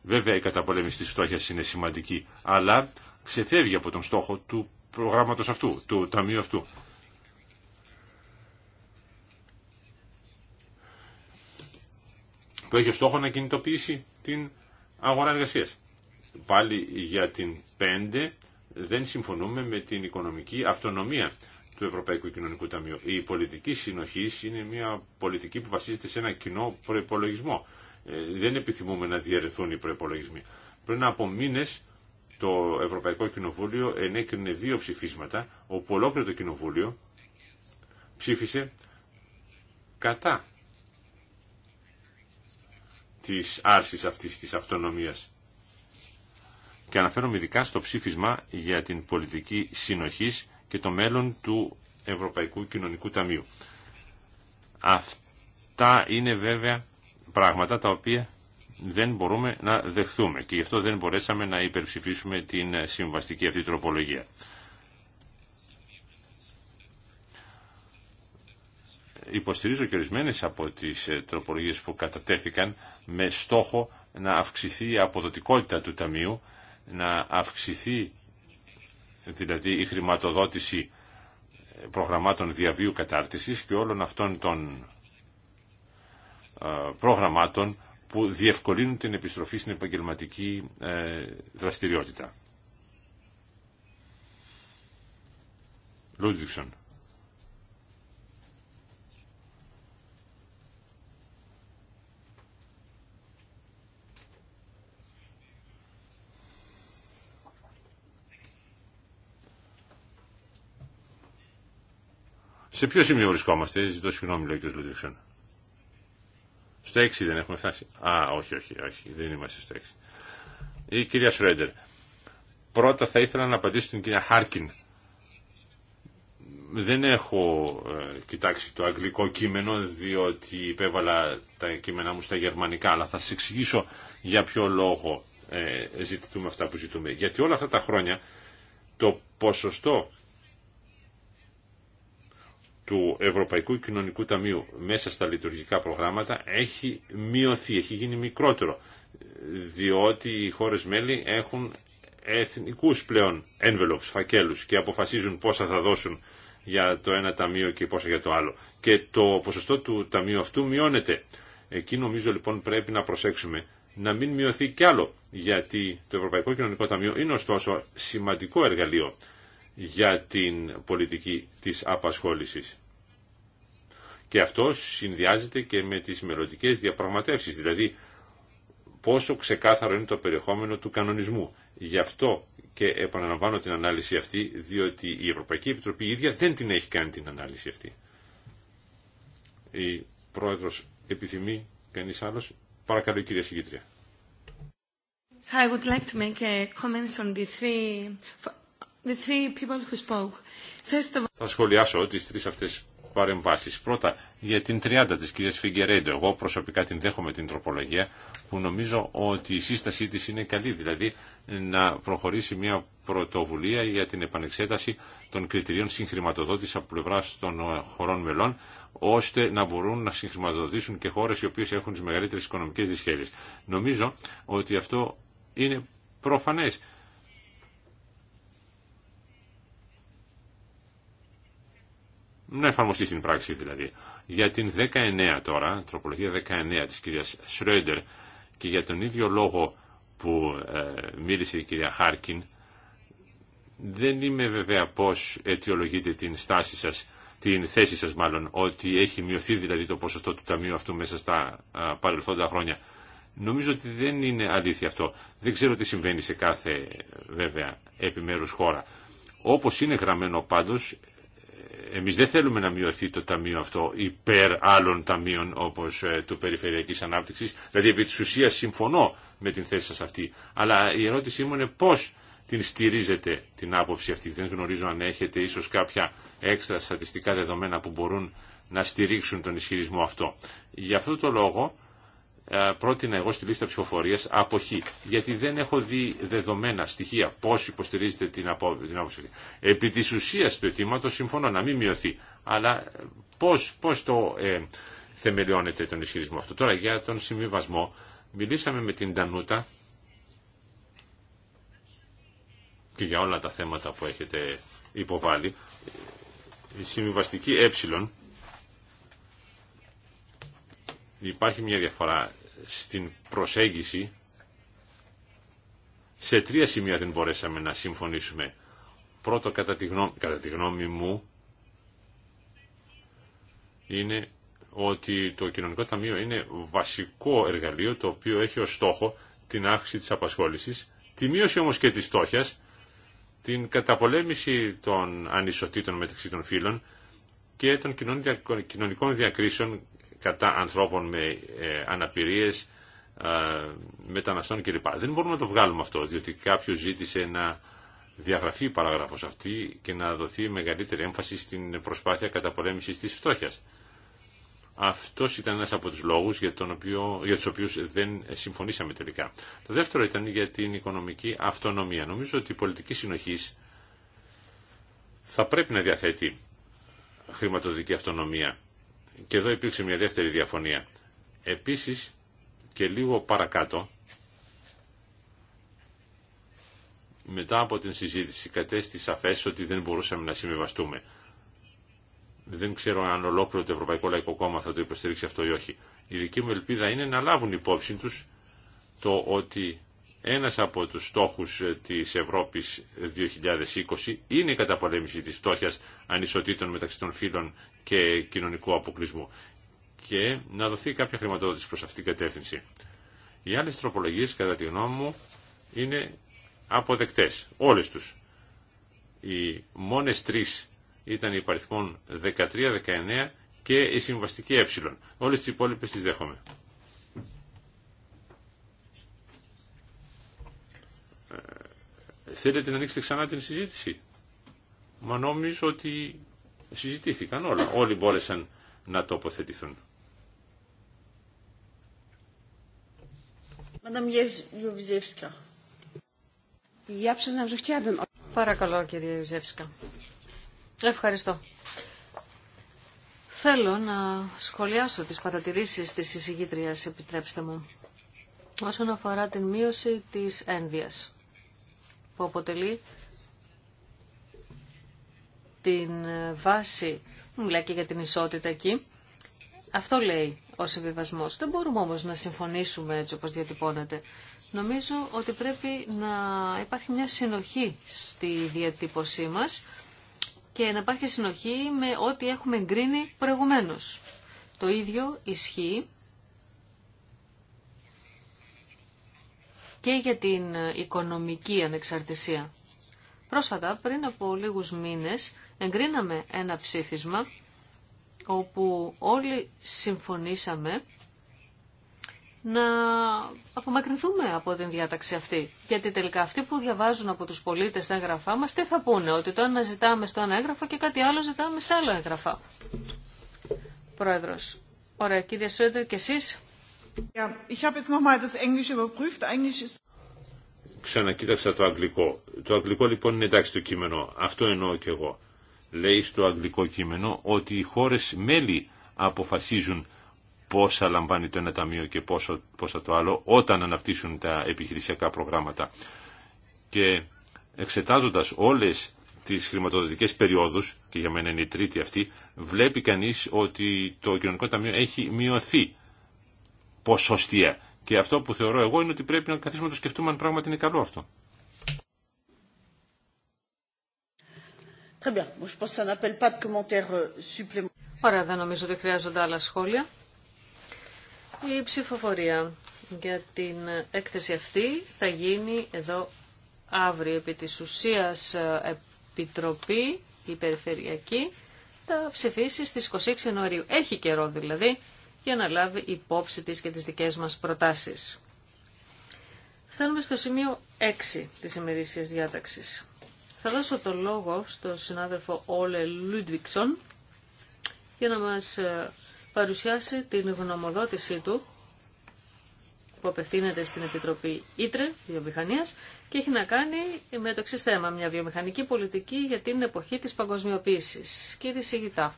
Βέβαια η καταπολέμηση της φτώχειας είναι σημαντική, αλλά ξεφεύγει από τον στόχο του προγράμματος αυτού, του ταμείου αυτού. Που έχει στόχο να κινητοποιήσει την αγορά εργασίας. Πάλι για την 5 δεν συμφωνούμε με την οικονομική αυτονομία του Ευρωπαϊκού Κοινωνικού Ταμείου. Η πολιτική συνοχή είναι μια πολιτική που βασίζεται σε ένα κοινό προπολογισμό. Ε, δεν επιθυμούμε να διαρρεθούν οι προπολογισμοί. Πριν από μήνε το Ευρωπαϊκό Κοινοβούλιο ενέκρινε δύο ψηφίσματα όπου ολόκληρο το Κοινοβούλιο ψήφισε κατά της άρσης αυτής της αυτονομίας. Και αναφέρομαι ειδικά στο ψήφισμα για την πολιτική συνοχής και το μέλλον του Ευρωπαϊκού Κοινωνικού Ταμείου. Αυτά είναι βέβαια πράγματα τα οποία δεν μπορούμε να δεχθούμε και γι' αυτό δεν μπορέσαμε να υπερψηφίσουμε την ε, συμβαστική αυτή τροπολογία. Υποστηρίζω και ορισμένε από τις ε, τροπολογίε που κατατέθηκαν με στόχο να αυξηθεί η αποδοτικότητα του Ταμείου, να αυξηθεί δηλαδή η χρηματοδότηση ε, προγραμμάτων διαβίου κατάρτισης και όλων αυτών των ε, προγραμμάτων που διευκολύνουν την επιστροφή στην επαγγελματική ε, δραστηριότητα. Λούντβιξον. Σε ποιο σημείο βρισκόμαστε, ζητώ συγγνώμη, λέει ο στο 6 δεν έχουμε φτάσει. Α, όχι, όχι, όχι, δεν είμαστε στο 6. Η κυρία Σρέντερ. Πρώτα θα ήθελα να απαντήσω την κυρία Χάρκιν. Δεν έχω ε, κοιτάξει το αγγλικό κείμενο, διότι υπέβαλα τα κείμενά μου στα γερμανικά, αλλά θα σας εξηγήσω για ποιο λόγο ε, ζητούμε αυτά που ζητούμε. Γιατί όλα αυτά τα χρόνια το ποσοστό του Ευρωπαϊκού Κοινωνικού Ταμείου μέσα στα λειτουργικά προγράμματα έχει μειωθεί, έχει γίνει μικρότερο, διότι οι χώρες μέλη έχουν εθνικούς πλέον envelopes, φακέλους και αποφασίζουν πόσα θα δώσουν για το ένα ταμείο και πόσα για το άλλο. Και το ποσοστό του ταμείου αυτού μειώνεται. Εκεί νομίζω λοιπόν πρέπει να προσέξουμε να μην μειωθεί κι άλλο, γιατί το Ευρωπαϊκό Κοινωνικό Ταμείο είναι ωστόσο σημαντικό εργαλείο για την πολιτική της απασχόλησης. Και αυτό συνδυάζεται και με τις μελλοντικέ διαπραγματεύσεις, δηλαδή πόσο ξεκάθαρο είναι το περιεχόμενο του κανονισμού. Γι' αυτό και επαναλαμβάνω την ανάλυση αυτή, διότι η Ευρωπαϊκή Επιτροπή ίδια δεν την έχει κάνει την ανάλυση αυτή. Η Πρόεδρος επιθυμεί, κανείς άλλος, παρακαλώ κυρία Συγκήτρια. Θα σχολιάσω τις τρεις αυτές παρεμβάσεις. Πρώτα, για την 30 της κυρίας Φιγκερέντο. Εγώ προσωπικά την δέχομαι την τροπολογία που νομίζω ότι η σύστασή της είναι καλή. Δηλαδή, να προχωρήσει μια πρωτοβουλία για την επανεξέταση των κριτηρίων συγχρηματοδότησης από πλευρά των χωρών μελών ώστε να μπορούν να συγχρηματοδοτήσουν και χώρες οι οποίες έχουν τις μεγαλύτερες οικονομικές δυσχέρειες. Νομίζω ότι αυτό είναι προφανέ. να εφαρμοστεί στην πράξη δηλαδή. Για την 19 τώρα, τροπολογία 19 της κυρίας Σρόιντερ και για τον ίδιο λόγο που ε, μίλησε η κυρία Χάρκιν, δεν είμαι βέβαια πώς αιτιολογείτε την στάση σας, την θέση σας μάλλον, ότι έχει μειωθεί δηλαδή το ποσοστό του ταμείου αυτού μέσα στα παρελθόντα χρόνια. Νομίζω ότι δεν είναι αλήθεια αυτό. Δεν ξέρω τι συμβαίνει σε κάθε βέβαια επιμέρους χώρα. Όπως είναι γραμμένο πάντως, εμείς δεν θέλουμε να μειωθεί το ταμείο αυτό υπέρ άλλων ταμείων όπως ε, του Περιφερειακής Ανάπτυξης. Δηλαδή επί της ουσίας συμφωνώ με την θέση σας αυτή. Αλλά η ερώτησή μου είναι πώς την στηρίζετε την άποψη αυτή. Δεν γνωρίζω αν έχετε ίσως κάποια έξτρα στατιστικά δεδομένα που μπορούν να στηρίξουν τον ισχυρισμό αυτό. Γι' αυτό το λόγο ε, πρότεινα εγώ στη λίστα ψηφοφορία αποχή. Γιατί δεν έχω δει δεδομένα στοιχεία πώ υποστηρίζετε την, απο... την άποψη. Επί τη ουσία του αιτήματο συμφωνώ να μην μειωθεί. Αλλά πώ πώς το ε, θεμελιώνεται τον ισχυρισμό αυτό. Τώρα για τον συμβιβασμό. Μιλήσαμε με την Τανούτα και για όλα τα θέματα που έχετε υποβάλει. Η συμβιβαστική ε υπάρχει μια διαφορά στην προσέγγιση. Σε τρία σημεία δεν μπορέσαμε να συμφωνήσουμε. Πρώτο, κατά τη γνώμη, μου, είναι ότι το κοινωνικό ταμείο είναι βασικό εργαλείο το οποίο έχει ως στόχο την αύξηση της απασχόλησης, τη μείωση όμως και της στόχιας, την καταπολέμηση των ανισοτήτων μεταξύ των φύλων και των κοινωνικών διακρίσεων κατά ανθρώπων με ε, αναπηρίες, ε, μεταναστών κλπ. Δεν μπορούμε να το βγάλουμε αυτό, διότι κάποιο ζήτησε να διαγραφεί η παράγραφος αυτή και να δοθεί μεγαλύτερη έμφαση στην προσπάθεια καταπολέμησης της φτώχειας. Αυτό ήταν ένας από τους λόγους για, τον οποίο, για τους οποίους δεν συμφωνήσαμε τελικά. Το δεύτερο ήταν για την οικονομική αυτονομία. Νομίζω ότι η πολιτική συνοχή θα πρέπει να διαθέτει χρηματοδοτική αυτονομία και εδώ υπήρξε μια δεύτερη διαφωνία. Επίσης και λίγο παρακάτω, μετά από την συζήτηση κατέστη σαφές ότι δεν μπορούσαμε να συμβιβαστούμε. Δεν ξέρω αν ολόκληρο το Ευρωπαϊκό Λαϊκό Κόμμα θα το υποστηρίξει αυτό ή όχι. Η δική μου ελπίδα είναι να λάβουν υπόψη τους το ότι ένας από τους στόχους της Ευρώπης 2020 είναι η καταπολέμηση της φτώχειας ανισοτήτων μεταξύ των φύλων και κοινωνικού αποκλεισμού και να δοθεί κάποια χρηματοδότηση προς αυτήν την κατεύθυνση. Οι άλλες τροπολογίες, κατά τη γνώμη μου, είναι αποδεκτές, όλες τους. Οι μόνες τρεις ήταν οι παριθμών 13, 19 και η συμβαστική ε. Όλες τις υπόλοιπες τις δέχομαι. Ε, θέλετε να ανοίξετε ξανά την συζήτηση. Μα νόμιζω ότι συζητήθηκαν όλα. Όλοι μπόρεσαν να τοποθετηθούν. Παρακαλώ κύριε Ιουζεύσκα. Ευχαριστώ. Θέλω να σχολιάσω τις παρατηρήσεις της εισηγήτριας, επιτρέψτε μου, όσον αφορά την μείωση της ένδυας, που αποτελεί την ε, βάση, μιλάει και για την ισότητα εκεί, αυτό λέει ο συμβιβασμό. Δεν μπορούμε όμως να συμφωνήσουμε έτσι όπως διατυπώνεται. Νομίζω ότι πρέπει να υπάρχει μια συνοχή στη διατύπωσή μας και να υπάρχει συνοχή με ό,τι έχουμε εγκρίνει προηγουμένω. Το ίδιο ισχύει και για την οικονομική ανεξαρτησία. Πρόσφατα, πριν από λίγους μήνες, εγκρίναμε ένα ψήφισμα όπου όλοι συμφωνήσαμε να απομακρυνθούμε από την διάταξη αυτή. Γιατί τελικά αυτοί που διαβάζουν από τους πολίτες τα έγγραφά μας, τι θα πούνε, ότι το αναζητάμε ζητάμε στο ένα έγγραφο και κάτι άλλο ζητάμε σε άλλο έγγραφο. Πρόεδρος. Ωραία, κύριε Σόντερ και εσείς. Ξανακοίταξα το αγγλικό. Το αγγλικό λοιπόν είναι εντάξει το κείμενο. Αυτό εννοώ και εγώ λέει στο αγγλικό κείμενο ότι οι χώρες μέλη αποφασίζουν πόσα λαμβάνει το ένα ταμείο και πόσο, πόσα το άλλο όταν αναπτύσσουν τα επιχειρησιακά προγράμματα. Και εξετάζοντας όλες τις χρηματοδοτικές περιόδους, και για μένα είναι η τρίτη αυτή, βλέπει κανείς ότι το κοινωνικό ταμείο έχει μειωθεί ποσοστία. Και αυτό που θεωρώ εγώ είναι ότι πρέπει να καθίσουμε να το σκεφτούμε αν πράγματι είναι καλό αυτό. Ωραία, δεν νομίζω ότι χρειάζονται άλλα σχόλια. Η ψηφοφορία για την έκθεση αυτή θα γίνει εδώ αύριο επί της ουσίας ε, επιτροπή, η περιφερειακή, θα ψηφίσει στις 26 Ιανουαρίου. Έχει καιρό δηλαδή για να λάβει υπόψη της και τις δικές μας προτάσεις. Φτάνουμε στο σημείο 6 της ημερήσιας διάταξης. Θα δώσω το λόγο στον συνάδελφο Όλε Λούντβικσον για να μας ε, παρουσιάσει την γνωμοδότησή του που απευθύνεται στην Επιτροπή Ήτρε Βιομηχανίας και έχει να κάνει με το εξή θέμα, μια βιομηχανική πολιτική για την εποχή της παγκοσμιοποίησης. Κύριε Σιγητά,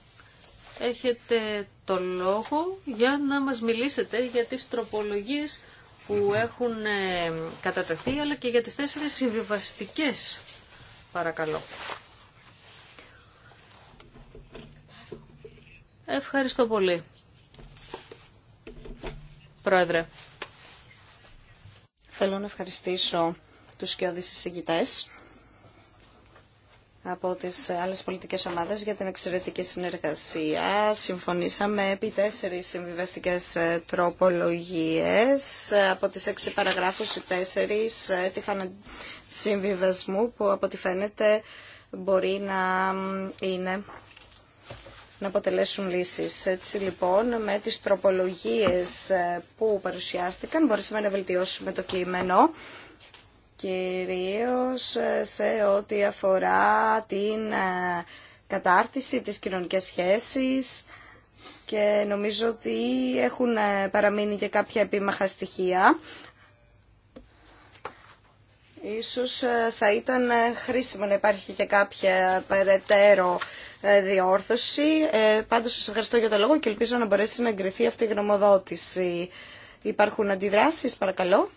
έχετε το λόγο για να μας μιλήσετε για τις τροπολογίες που έχουν ε, κατατεθεί, αλλά και για τις τέσσερις συμβιβαστικές Παρακαλώ. Ευχαριστώ πολύ. Πρόεδρε. Θέλω να ευχαριστήσω τους σκιώδεις εισηγητές από τις άλλες πολιτικές ομάδες για την εξαιρετική συνεργασία. Συμφωνήσαμε επί τέσσερις συμβιβαστικές τροπολογίες. Από τις έξι παραγράφους οι τέσσερις έτυχαν συμβιβασμού που από ό,τι φαίνεται μπορεί να είναι να αποτελέσουν λύσεις. Έτσι λοιπόν με τις τροπολογίες ε, που παρουσιάστηκαν μπορούσαμε να βελτιώσουμε το κείμενο κυρίως ε, σε ό,τι αφορά την ε, κατάρτιση, της κοινωνικής σχέσης και νομίζω ότι έχουν παραμείνει και κάποια επίμαχα στοιχεία Ίσως ε, θα ήταν ε, χρήσιμο να υπάρχει και κάποια περαιτέρω ε, διόρθωση. Πάντως σας ευχαριστώ για το λόγο και ελπίζω να μπορέσει να εγκριθεί αυτή η γνωμοδότηση. Υπάρχουν αντιδράσεις, παρακαλώ.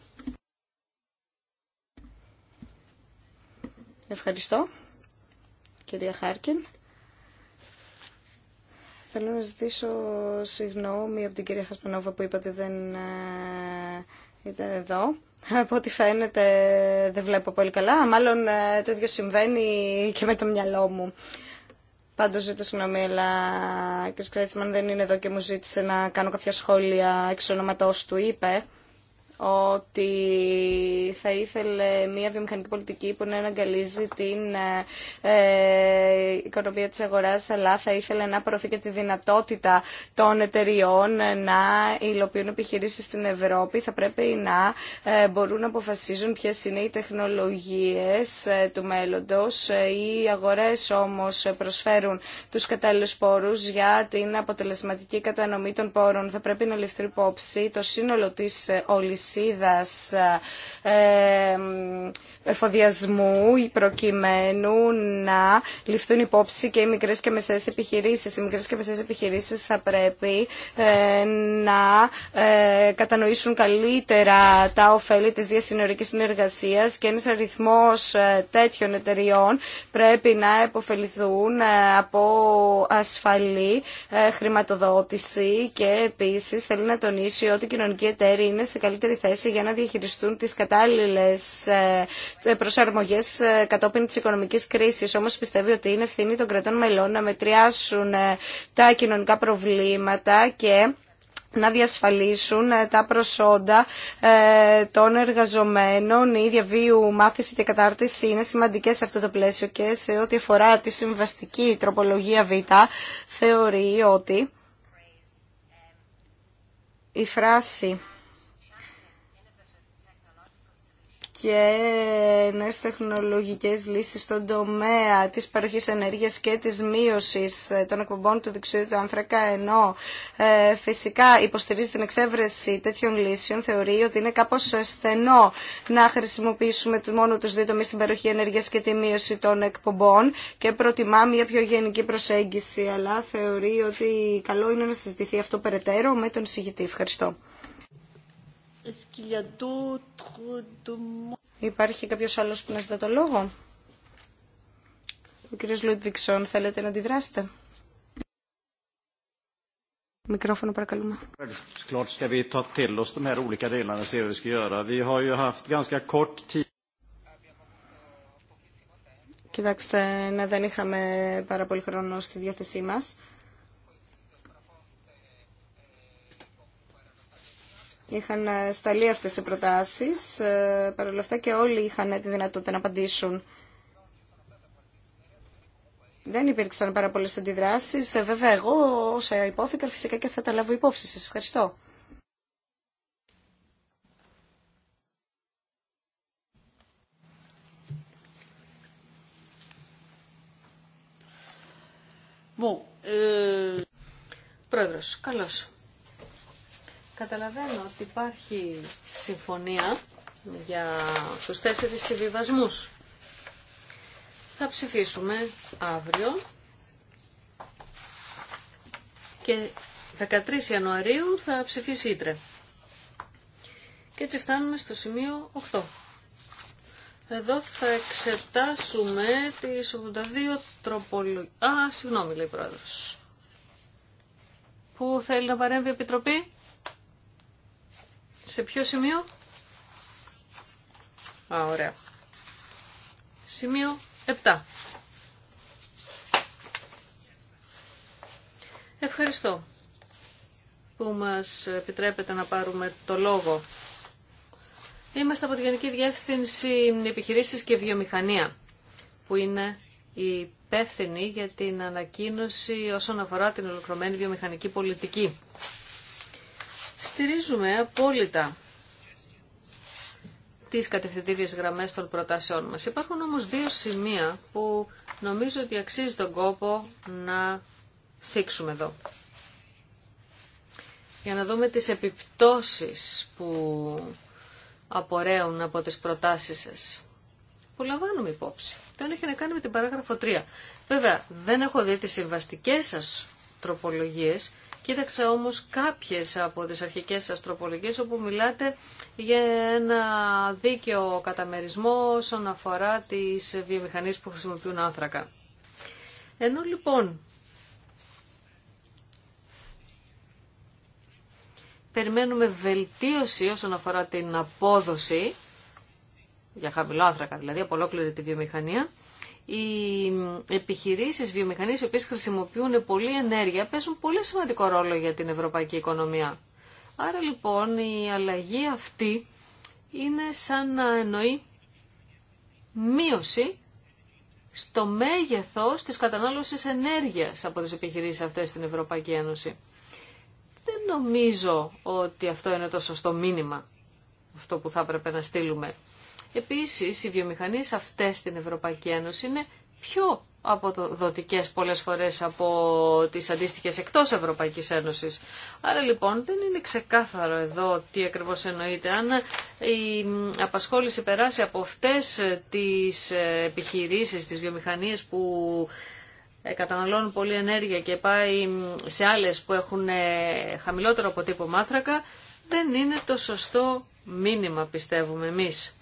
Ευχαριστώ, κυρία Χάρκιν. Θέλω να ζητήσω συγγνώμη από την κυρία Χασπανόβα που είπατε δεν ήταν εδώ. Από ό,τι φαίνεται δεν βλέπω πολύ καλά. Μάλλον ε, το ίδιο συμβαίνει και με το μυαλό μου. Πάντως ζητώ συγγνώμη, αλλά ο κ. Κρέτσμαν δεν είναι εδώ και μου ζήτησε να κάνω κάποια σχόλια εξ ονοματός του. Είπε ότι θα ήθελε μια βιομηχανική πολιτική που να αναγκαλίζει την ε, ε, οικονομία της αγοράς, αλλά θα ήθελε να προωθεί και τη δυνατότητα των εταιριών να υλοποιούν επιχειρήσεις στην Ευρώπη. Θα πρέπει να ε, μπορούν να αποφασίζουν ποιες είναι οι τεχνολογίες του μέλλοντος. Οι αγορές όμως προσφέρουν τους κατάλληλους πόρους για την αποτελεσματική κατανομή των πόρων. Θα πρέπει να ληφθεί υπόψη το σύνολο της όλης αλυσίδας ε, εφοδιασμού προκειμένου να ληφθούν υπόψη και οι μικρές και μεσαίες επιχειρήσεις. Οι μικρές και μεσαίες επιχειρήσεις θα πρέπει ε, να ε, κατανοήσουν καλύτερα τα ωφέλη της διασυνορικής συνεργασίας και ένας αριθμός τέτοιων εταιριών πρέπει να επωφεληθούν από ασφαλή χρηματοδότηση και επίσης θέλει να τονίσει ότι οι κοινωνικοί εταίροι είναι σε καλύτερη θέση για να διαχειριστούν τις κατάλληλες ε, προσαρμογές ε, κατόπιν της οικονομικής κρίσης. Όμως πιστεύει ότι είναι ευθύνη των κρατών μελών να μετριάσουν ε, τα κοινωνικά προβλήματα και να διασφαλίσουν τα προσόντα των εργαζομένων. Η διαβίου μάθηση και κατάρτιση είναι σημαντικές σε αυτό το πλαίσιο και σε ό,τι αφορά τη συμβαστική τροπολογία Β θεωρεί ότι η φράση και νέες τεχνολογικές λύσεις στον τομέα της παροχής ενέργειας και της μείωσης ε, των εκπομπών του δεξιού του άνθρακα ενώ ε, φυσικά υποστηρίζει την εξέβρεση τέτοιων λύσεων θεωρεί ότι είναι κάπως στενό να χρησιμοποιήσουμε μόνο τους δύο τομείς στην παροχή ενέργειας και τη μείωση των εκπομπών και προτιμά μια πιο γενική προσέγγιση αλλά θεωρεί ότι καλό είναι να συζητηθεί αυτό περαιτέρω με τον συγητή. Ευχαριστώ. Υπάρχει κάποιος άλλος που να ζητά το λόγο. Ο κύριος Λούντβικσον, θέλετε να αντιδράσετε. Μικρόφωνο παρακαλούμε. Κοιτάξτε, να δεν είχαμε πάρα πολύ χρόνο στη διάθεσή μας. είχαν ε, σταλεί αυτές οι προτάσεις, ε, παρ' όλα αυτά και όλοι είχαν τη δυνατότητα να απαντήσουν. Δεν υπήρξαν πάρα πολλές αντιδράσεις. Ε, βέβαια, εγώ όσα υπόθηκα φυσικά και θα τα λάβω υπόψη. Σας ευχαριστώ. Bon, καλώ. Euh, Πρόεδρος, καλώς. Καταλαβαίνω ότι υπάρχει συμφωνία για τους τέσσερις συμβιβασμούς. Θα ψηφίσουμε αύριο και 13 Ιανουαρίου θα ψηφίσει Ήτρε. Και έτσι φτάνουμε στο σημείο 8. Εδώ θα εξετάσουμε τις 82 τροπολογίες... Α, συγγνώμη λέει η Πρόεδρος. Πού θέλει να παρέμβει η Επιτροπή? Σε ποιο σημείο? Α, ωραία. Σημείο 7. Ευχαριστώ που μας επιτρέπετε να πάρουμε το λόγο. Είμαστε από τη Γενική Διεύθυνση Επιχειρήσεις και Βιομηχανία, που είναι η υπεύθυνη για την ανακοίνωση όσον αφορά την ολοκληρωμένη βιομηχανική πολιτική. Στηρίζουμε απόλυτα τις κατευθυντήριες γραμμές των προτάσεών μας. Υπάρχουν όμως δύο σημεία που νομίζω ότι αξίζει τον κόπο να θίξουμε εδώ. Για να δούμε τις επιπτώσεις που απορρέουν από τις προτάσεις σας. Που λαμβάνουμε υπόψη. Το έχει να κάνει με την παράγραφο 3. Βέβαια, δεν έχω δει τις συμβαστικές σας τροπολογίες Κοίταξα όμως κάποιες από τις αρχικές σας όπου μιλάτε για ένα δίκαιο καταμερισμό όσον αφορά τις βιομηχανίες που χρησιμοποιούν άνθρακα. Ενώ λοιπόν περιμένουμε βελτίωση όσον αφορά την απόδοση, για χαμηλό άνθρακα δηλαδή, από ολόκληρη τη βιομηχανία, οι επιχειρήσεις βιομηχανίε οι οποίε χρησιμοποιούν πολλή ενέργεια παίζουν πολύ σημαντικό ρόλο για την ευρωπαϊκή οικονομία. Άρα λοιπόν η αλλαγή αυτή είναι σαν να εννοεί μείωση στο μέγεθος της κατανάλωσης ενέργειας από τις επιχειρήσεις αυτές στην Ευρωπαϊκή Ένωση. Δεν νομίζω ότι αυτό είναι το σωστό μήνυμα, αυτό που θα έπρεπε να στείλουμε. Επίσης, οι βιομηχανίες αυτές στην Ευρωπαϊκή Ένωση είναι πιο αποδοτικές πολλές φορές από τις αντίστοιχες εκτός Ευρωπαϊκής Ένωσης. Άρα λοιπόν δεν είναι ξεκάθαρο εδώ τι ακριβώς εννοείται. Αν η απασχόληση περάσει από αυτές τις επιχειρήσεις, τις βιομηχανίες που καταναλώνουν πολύ ενέργεια και πάει σε άλλες που έχουν χαμηλότερο αποτύπωμα άθρακα, δεν είναι το σωστό μήνυμα πιστεύουμε εμείς.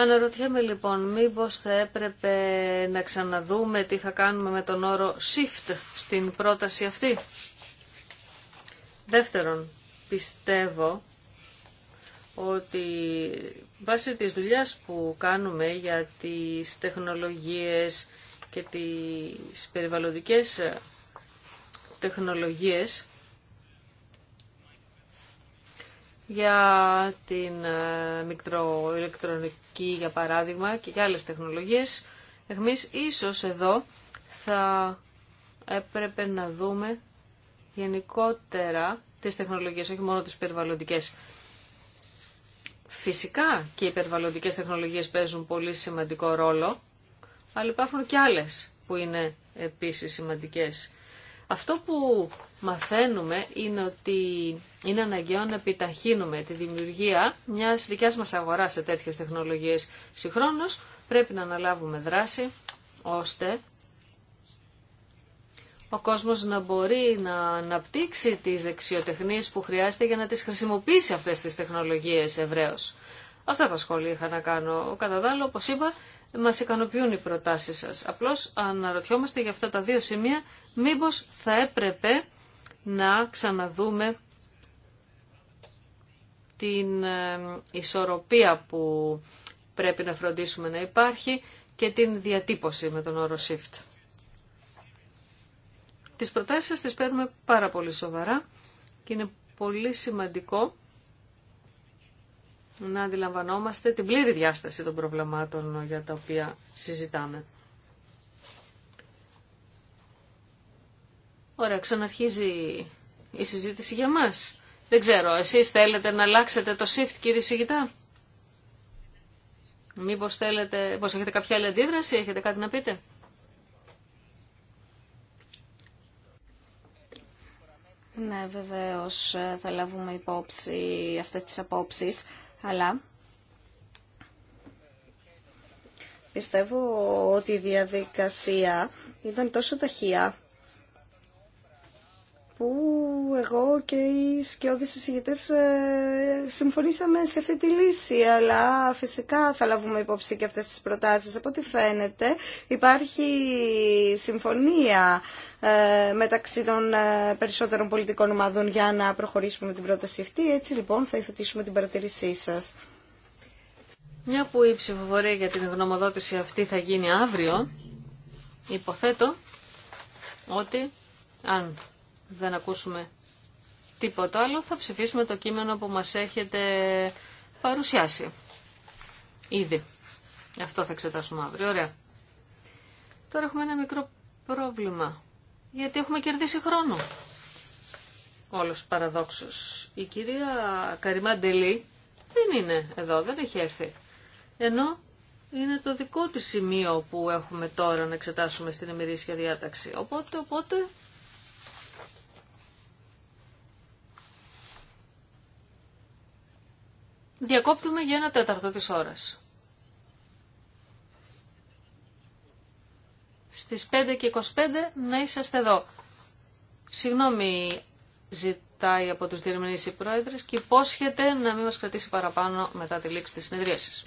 Αναρωτιέμαι λοιπόν μήπως θα έπρεπε να ξαναδούμε τι θα κάνουμε με τον όρο shift στην πρόταση αυτή. Δεύτερον, πιστεύω ότι βάσει της δουλειάς που κάνουμε για τις τεχνολογίες και τις περιβαλλοντικές τεχνολογίες για την ε, μικροηλεκτρονική, για παράδειγμα, και για άλλες τεχνολογίες. Εμείς ίσως εδώ θα έπρεπε να δούμε γενικότερα τις τεχνολογίες, όχι μόνο τις περιβαλλοντικές. Φυσικά και οι περιβαλλοντικές τεχνολογίες παίζουν πολύ σημαντικό ρόλο, αλλά υπάρχουν και άλλες που είναι επίσης σημαντικές. Αυτό που μαθαίνουμε είναι ότι είναι αναγκαίο να επιταχύνουμε τη δημιουργία μιας δικιάς μας αγοράς σε τέτοιες τεχνολογίες. Συγχρόνως πρέπει να αναλάβουμε δράση ώστε ο κόσμος να μπορεί να αναπτύξει τις δεξιοτεχνίες που χρειάζεται για να τις χρησιμοποιήσει αυτές τις τεχνολογίες ευρέως. Αυτά τα σχόλια είχα να κάνω. Κατά τα είπα, μας ικανοποιούν οι προτάσεις σας. Απλώς αναρωτιόμαστε για αυτά τα δύο σημεία μήπως θα έπρεπε να ξαναδούμε την ε, ισορροπία που πρέπει να φροντίσουμε να υπάρχει και την διατύπωση με τον όρο shift. Τις προτάσεις σας τις παίρνουμε πάρα πολύ σοβαρά και είναι πολύ σημαντικό να αντιλαμβανόμαστε την πλήρη διάσταση των προβλημάτων για τα οποία συζητάμε. Ωραία, ξαναρχίζει η συζήτηση για μας. Δεν ξέρω, εσείς θέλετε να αλλάξετε το shift κύριε Σιγητά. Μήπως θέλετε, πως έχετε κάποια άλλη αντίδραση, έχετε κάτι να πείτε. Ναι, βεβαίως ε, θα λάβουμε υπόψη αυτές τις απόψεις αλλά πιστεύω ότι η διαδικασία ήταν τόσο ταχεία που εγώ και οι σκιώδεις εισηγητές ε, συμφωνήσαμε σε αυτή τη λύση, αλλά φυσικά θα λάβουμε υπόψη και αυτές τις προτάσεις. Από ό,τι φαίνεται υπάρχει συμφωνία ε, μεταξύ των ε, περισσότερων πολιτικών ομάδων για να προχωρήσουμε την πρόταση αυτή. Έτσι λοιπόν θα υιοθετήσουμε την παρατηρήσή σας. Μια που η ψηφοφορία για την γνωμοδότηση αυτή θα γίνει αύριο, υποθέτω ότι αν δεν ακούσουμε τίποτα άλλο, θα ψηφίσουμε το κείμενο που μας έχετε παρουσιάσει. Ήδη. Αυτό θα εξετάσουμε αύριο. Ωραία. Τώρα έχουμε ένα μικρό πρόβλημα. Γιατί έχουμε κερδίσει χρόνο. Όλος παραδόξος. Η κυρία Καριμάντελή δεν είναι εδώ, δεν έχει έρθει. Ενώ είναι το δικό της σημείο που έχουμε τώρα να εξετάσουμε στην εμμυρίσια διάταξη. Οπότε, οπότε Διακόπτουμε για ένα τέταρτο της ώρας. Στις 5 και 25 να είσαστε εδώ. Συγγνώμη ζητάει από τους διερμηνείς οι Πρόεδρες και υπόσχεται να μην μας κρατήσει παραπάνω μετά τη λήξη της συνεδρίασης.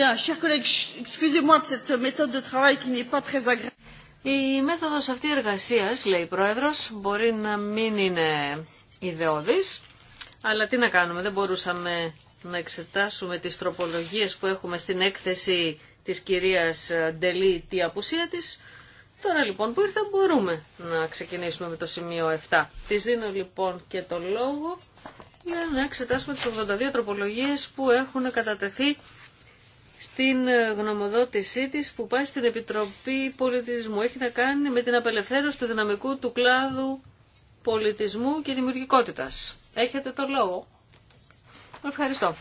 Bien, chers collègues, excusez-moi de cette méthode de travail qui n'est pas très agréable. Η μέθοδος αυτή εργασίας, λέει η Πρόεδρος, μπορεί να μην είναι ιδεώδης, αλλά τι να κάνουμε, δεν μπορούσαμε να εξετάσουμε τις τροπολογίες που έχουμε στην έκθεση της κυρίας Ντελή τη απουσία της. Τώρα λοιπόν που ήρθα μπορούμε να ξεκινήσουμε με το σημείο 7. Της δίνω λοιπόν και το λόγο για να εξετάσουμε τις 82 τροπολογίες που έχουν κατατεθεί στην γνωμοδότησή της που πάει στην Επιτροπή Πολιτισμού. Έχει να κάνει με την απελευθέρωση του δυναμικού του κλάδου πολιτισμού και δημιουργικότητας. Έχετε το λόγο. Ευχαριστώ.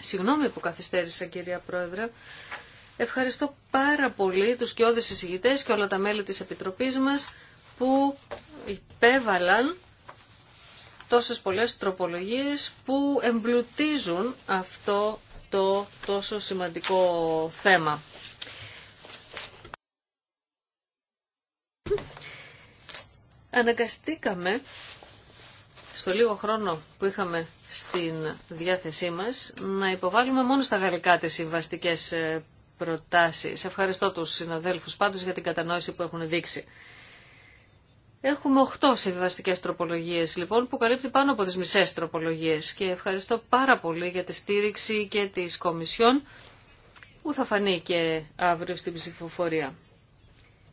Συγγνώμη που καθυστέρησα κυρία Πρόεδρε. Ευχαριστώ πάρα πολύ τους και όδες εισηγητές και όλα τα μέλη της Επιτροπής μας που υπέβαλαν τόσες πολλές τροπολογίες που εμπλουτίζουν αυτό το τόσο σημαντικό θέμα. Αναγκαστήκαμε στο λίγο χρόνο που είχαμε στην διάθεσή μας να υποβάλουμε μόνο στα γαλλικά τις συμβαστικές ε, προτάσεις. Ευχαριστώ τους συναδέλφους πάντως για την κατανόηση που έχουν δείξει. Έχουμε 8 συμβιβαστικέ τροπολογίε λοιπόν που καλύπτει πάνω από τι μισέ τροπολογίε και ευχαριστώ πάρα πολύ για τη στήριξη και τη Κομισιόν που θα φανεί και αύριο στην ψηφοφορία.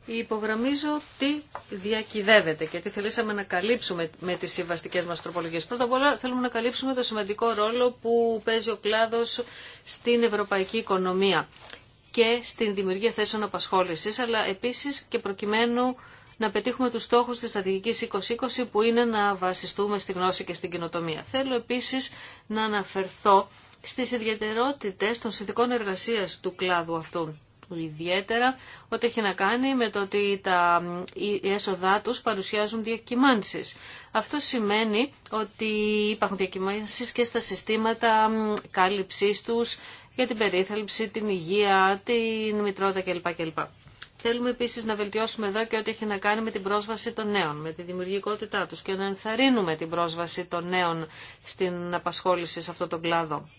Υπογραμμίζω τι διακυδεύεται και τι θελήσαμε να καλύψουμε με τις συμβαστικές μας τροπολογίες. Πρώτα απ' όλα θέλουμε να καλύψουμε το σημαντικό ρόλο που παίζει ο κλάδος στην ευρωπαϊκή οικονομία και στην δημιουργία θέσεων απασχόλησης, αλλά επίσης και προκειμένου να πετύχουμε τους στόχους της στρατηγικής 2020 που είναι να βασιστούμε στη γνώση και στην κοινοτομία. Θέλω επίσης να αναφερθώ στις ιδιαιτερότητες των συνθηκών εργασίας του κλάδου αυτού. Ιδιαίτερα ό,τι έχει να κάνει με το ότι τα έσοδά τους παρουσιάζουν διακυμάνσεις. Αυτό σημαίνει ότι υπάρχουν διακυμάνσεις και στα συστήματα κάλυψής τους για την περίθαλψη, την υγεία, την μητρότητα κλπ. Θέλουμε επίσης να βελτιώσουμε εδώ και ό,τι έχει να κάνει με την πρόσβαση των νέων, με τη δημιουργικότητά του και να ενθαρρύνουμε την πρόσβαση των νέων στην απασχόληση σε αυτόν τον κλάδο.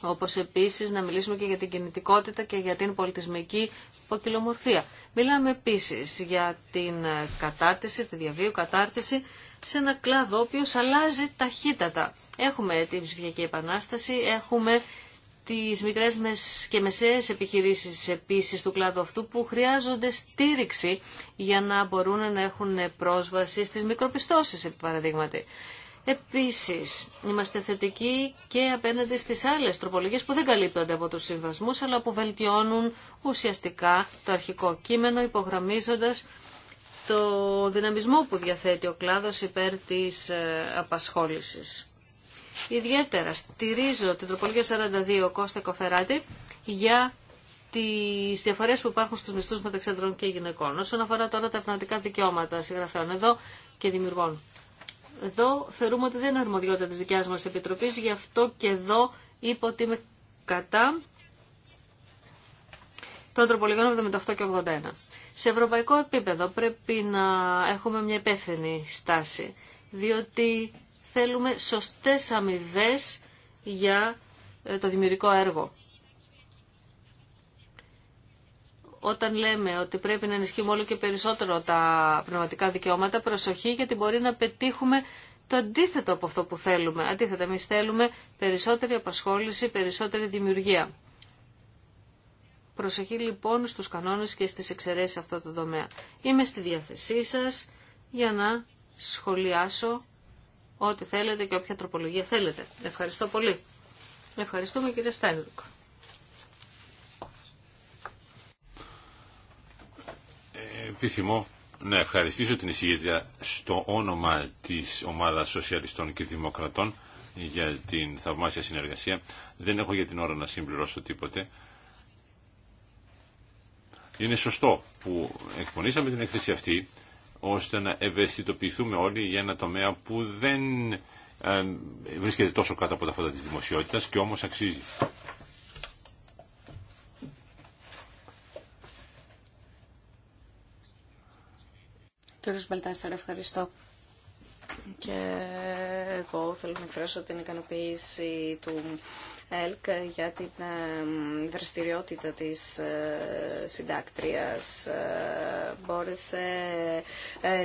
Όπως επίσης να μιλήσουμε και για την κινητικότητα και για την πολιτισμική ποικιλομορφία. Μιλάμε επίσης για την κατάρτιση, τη διαβίου κατάρτιση σε ένα κλάδο ο οποίο αλλάζει ταχύτατα. Έχουμε την ψηφιακή επανάσταση, έχουμε τις μικρές και μεσαίες επιχειρήσεις επίσης του κλάδου αυτού που χρειάζονται στήριξη για να μπορούν να έχουν πρόσβαση στις μικροπιστώσεις, επί παραδείγματι. Επίσης, είμαστε θετικοί και απέναντι στις άλλες τροπολογίες που δεν καλύπτονται από τους συμβασμούς, αλλά που βελτιώνουν ουσιαστικά το αρχικό κείμενο, υπογραμμίζοντας το δυναμισμό που διαθέτει ο κλάδος υπέρ της ε, απασχόλησης. Ιδιαίτερα στηρίζω την τροπολογία 42 Κώστα Κοφεράτη για τι διαφορέ που υπάρχουν στου μισθού μεταξύ ανδρών και γυναικών. Όσον αφορά τώρα τα πνευματικά δικαιώματα συγγραφέων εδώ και δημιουργών. Εδώ θεωρούμε ότι δεν είναι αρμοδιότητα τη δικιά μα επιτροπή, γι' αυτό και εδώ είπα ότι είμαι κατά των τροπολογιών 78 και 81. Σε ευρωπαϊκό επίπεδο πρέπει να έχουμε μια υπεύθυνη στάση, διότι θέλουμε σωστές αμοιβέ για ε, το δημιουργικό έργο. Όταν λέμε ότι πρέπει να ενισχύουμε όλο και περισσότερο τα πνευματικά δικαιώματα, προσοχή γιατί μπορεί να πετύχουμε το αντίθετο από αυτό που θέλουμε. Αντίθετα, εμεί θέλουμε περισσότερη απασχόληση, περισσότερη δημιουργία. Προσοχή λοιπόν στους κανόνες και στις εξαιρέσεις αυτό το τομέα. Είμαι στη διάθεσή σας για να σχολιάσω ό,τι θέλετε και όποια τροπολογία θέλετε. Ευχαριστώ πολύ. Ευχαριστούμε κύριε Στέλνουκ. Επιθυμώ να ευχαριστήσω την εισηγήτρια στο όνομα της ομάδας Σοσιαλιστών και Δημοκρατών για την θαυμάσια συνεργασία. Δεν έχω για την ώρα να συμπληρώσω τίποτε. Είναι σωστό που εκπονήσαμε την έκθεση αυτή ώστε να ευαισθητοποιηθούμε όλοι για ένα τομέα που δεν ε, βρίσκεται τόσο κάτω από τα φώτα της δημοσιότητας και όμως αξίζει. Κύριος Μπαλτάσσαρ, ευχαριστώ. Και εγώ θέλω να εκφράσω την ικανοποίηση του ΕΛΚ για την ε, δραστηριότητα της ε, συντάκτριας. Ε, μπόρεσε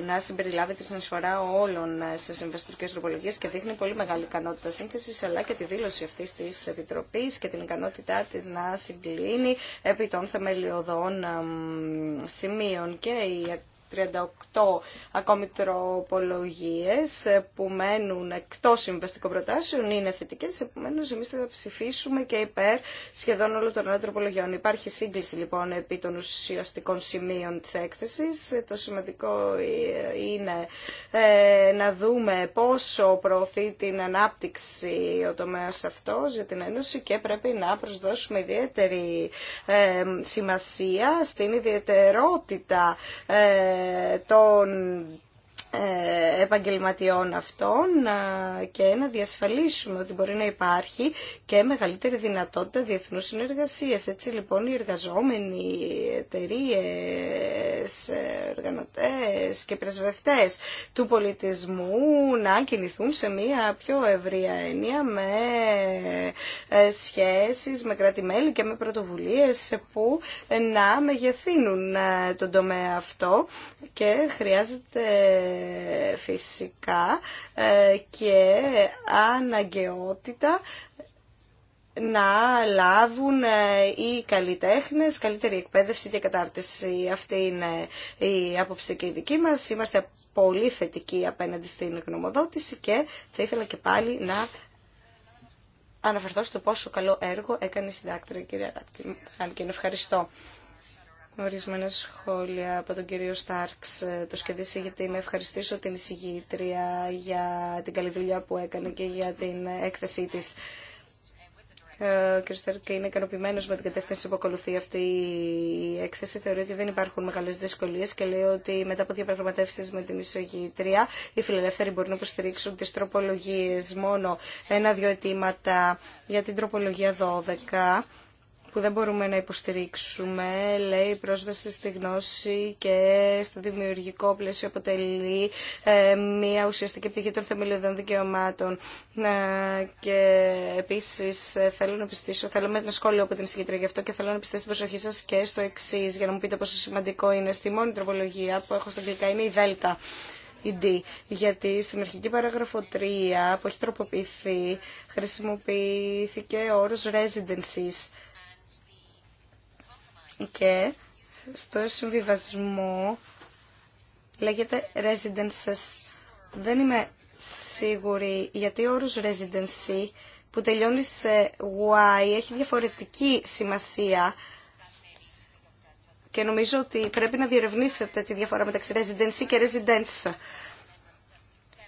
να συμπεριλάβει τη συνεισφορά όλων σε συμβαστικές τροπολογίες και δείχνει πολύ μεγάλη ικανότητα σύνθεσης αλλά και τη δήλωση αυτής της Επιτροπής και την ικανότητά της να συγκλίνει επί των θεμελιωδών σημείων και η 38 ακόμη τροπολογίες που μένουν εκτός συμβαστικών προτάσεων είναι θετικές, επομένως εμείς θα ψηφίσουμε και υπέρ σχεδόν όλων των τροπολογιών. Υπάρχει σύγκληση λοιπόν επί των ουσιαστικών σημείων της έκθεσης. Το σημαντικό είναι ε, να δούμε πόσο προωθεί την ανάπτυξη ο τομέας αυτός για την Ένωση και πρέπει να προσδώσουμε ιδιαίτερη ε, σημασία στην ιδιαιτερότητα ε, τον ε, επαγγελματιών αυτών ε, και να διασφαλίσουμε ότι μπορεί να υπάρχει και μεγαλύτερη δυνατότητα διεθνούς συνεργασίες. Έτσι λοιπόν οι εργαζόμενοι, εταιρείες, ε, οργανωτές και πρεσβευτές του πολιτισμού να κινηθούν σε μια πιο ευρία έννοια με σχέσεις με κρατη και με πρωτοβουλίες που να μεγεθύνουν τον τομέα αυτό και χρειάζεται φυσικά ε, και αναγκαιότητα να λάβουν ε, οι καλλιτέχνες καλύτερη εκπαίδευση και κατάρτιση. Αυτή είναι η άποψη και η δική μας. Είμαστε πολύ θετικοί απέναντι στην γνωμοδότηση και θα ήθελα και πάλι να αναφερθώ στο πόσο καλό έργο έκανε η συντάκτρια κυρία Ράπτη. και ευχαριστώ. Ορισμένα σχόλια από τον κύριο Στάρξ, ε, το σχεδίσει γιατί με ευχαριστήσω την εισηγήτρια για την καλή δουλειά που έκανε και για την έκθεσή της. Ε, ο κ. Στάρξ είναι ικανοποιημένο με την κατεύθυνση που ακολουθεί αυτή η έκθεση. Θεωρεί ότι δεν υπάρχουν μεγάλε δυσκολίε και λέει ότι μετά από διαπραγματεύσει με την εισηγήτρια οι φιλελεύθεροι μπορούν να υποστηρίξουν τι τροπολογίε. Μόνο ένα-δύο αιτήματα για την τροπολογία 12 που δεν μπορούμε να υποστηρίξουμε, λέει η πρόσβαση στη γνώση και στο δημιουργικό πλαίσιο αποτελεί ε, μια ουσιαστική πτυχή των θεμελιωδών δικαιωμάτων. Ε, και επίσης ε, θέλω να πιστήσω, θέλω με ένα σχόλιο από την συγκεκριμένη γι' αυτό και θέλω να πιστήσω την προσοχή σας και στο εξή για να μου πείτε πόσο σημαντικό είναι στη μόνη τροπολογία που έχω στα αγγλικά είναι η ΔΕΛΤΑ. D, γιατί στην αρχική παράγραφο 3 που έχει τροποποιηθεί χρησιμοποιήθηκε ο όρος residencies και στο συμβιβασμό λέγεται residences. Δεν είμαι σίγουρη γιατί ο όρος residency που τελειώνει σε Y έχει διαφορετική σημασία και νομίζω ότι πρέπει να διερευνήσετε τη διαφορά μεταξύ residency και residence.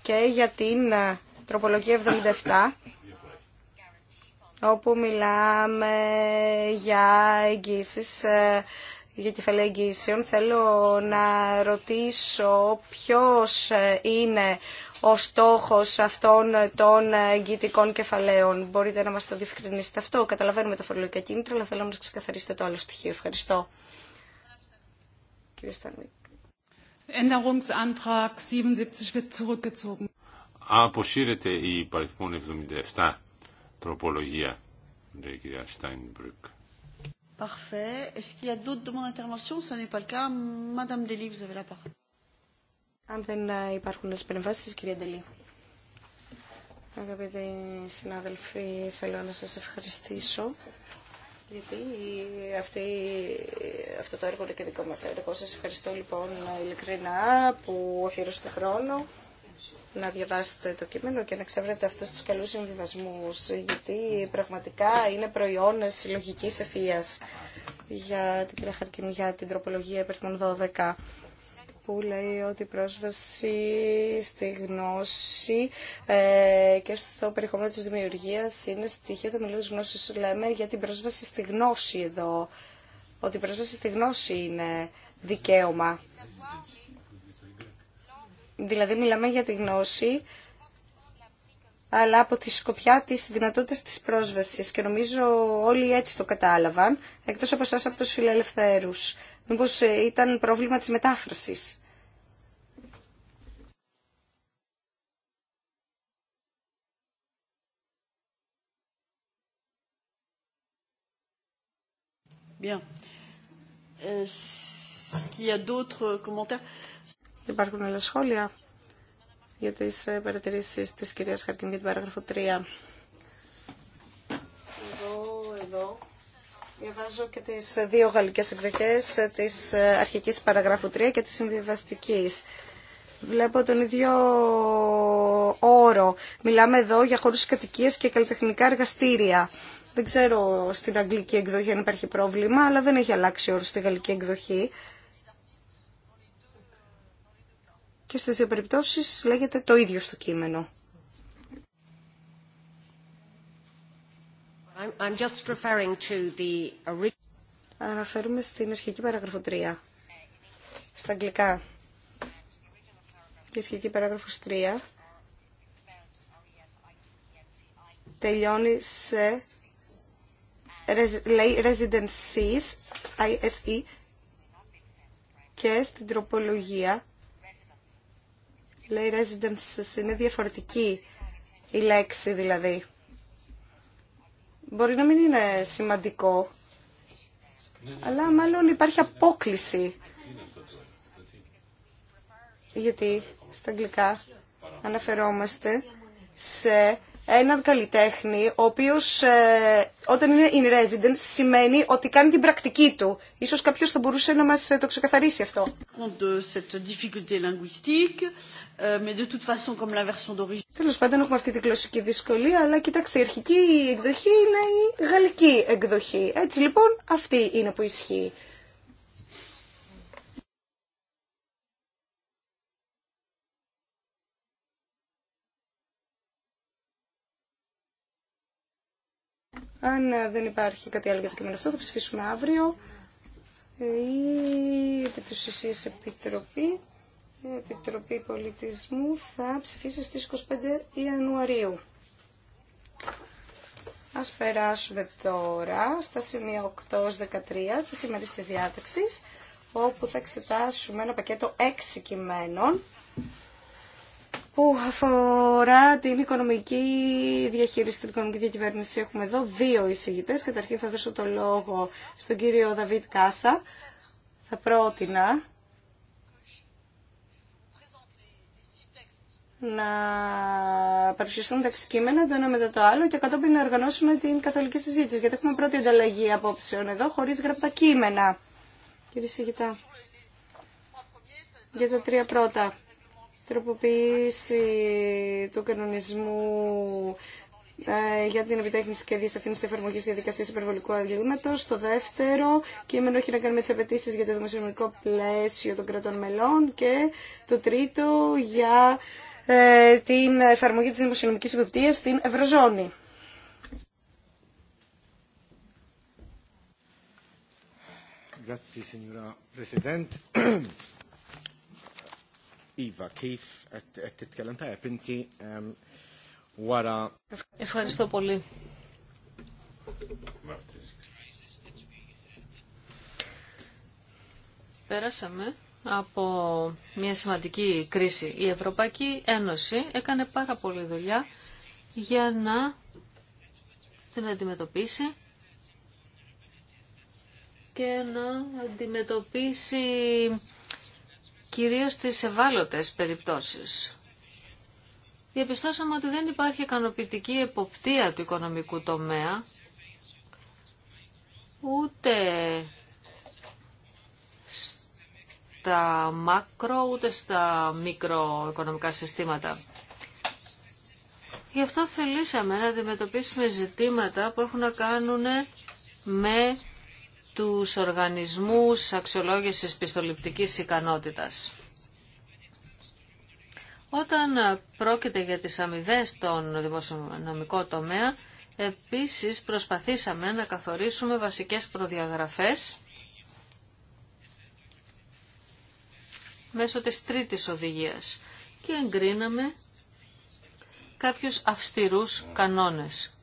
Και για την ε, τροπολογία 77 όπου μιλάμε για εγγύσεις, ε, για κεφαλαία εγγύσεων. Θέλω να ρωτήσω ποιος ε, είναι ο στόχος αυτών των εγγυητικών κεφαλαίων. Μπορείτε να μας το διευκρινίσετε αυτό. Καταλαβαίνουμε τα φορολογικά κίνητρα, αλλά θέλω να μας ξεκαθαρίσετε το άλλο στοιχείο. Ευχαριστώ. Κύριε Änderungsantrag 77 Αποσύρεται η παριθμόν 77 τροπολογία, λέει η κυρία Στάινμπρουκ. Parfait. Est-ce qu'il y a d'autres demandes d'intervention Ce n'est pas le cas. Madame Deli, vous avez la parole. Αν δεν ε, υπάρχουν εσπενεμβάσεις, κυρία Ντελή. Αγαπητοί συνάδελφοι, θέλω να σας ευχαριστήσω γιατί αυτή, αυτό το έργο είναι και δικό μας έργο. Σας ευχαριστώ λοιπόν ειλικρινά που αφιερώσετε χρόνο να διαβάσετε το κείμενο και να ξέρετε αυτούς τους καλούς συμβιβασμούς, γιατί πραγματικά είναι προϊόν συλλογική ευφυία για την κυρία για την τροπολογία υπερθμών 12 που λέει ότι η πρόσβαση στη γνώση ε, και στο περιεχόμενο της δημιουργίας είναι στοιχείο θεμελιώδης γνώσης. Λέμε για την πρόσβαση στη γνώση εδώ, ότι η πρόσβαση στη γνώση είναι δικαίωμα Δηλαδή μιλάμε για τη γνώση, αλλά από τη σκοπιά της δυνατότητας της πρόσβασης. Και νομίζω όλοι έτσι το κατάλαβαν, εκτός από εσάς από τους φιλελευθέρους. Μήπως ε, ήταν πρόβλημα της μετάφρασης. Bien. Est-ce qu'il y a d'autres commentaires Υπάρχουν άλλα σχόλια για τις ε, παρατηρήσεις της κυρίας Χαρκίνη για την παράγραφο 3. Εδώ, εδώ διαβάζω και τις δύο γαλλικές εκδοχές της ε, αρχικής παραγράφου 3 και της συμβιβαστικής. Βλέπω τον ίδιο όρο. Μιλάμε εδώ για χώρους κατοικίας και καλλιτεχνικά εργαστήρια. Δεν ξέρω στην αγγλική εκδοχή αν υπάρχει πρόβλημα, αλλά δεν έχει αλλάξει όρο στη γαλλική εκδοχή. και στις δύο περιπτώσεις λέγεται το ίδιο στο κείμενο. I'm just referring to Αναφέρουμε στην αρχική παράγραφο 3, στα αγγλικά. Η αρχική παράγραφος 3 τελειώνει σε λέει residencies, ISE, και στην τροπολογία λέει «residences» είναι διαφορετική η λέξη δηλαδή. Μπορεί να μην είναι σημαντικό, αλλά μάλλον υπάρχει απόκληση. Γιατί στα αγγλικά αναφερόμαστε σε έναν καλλιτέχνη ο οποίος ε, όταν είναι in residence σημαίνει ότι κάνει την πρακτική του. Σω κάποιο θα μπορούσε να μα ε, το ξεκαθαρίσει αυτό. Euh, euh, Τέλο πάντων έχουμε αυτή τη γλωσσική δυσκολία, αλλά κοιτάξτε η αρχική εκδοχή είναι η γαλλική εκδοχή. Έτσι λοιπόν αυτή είναι που ισχύει. Αν δεν υπάρχει κάτι άλλο για το κείμενο αυτό, θα ψηφίσουμε αύριο. Η Επιτροπή Επιτροπή, Επιτροπή Πολιτισμού θα ψηφίσει στις 25 Ιανουαρίου. Ας περάσουμε τώρα στα σημεία 8-13 της ημερής της διάταξης, όπου θα εξετάσουμε ένα πακέτο έξι κειμένων που αφορά την οικονομική διαχείριση, την οικονομική διακυβέρνηση. Έχουμε εδώ δύο εισηγητέ. Καταρχήν θα δώσω το λόγο στον κύριο Δαβίτ Κάσα. Θα πρότεινα να παρουσιαστούν τα κείμενα το ένα μετά το άλλο και κατόπιν να οργανώσουμε την καθολική συζήτηση. Γιατί έχουμε πρώτη ανταλλαγή απόψεων εδώ, χωρί γραπτά κείμενα. Κύριε Σιγητά, για τα τρία πρώτα τροποποίηση του κανονισμού ε, για την επιτέχνηση και διασαφήνιση εφαρμογή διαδικασία υπερβολικού αγγλήματο. Το δεύτερο κείμενο έχει να κάνει με τι απαιτήσει για το δημοσιονομικό πλαίσιο των κρατών μελών. Και το τρίτο για ε, την εφαρμογή τη δημοσιονομική υποπτία στην Ευρωζώνη. Grazie signora Presidente. Um, Ευχαριστώ πολύ. Πέρασαμε από μια σημαντική κρίση. Η Ευρωπαϊκή Ένωση έκανε πάρα πολλή δουλειά για να την αντιμετωπίσει και να αντιμετωπίσει κυρίως στις ευάλωτες περιπτώσεις. Διαπιστώσαμε ότι δεν υπάρχει ικανοποιητική εποπτεία του οικονομικού τομέα, ούτε στα μάκρο, ούτε στα μικροοικονομικά συστήματα. Γι' αυτό θελήσαμε να αντιμετωπίσουμε ζητήματα που έχουν να κάνουν με τους οργανισμούς αξιολόγησης πιστοληπτικής ικανότητας. Όταν πρόκειται για τις αμοιβέ των δημοσιονομικό τομέα, επίσης προσπαθήσαμε να καθορίσουμε βασικές προδιαγραφές μέσω της τρίτης οδηγίας και εγκρίναμε κάποιους αυστηρούς κανόνες.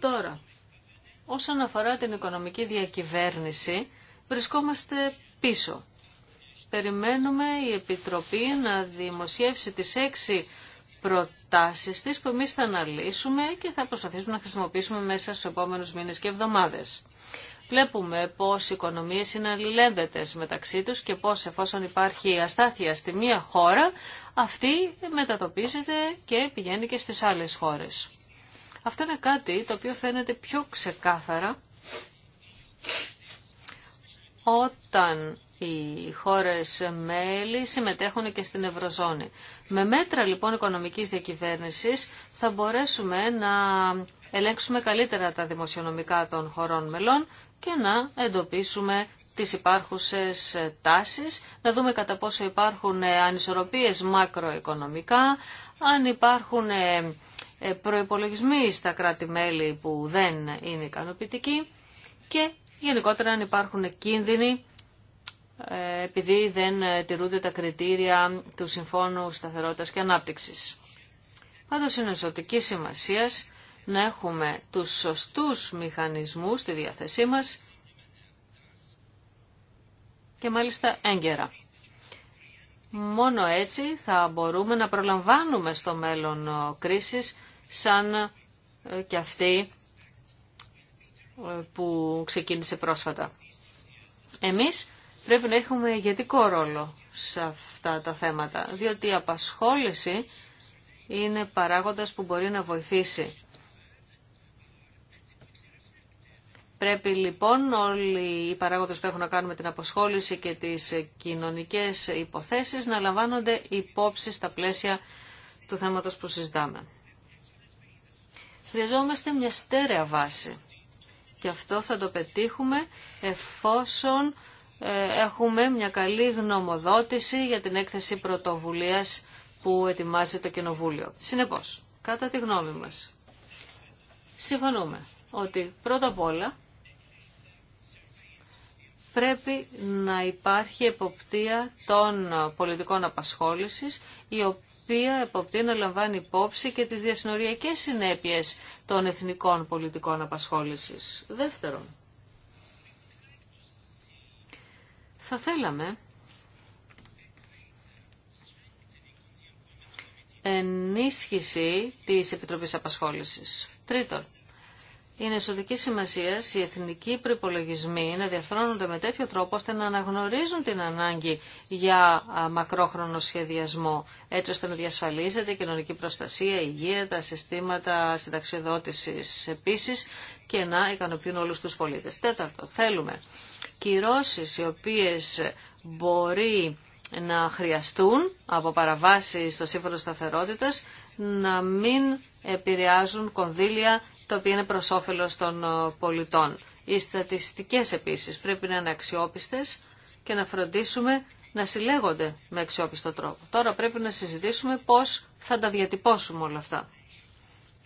Τώρα, Όσον αφορά την οικονομική διακυβέρνηση, βρισκόμαστε πίσω. Περιμένουμε η Επιτροπή να δημοσιεύσει τις έξι προτάσεις της που εμεί θα αναλύσουμε και θα προσπαθήσουμε να χρησιμοποιήσουμε μέσα στους επόμενους μήνες και εβδομάδες. Βλέπουμε πώς οι οικονομίες είναι αλληλένδετες μεταξύ τους και πώς εφόσον υπάρχει αστάθεια στη μία χώρα, αυτή μετατοπίζεται και πηγαίνει και στις άλλες χώρες. Αυτό είναι κάτι το οποίο φαίνεται πιο ξεκάθαρα όταν οι χώρες μέλη συμμετέχουν και στην Ευρωζώνη. Με μέτρα λοιπόν οικονομικής διακυβέρνησης θα μπορέσουμε να ελέγξουμε καλύτερα τα δημοσιονομικά των χωρών μελών και να εντοπίσουμε τις υπάρχουσες τάσεις, να δούμε κατά πόσο υπάρχουν ανισορροπίες μακροοικονομικά, αν υπάρχουν ε, προϋπολογισμοί στα κράτη-μέλη που δεν είναι ικανοποιητικοί και γενικότερα αν υπάρχουν κίνδυνοι ε, επειδή δεν ε, τηρούνται τα κριτήρια του Συμφώνου Σταθερότητας και Ανάπτυξης. Πάντως είναι ζωτική σημασία να έχουμε τους σωστούς μηχανισμούς στη διάθεσή μας και μάλιστα έγκαιρα. Μόνο έτσι θα μπορούμε να προλαμβάνουμε στο μέλλον κρίσης σαν ε, και αυτή ε, που ξεκίνησε πρόσφατα. Εμείς πρέπει να έχουμε ηγετικό ρόλο σε αυτά τα θέματα, διότι η απασχόληση είναι παράγοντας που μπορεί να βοηθήσει. Πρέπει λοιπόν όλοι οι παράγοντες που έχουν να κάνουν με την απασχόληση και τις κοινωνικές υποθέσεις να λαμβάνονται υπόψη στα πλαίσια του θέματος που συζητάμε. Χρειαζόμαστε μια στέρεα βάση. Και αυτό θα το πετύχουμε εφόσον ε, έχουμε μια καλή γνωμοδότηση για την έκθεση πρωτοβουλίας που ετοιμάζει το Κοινοβούλιο. Συνεπώς, κατά τη γνώμη μας, συμφωνούμε ότι πρώτα απ' όλα πρέπει να υπάρχει εποπτεία των πολιτικών απασχόλησης η οποία εποπτεί να λαμβάνει υπόψη και τις διασυνοριακές συνέπειες των εθνικών πολιτικών απασχόλησης. Δεύτερον, θα θέλαμε ενίσχυση της Επιτροπής Απασχόλησης. Τρίτον, είναι εσωτική σημασία οι εθνικοί προπολογισμοί να διαρθρώνονται με τέτοιο τρόπο ώστε να αναγνωρίζουν την ανάγκη για μακρόχρονο σχεδιασμό, έτσι ώστε να διασφαλίζεται η κοινωνική προστασία, η υγεία, τα συστήματα συνταξιοδότηση επίση και να ικανοποιούν όλου του πολίτε. Τέταρτο, θέλουμε κυρώσει οι οποίε μπορεί να χρειαστούν από παραβάσει στο σύμφωνο σταθερότητα να μην επηρεάζουν κονδύλια το οποίο είναι προς όφελος των ε, πολιτών. Οι στατιστικές επίσης πρέπει να είναι αξιόπιστες και να φροντίσουμε να συλλέγονται με αξιόπιστο τρόπο. Τώρα πρέπει να συζητήσουμε πώς θα τα διατυπώσουμε όλα αυτά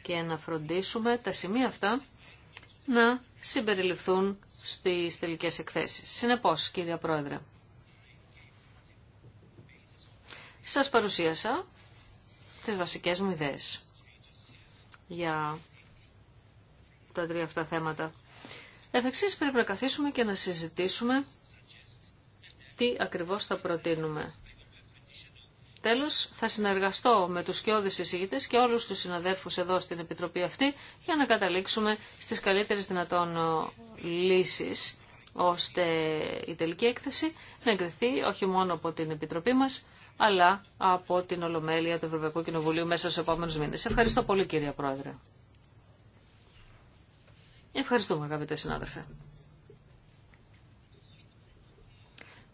και να φροντίσουμε τα σημεία αυτά να συμπεριληφθούν στις τελικές εκθέσεις. Συνεπώς, κύριε Πρόεδρε, σας παρουσίασα τις βασικές μου ιδέες για τα τρία αυτά θέματα. Εφεξής πρέπει να καθίσουμε και να συζητήσουμε τι ακριβώς θα προτείνουμε. Τέλος, θα συνεργαστώ με τους σκιώδεις εισηγητές και όλους τους συναδέλφους εδώ στην Επιτροπή αυτή για να καταλήξουμε στις καλύτερες δυνατόν λύσεις ώστε η τελική έκθεση να εγκριθεί όχι μόνο από την Επιτροπή μας, αλλά από την Ολομέλεια του Ευρωπαϊκού Κοινοβουλίου μέσα στους επόμενους μήνες. Ευχαριστώ πολύ κύριε Πρόεδρε. Ευχαριστούμε αγαπητέ συνάδελφε.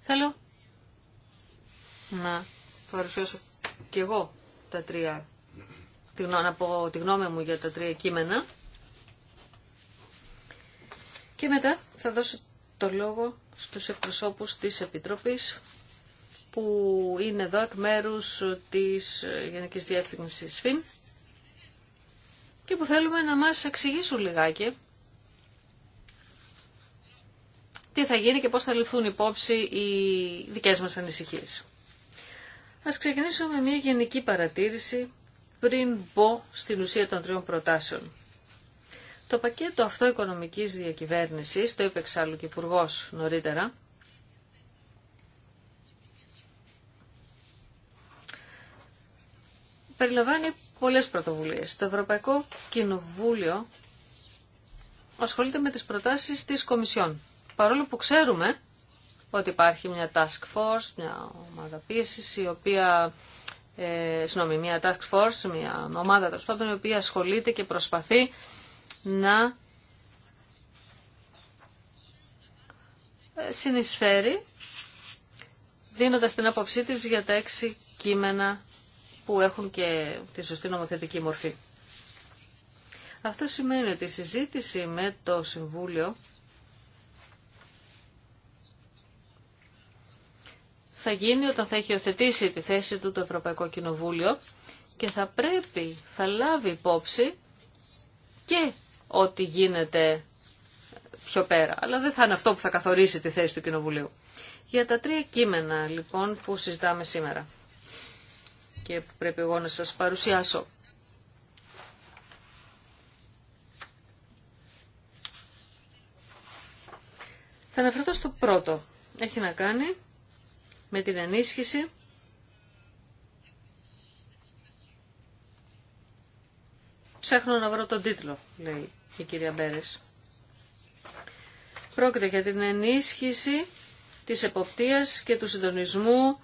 Θέλω να παρουσιάσω και εγώ τα τρία, να πω τη γνώμη μου για τα τρία κείμενα. Και μετά θα δώσω το λόγο στους εκπροσώπους της Επιτροπής που είναι εδώ εκ μέρους της Γενικής Διεύθυνσης ΦΙΝ και που θέλουμε να μας εξηγήσουν λιγάκι τι θα γίνει και πώς θα λυθούν υπόψη οι δικές μας ανησυχίες. Ας ξεκινήσουμε με μια γενική παρατήρηση πριν μπω στην ουσία των τριών προτάσεων. Το πακέτο αυτό οικονομικής διακυβέρνησης, το είπε εξάλλου και υπουργό νωρίτερα, περιλαμβάνει πολλές πρωτοβουλίες. Το Ευρωπαϊκό Κοινοβούλιο ασχολείται με τις προτάσεις της Κομισιόν παρόλο που ξέρουμε ότι υπάρχει μια task force, μια ομάδα πίεση, η οποία, ε, μια task force, μια ομάδα τέλο η οποία ασχολείται και προσπαθεί να ε, συνεισφέρει, δίνοντας την άποψή της για τα έξι κείμενα που έχουν και τη σωστή νομοθετική μορφή. Αυτό σημαίνει ότι η συζήτηση με το Συμβούλιο θα γίνει όταν θα έχει υιοθετήσει τη θέση του το Ευρωπαϊκό Κοινοβούλιο και θα πρέπει, θα λάβει υπόψη και ό,τι γίνεται πιο πέρα. Αλλά δεν θα είναι αυτό που θα καθορίσει τη θέση του Κοινοβουλίου. Για τα τρία κείμενα λοιπόν που συζητάμε σήμερα και που πρέπει εγώ να σας παρουσιάσω. Θα αναφερθώ στο πρώτο. Έχει να κάνει με την ενίσχυση Ψάχνω να βρω τον τίτλο, λέει η κυρία Μπέρες. Πρόκειται για την ενίσχυση της εποπτείας και του συντονισμού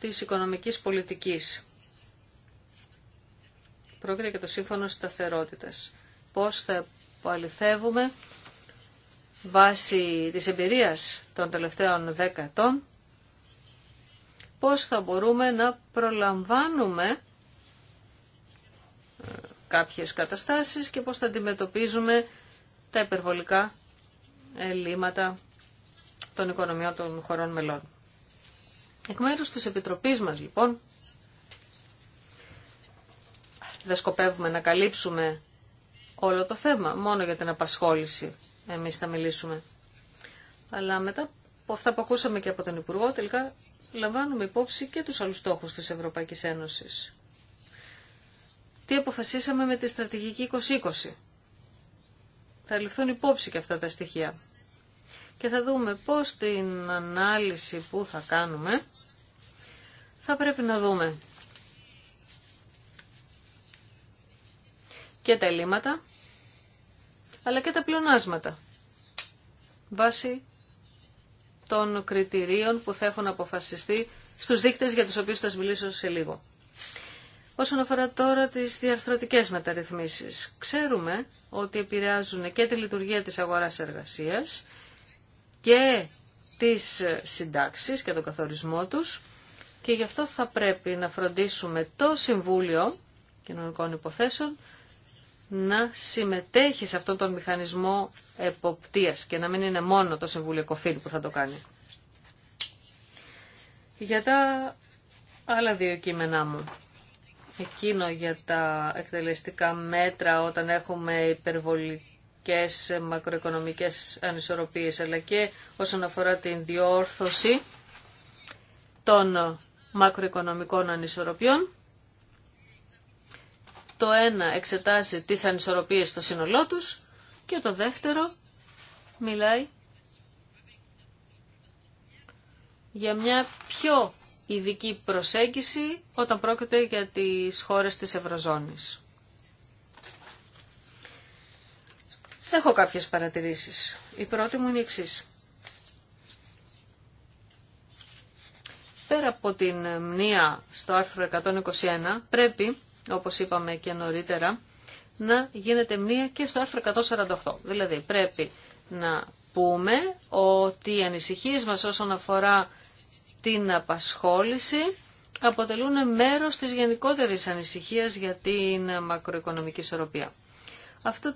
της οικονομικής πολιτικής. Πρόκειται για το σύμφωνο σταθερότητας. Πώς θα παληθεύουμε βάσει της εμπειρίας των τελευταίων δέκα ετών πώς θα μπορούμε να προλαμβάνουμε ε, κάποιες καταστάσεις και πώς θα αντιμετωπίζουμε τα υπερβολικά ελλείμματα των οικονομιών των χωρών μελών. Εκ μέρους της Επιτροπής μας λοιπόν δεν σκοπεύουμε να καλύψουμε όλο το θέμα, μόνο για την απασχόληση εμείς θα μιλήσουμε. Αλλά μετά από αυτά που ακούσαμε και από τον Υπουργό τελικά λαμβάνουμε υπόψη και τους άλλους στόχους της Ευρωπαϊκής Ένωσης. Τι αποφασίσαμε με τη στρατηγική 2020. Θα ληφθούν υπόψη και αυτά τα στοιχεία. Και θα δούμε πώς την ανάλυση που θα κάνουμε θα πρέπει να δούμε και τα ελλείμματα αλλά και τα πλεονάσματα βάσει των κριτηρίων που θα έχουν αποφασιστεί στους δείκτες για τους οποίους θα σας μιλήσω σε λίγο. Όσον αφορά τώρα τις διαρθρωτικές μεταρρυθμίσεις, ξέρουμε ότι επηρεάζουν και τη λειτουργία της αγοράς εργασίας και τις συντάξεις και τον καθορισμό τους και γι' αυτό θα πρέπει να φροντίσουμε το Συμβούλιο Κοινωνικών Υποθέσεων να συμμετέχει σε αυτόν τον μηχανισμό εποπτείας και να μην είναι μόνο το Συμβούλιο Κοφίλ που θα το κάνει. Για τα άλλα δύο κείμενά μου. Εκείνο για τα εκτελεστικά μέτρα όταν έχουμε υπερβολικές μακροοικονομικές ανισορροπίες αλλά και όσον αφορά την διόρθωση των μακροοικονομικών ανισορροπιών το ένα εξετάζει τις ανισορροπίες στο σύνολό τους και το δεύτερο μιλάει για μια πιο ειδική προσέγγιση όταν πρόκειται για τις χώρες της Ευρωζώνης. Έχω κάποιες παρατηρήσεις. Η πρώτη μου είναι η εξής. Πέρα από την μνήα στο άρθρο 121 πρέπει όπως είπαμε και νωρίτερα, να γίνεται μία και στο άρθρο 148. Δηλαδή πρέπει να πούμε ότι οι ανησυχίες μας όσον αφορά την απασχόληση αποτελούν μέρος της γενικότερης ανησυχίας για την μακροοικονομική ισορροπία. Αυτό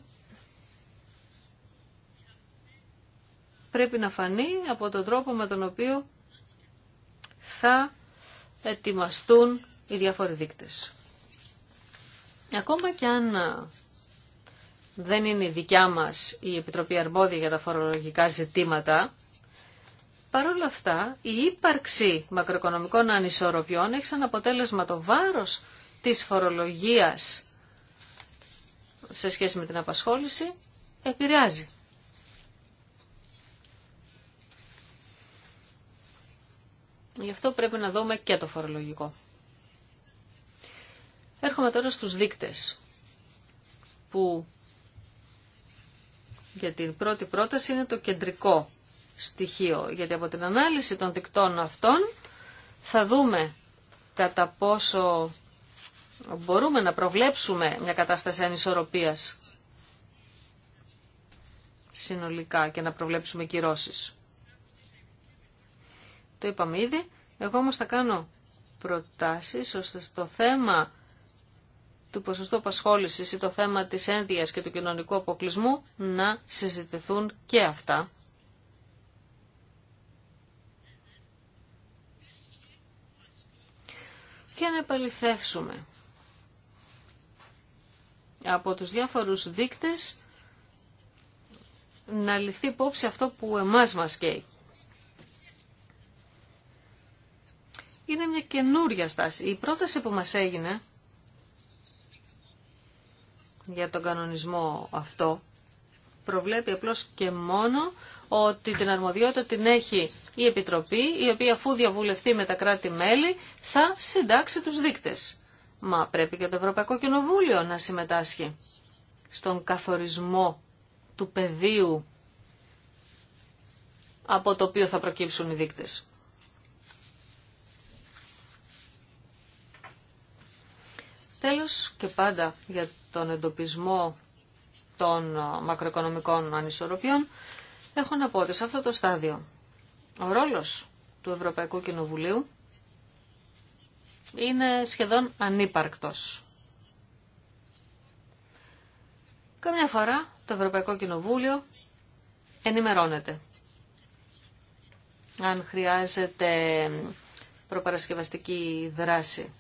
πρέπει να φανεί από τον τρόπο με τον οποίο θα ετοιμαστούν οι διάφοροι δείκτες. Ακόμα και αν ε, δεν είναι η δικιά μας η Επιτροπή Αρμόδια για τα φορολογικά ζητήματα, παρόλα αυτά η ύπαρξη μακροοικονομικών ανισορροπιών έχει σαν αποτέλεσμα το βάρος της φορολογίας σε σχέση με την απασχόληση επηρεάζει. Γι' αυτό πρέπει να δούμε και το φορολογικό. Έρχομαι τώρα στους δείκτες που για την πρώτη πρόταση είναι το κεντρικό στοιχείο. Γιατί από την ανάλυση των δικτών αυτών θα δούμε κατά πόσο μπορούμε να προβλέψουμε μια κατάσταση ανισορροπίας συνολικά και να προβλέψουμε κυρώσεις. Το είπαμε ήδη. Εγώ όμως θα κάνω προτάσεις ώστε στο θέμα του ποσοστού απασχόληση ή το θέμα της ένδυα και του κοινωνικού αποκλεισμού να συζητηθούν και αυτά. Και να επαληθεύσουμε από τους διάφορους δίκτες να ληφθεί υπόψη αυτό που εμάς μας καίει. Είναι μια καινούρια στάση. Η πρόταση που μας έγινε για τον κανονισμό αυτό προβλέπει απλώς και μόνο ότι την αρμοδιότητα την έχει η Επιτροπή, η οποία αφού διαβουλευτεί με τα κράτη-μέλη θα συντάξει τους δείκτες. Μα πρέπει και το Ευρωπαϊκό Κοινοβούλιο να συμμετάσχει στον καθορισμό του πεδίου από το οποίο θα προκύψουν οι δείκτες. Τέλος και πάντα για τον εντοπισμό των ε, μακροοικονομικών ανισορροπιών, έχω να πω ότι σε αυτό το στάδιο ο ρόλος του Ευρωπαϊκού Κοινοβουλίου είναι σχεδόν ανύπαρκτος. Καμιά φορά το Ευρωπαϊκό Κοινοβούλιο ενημερώνεται. Αν χρειάζεται προπαρασκευαστική δράση.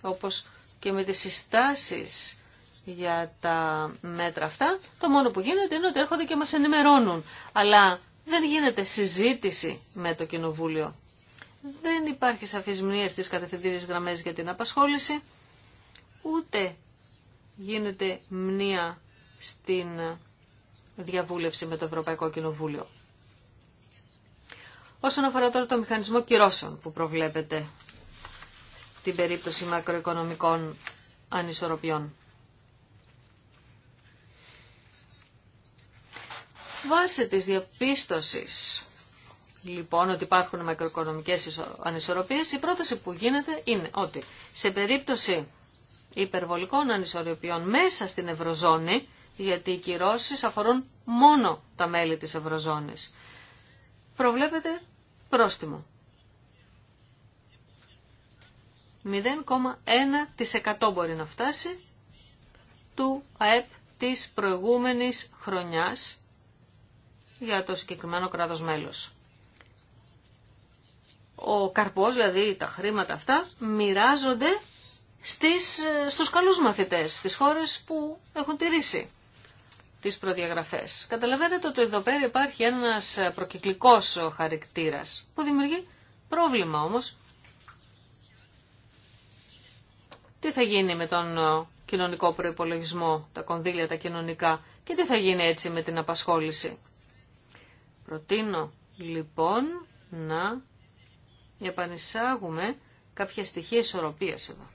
Όπως και με τις συστάσεις για τα μέτρα αυτά, το μόνο που γίνεται είναι ότι έρχονται και μας ενημερώνουν. Αλλά δεν γίνεται συζήτηση με το Κοινοβούλιο. Δεν υπάρχει σαφής μνήμα στις κατευθυντήριες γραμμές για την απασχόληση, ούτε γίνεται μνήμα στην διαβούλευση με το Ευρωπαϊκό Κοινοβούλιο. Όσον αφορά τώρα το μηχανισμό κυρώσεων που προβλέπεται την περίπτωση μακροοικονομικών ανισορροπιών. Βάσει της διαπίστωσης λοιπόν ότι υπάρχουν μακροοικονομικές ανισορροπίες, η πρόταση που γίνεται είναι ότι σε περίπτωση υπερβολικών ανισορροπιών μέσα στην Ευρωζώνη, γιατί οι κυρώσεις αφορούν μόνο τα μέλη της Ευρωζώνης, προβλέπεται πρόστιμο. 0,1% μπορεί να φτάσει του ΑΕΠ της προηγούμενης χρονιάς για το συγκεκριμένο κράτος μέλος. Ο καρπός, δηλαδή τα χρήματα αυτά, μοιράζονται στις, στους καλούς μαθητές, στις χώρες που έχουν τηρήσει τις προδιαγραφές. Καταλαβαίνετε ότι εδώ πέρα υπάρχει ένας προκυκλικός χαρακτήρας που δημιουργεί πρόβλημα όμως τι θα γίνει με τον ε, κοινωνικό προϋπολογισμό, τα κονδύλια, τα κοινωνικά και τι θα γίνει έτσι με την απασχόληση. Προτείνω λοιπόν να επανεισάγουμε κάποια στοιχεία ισορροπίας εδώ.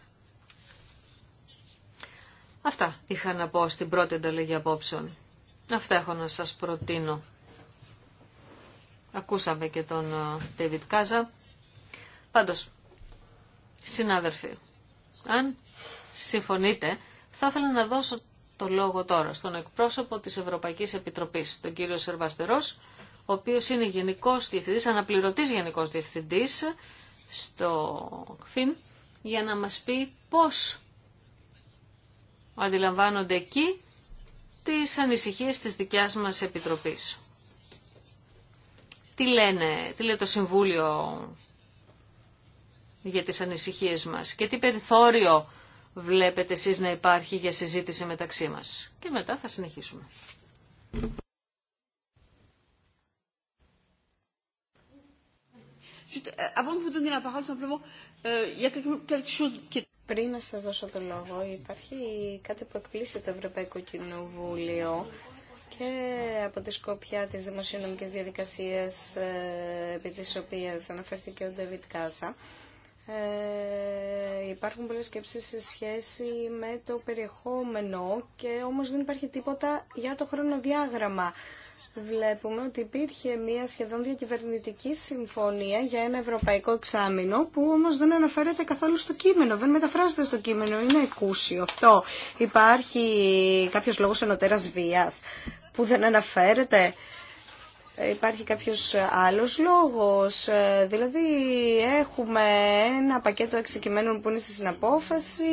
Αυτά είχα να πω στην πρώτη ανταλλαγή απόψεων. Αυτά έχω να σας προτείνω. Ακούσαμε και τον ε, David Κάζα. Πάντως, συνάδελφοι, αν συμφωνείτε, θα ήθελα να δώσω το λόγο τώρα στον εκπρόσωπο της Ευρωπαϊκής Επιτροπής, τον κύριο Σερβαστερός, ο οποίος είναι γενικός διευθυντής, αναπληρωτής γενικός διευθυντής στο ΚΦΙΝ, για να μας πει πώς αντιλαμβάνονται εκεί τις ανησυχίες της δικιάς μας Επιτροπής. Τι λένε, τι λέει το Συμβούλιο για τις ανησυχίες μας και τι περιθώριο βλέπετε εσείς να υπάρχει για συζήτηση μεταξύ μας. Και μετά θα συνεχίσουμε. Πριν να σας δώσω το λόγο, υπάρχει κάτι που εκπλήσει το Ευρωπαϊκό Κοινοβούλιο και από τη σκοπιά της δημοσιονομικής διαδικασίας ε, επί της οποίας αναφέρθηκε ο Ντεβιτ Κάσα ε, υπάρχουν πολλές σκέψεις σε σχέση με το περιεχόμενο και όμως δεν υπάρχει τίποτα για το χρονοδιάγραμμα. Βλέπουμε ότι υπήρχε μια σχεδόν διακυβερνητική συμφωνία για ένα ευρωπαϊκό εξάμεινο που όμως δεν αναφέρεται καθόλου στο κείμενο, δεν μεταφράζεται στο κείμενο, είναι εκούσιο αυτό. Υπάρχει κάποιος λόγος ενωτέρας βίας που δεν αναφέρεται υπάρχει κάποιος άλλος λόγος. Ε, δηλαδή έχουμε ένα πακέτο εξεκειμένων που είναι στη συναπόφαση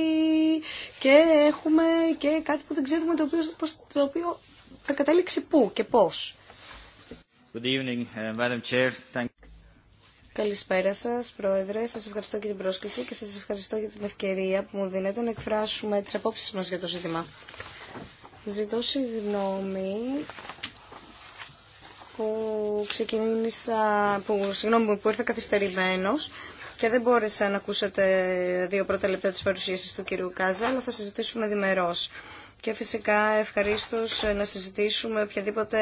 και έχουμε και κάτι που δεν ξέρουμε το οποίο, το οποίο θα καταλήξει πού και πώς. Good evening, uh, Chair. Thank Καλησπέρα σας, Πρόεδρε. Σας ευχαριστώ για την πρόσκληση και σας ευχαριστώ για την ευκαιρία που μου δίνετε να εκφράσουμε τις απόψεις μας για το ζήτημα. Ζητώ συγγνώμη που ξεκινήσα, που, συγγνώμη, που ήρθα καθυστερημένος και δεν μπόρεσα να ακούσετε δύο πρώτα λεπτά της παρουσίασης του κυρίου Κάζα, αλλά θα συζητήσουμε διμερώς. Και φυσικά ευχαρίστως να συζητήσουμε οποιαδήποτε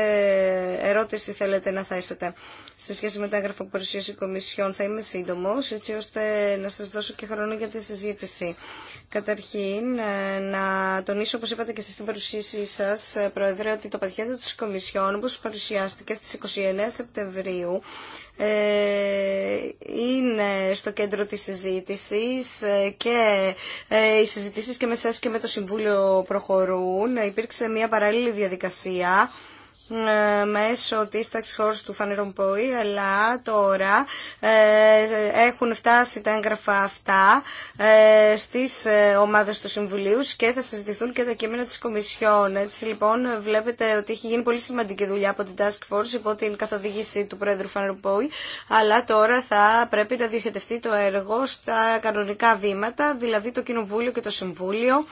ερώτηση θέλετε να θέσετε σε σχέση με τα έγγραφα που παρουσίασε η Κομισιόν. Θα είμαι σύντομο, έτσι ώστε να σας δώσω και χρόνο για τη συζήτηση. Καταρχήν, ε, να τονίσω, όπως είπατε και στην παρουσίασή σας, ε, Πρόεδρε, ότι το πακέτο τη Κομισιόν, που παρουσιάστηκε στις 29 Σεπτεμβρίου, ε, είναι στο κέντρο της συζήτησης και οι συζητήσεις και με και με το Συμβούλιο προχωρούν. Υπήρξε μια παράλληλη διαδικασία ε, μέσω της Tax Force του Φανερομπόη, αλλά τώρα ε, έχουν φτάσει τα έγγραφα αυτά ε, στις ομάδες του Συμβουλίου και θα συζητηθούν και τα κείμενα της Κομισιόν. Έτσι λοιπόν βλέπετε ότι έχει γίνει πολύ σημαντική δουλειά από την Task Force υπό την καθοδήγηση του Πρόεδρου Φανερομπόη, αλλά τώρα θα πρέπει να διοχετευτεί το έργο στα κανονικά βήματα, δηλαδή το Κοινοβούλιο και το Συμβούλιο,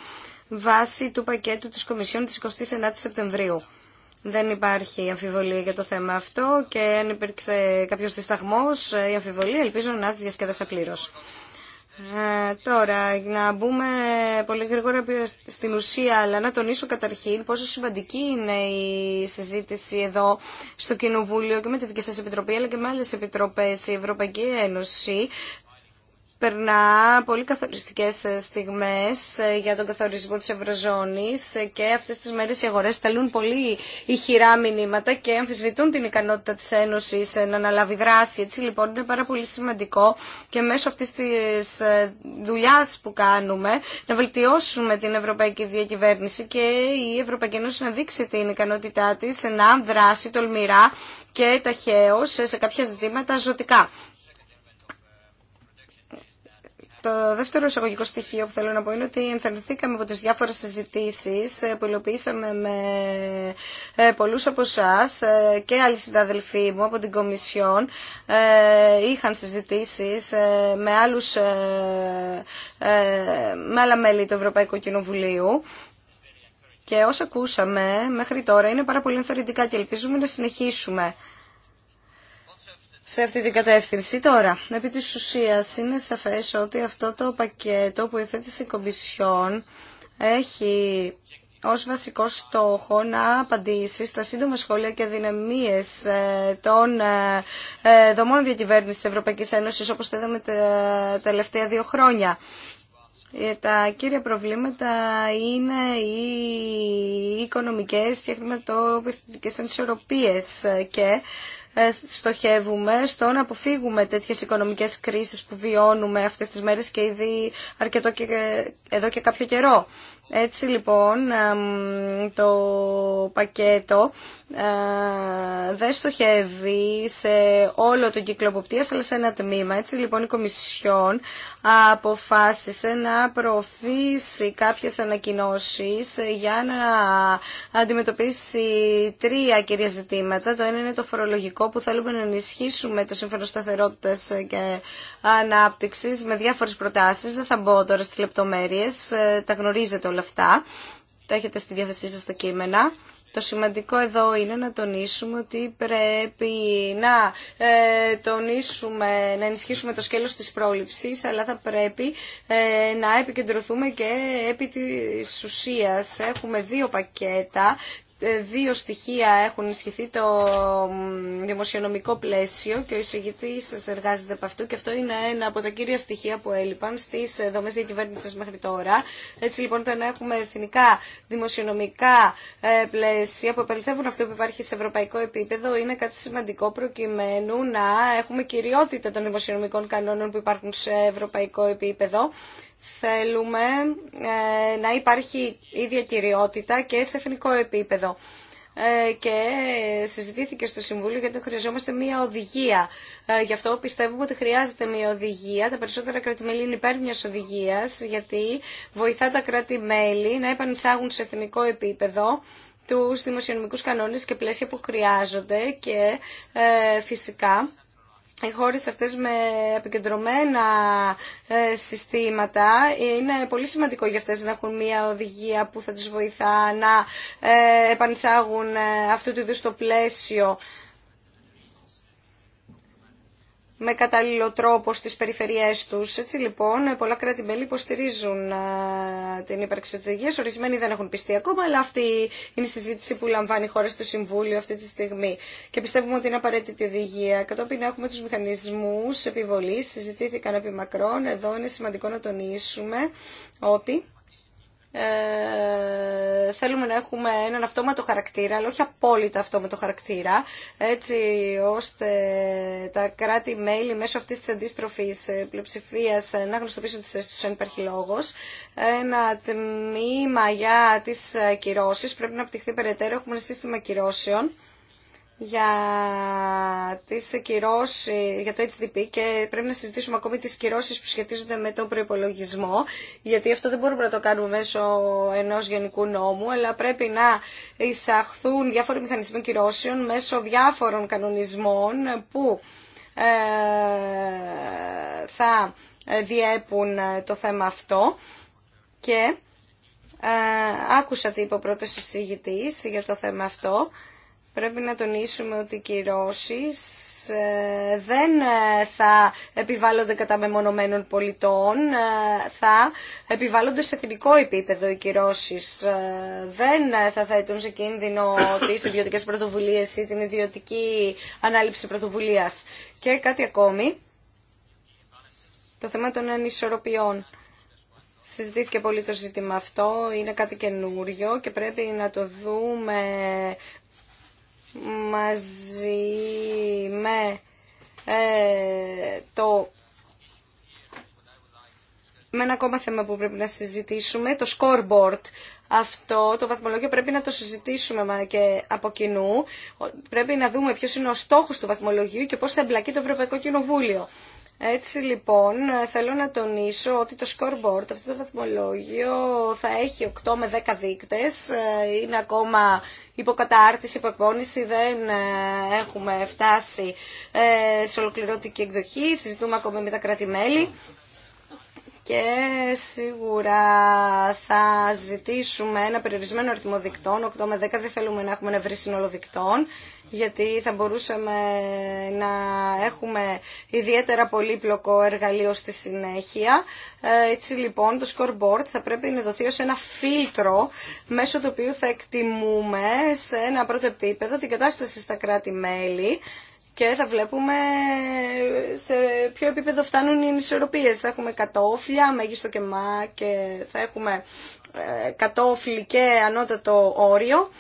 βάσει του πακέτου της Κομισιόν της 29 Σεπτεμβρίου. Δεν υπάρχει αμφιβολία για το θέμα αυτό και αν υπήρξε κάποιο δισταγμό ή αμφιβολία, ελπίζω να τη διασκέδασα πλήρω. Ε, τώρα, να μπούμε πολύ γρήγορα στην ουσία, αλλά να τονίσω καταρχήν πόσο σημαντική είναι η συζήτηση εδώ στο Κοινοβούλιο και με τη δική σα Επιτροπή, αλλά και με άλλε επιτροπές. Η Ευρωπαϊκή Ένωση περνά πολύ καθοριστικές ε, στιγμές ε, για τον καθορισμό της Ευρωζώνης ε, και αυτές τις μέρες οι αγορές στέλνουν πολύ ηχηρά μηνύματα και αμφισβητούν την ικανότητα της Ένωσης να αναλάβει δράση. Έτσι λοιπόν είναι πάρα πολύ σημαντικό και μέσω αυτής της δουλειά που κάνουμε να βελτιώσουμε την Ευρωπαϊκή Διακυβέρνηση και η Ευρωπαϊκή Ένωση να δείξει την ικανότητά της να δράσει τολμηρά και ταχαίως σε κάποια ζητήματα ζωτικά. Το δεύτερο εισαγωγικό στοιχείο που θέλω να πω είναι ότι ενθαρρυνθήκαμε από τις διάφορες συζητήσει ε, που υλοποιήσαμε με ε, πολλούς από εσά ε, και άλλοι συναδελφοί μου από την Κομισιόν. Είχαν συζητήσεις με, άλλους, με άλλα μέλη του Ευρωπαϊκού Κοινοβουλίου. Και όσα ακούσαμε μέχρι τώρα είναι πάρα πολύ ενθαρρυντικά και ελπίζουμε να συνεχίσουμε σε αυτή την κατεύθυνση. Τώρα, επί της ουσίας είναι σαφές ότι αυτό το πακέτο που υιοθέτησε η Κομισιόν έχει ως βασικό στόχο να απαντήσει στα σύντομα σχόλια και δυναμίες ε, των ε, ε, δομών διακυβέρνησης της Ευρωπαϊκής Ένωσης όπως το είδαμε τα τελευταία δύο χρόνια. Τα κύρια προβλήματα είναι οι οικονομικές και χρηματοπιστικές ανισορροπίες και ε, στοχεύουμε στο να αποφύγουμε τέτοιες οικονομικές κρίσεις που βιώνουμε αυτές τις μέρες και ήδη αρκετό και, εδώ και κάποιο καιρό. Έτσι λοιπόν το πακέτο ε, δεν στοχεύει σε όλο τον κύκλο αλλά σε ένα τμήμα. Έτσι λοιπόν η Κομισιόν αποφάσισε να προωθήσει κάποιες ανακοινώσεις για να αντιμετωπίσει τρία κυρία ζητήματα. Το ένα είναι το φορολογικό που θέλουμε να ενισχύσουμε το σύμφωνο σταθερότητας και ανάπτυξης με διάφορες προτάσεις. Δεν θα μπω τώρα στις λεπτομέρειες, ε, τα γνωρίζετε όλα αυτά. Τα έχετε στη διάθεσή σας τα κείμενα. Το σημαντικό εδώ είναι να τονίσουμε ότι πρέπει να ε, τονίσουμε, να ενισχύσουμε το σκέλος της πρόληψης, αλλά θα πρέπει ε, να επικεντρωθούμε και επί της ουσίας. Έχουμε δύο πακέτα, δύο στοιχεία έχουν ισχυθεί το δημοσιονομικό πλαίσιο και ο εισηγητής εργάζεται από αυτού και αυτό είναι ένα από τα κύρια στοιχεία που έλειπαν στις δομές διακυβέρνησης μέχρι τώρα. Έτσι λοιπόν το να έχουμε εθνικά δημοσιονομικά ε, πλαίσια που επαληθεύουν αυτό που υπάρχει σε ευρωπαϊκό επίπεδο είναι κάτι σημαντικό προκειμένου να έχουμε κυριότητα των δημοσιονομικών κανόνων που υπάρχουν σε ευρωπαϊκό επίπεδο θέλουμε ε, να υπάρχει ίδια κυριότητα και σε εθνικό επίπεδο ε, και συζητήθηκε στο Συμβούλιο γιατί χρειαζόμαστε μια οδηγία. Ε, γι' αυτό πιστεύουμε ότι χρειάζεται μια οδηγία. Τα περισσότερα κράτη-μέλη είναι υπέρ μια οδηγία γιατί βοηθά τα κράτη-μέλη να επανεισάγουν σε εθνικό επίπεδο τους δημοσιονομικούς κανόνες και πλαίσια που χρειάζονται και φυσικά οι χώρες αυτές με επικεντρωμένα ε, συστήματα είναι πολύ σημαντικό για αυτές να έχουν μια οδηγία που θα τις βοηθά να ε, επανισάγουν ε, αυτού του είδους το πλαίσιο με κατάλληλο τρόπο στις περιφερειές τους. Έτσι λοιπόν, πολλά κράτη-μέλη υποστηρίζουν την ύπαρξη οδηγίας. Ορισμένοι δεν έχουν πιστεί ακόμα, αλλά αυτή είναι η συζήτηση που λαμβάνει η χώρα στο Συμβούλιο αυτή τη στιγμή. Και πιστεύουμε ότι είναι απαραίτητη οδηγία. Κατόπιν έχουμε τους μηχανισμούς επιβολής, συζητήθηκαν επί μακρόν. Εδώ είναι σημαντικό να τονίσουμε ότι ε, θέλουμε να έχουμε έναν αυτόματο χαρακτήρα, αλλά όχι απόλυτα αυτόματο χαρακτήρα, έτσι ώστε τα κράτη-μέλη μέσω αυτής της αντίστροφης ε, πλειοψηφία ε, να γνωστοποιήσουν τις θέσεις τους αν υπάρχει λόγος. Ένα τμήμα για τις ε, κυρώσεις πρέπει να πτυχθεί περαιτέρω, έχουμε ένα σύστημα κυρώσεων για τις κυρώσεις, για το HDP και πρέπει να συζητήσουμε ακόμη τις κυρώσεις που σχετίζονται με τον προϋπολογισμό, γιατί αυτό δεν μπορούμε να το κάνουμε μέσω ενός γενικού νόμου, αλλά πρέπει να εισαχθούν διάφοροι μηχανισμοί κυρώσεων μέσω διάφορων κανονισμών που ε, θα διέπουν το θέμα αυτό και ε, άκουσα τι είπε ο πρώτος για το θέμα αυτό Πρέπει να τονίσουμε ότι οι κυρώσεις ε, δεν ε, θα επιβάλλονται κατά μεμονωμένων πολιτών, ε, θα επιβάλλονται σε εθνικό επίπεδο οι κυρώσεις. Δεν θα θέτουν σε κίνδυνο τι ιδιωτικέ πρωτοβουλίε ή την ιδιωτική ανάληψη πρωτοβουλία. Και κάτι ακόμη, το θέμα των ανισορροπιών. Συζητήθηκε πολύ το ζήτημα αυτό, είναι κάτι καινούριο και πρέπει να το δούμε μαζί με ε, το με ένα ακόμα θέμα που πρέπει να συζητήσουμε, το scoreboard. Αυτό το βαθμολόγιο πρέπει να το συζητήσουμε και από κοινού. Πρέπει να δούμε ποιος είναι ο στόχος του βαθμολογίου και πώς θα εμπλακεί το Ευρωπαϊκό Κοινοβούλιο. Έτσι λοιπόν θέλω να τονίσω ότι το scoreboard, αυτό το βαθμολόγιο θα έχει 8 με 10 δείκτες, είναι ακόμα υποκατάρτιση, υποεκπώνηση, δεν ε, έχουμε φτάσει ε, σε ολοκληρωτική εκδοχή, συζητούμε ακόμα με τα κράτη-μέλη και σίγουρα θα ζητήσουμε ένα περιορισμένο αριθμό δικτών, 8 με 10 δεν θέλουμε να έχουμε ένα ευρύ σύνολο γιατί θα μπορούσαμε να έχουμε ιδιαίτερα πολύπλοκο εργαλείο στη συνέχεια. Ε, έτσι λοιπόν το scoreboard θα πρέπει να δοθεί ως ένα φίλτρο μέσω του οποίου θα εκτιμούμε σε ένα πρώτο επίπεδο την κατάσταση στα κράτη-μέλη και θα βλέπουμε σε ποιο επίπεδο φτάνουν οι ισορροπίες. Θα έχουμε κατόφλια, μέγιστο κεμά και θα έχουμε ε, κατόφλι και ανώτατο όριο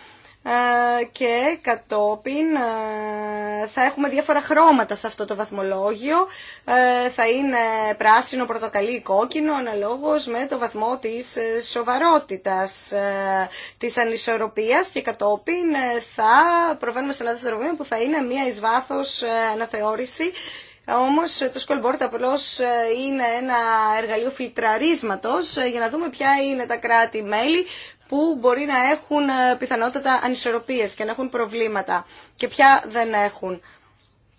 ε, και κατόπιν ε, θα έχουμε διάφορα χρώματα σε αυτό το βαθμολόγιο. Ε, θα είναι πράσινο, πορτοκαλί, κόκκινο, αναλόγως με το βαθμό της σοβαρότητας της ανισορροπίας και κατόπιν θα προβαίνουμε σε ένα δεύτερο που θα είναι μια εις βάθος αναθεώρηση όμως το Σκολμπόρτ απλώς είναι ένα εργαλείο φιλτραρίσματος για να δούμε ποια είναι τα κράτη-μέλη που μπορεί να έχουν ε, πιθανότατα ανισορροπίες και να έχουν προβλήματα και ποια δεν έχουν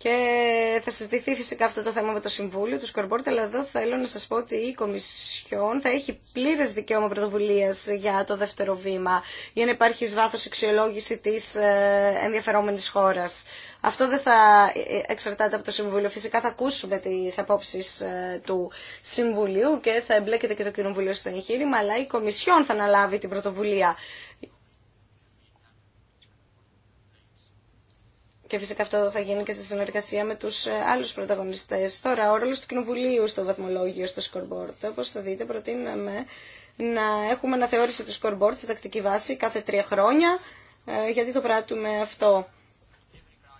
και θα συζητηθεί φυσικά αυτό το θέμα με το Συμβούλιο του Σκορμπόρτ, αλλά εδώ θέλω να σας πω ότι η Κομισιόν θα έχει πλήρες δικαίωμα πρωτοβουλία για το δεύτερο βήμα, για να υπάρχει βάθο αξιολόγηση της ε, ενδιαφερόμενης χώρας. Αυτό δεν θα ε, εξαρτάται από το Συμβούλιο. Φυσικά θα ακούσουμε τις απόψεις ε, του Συμβουλίου και θα εμπλέκεται και το Κοινοβουλίο στο εγχείρημα, αλλά η Κομισιόν θα αναλάβει την πρωτοβουλία Και φυσικά αυτό θα γίνει και σε συνεργασία με τους ε, άλλους πρωταγωνιστές. Τώρα, ο ρόλος του Κοινοβουλίου στο βαθμολόγιο, στο scoreboard. Όπως θα δείτε, προτείναμε να έχουμε αναθεώρηση του scoreboard σε τακτική βάση κάθε τρία χρόνια, ε, γιατί το πράττουμε αυτό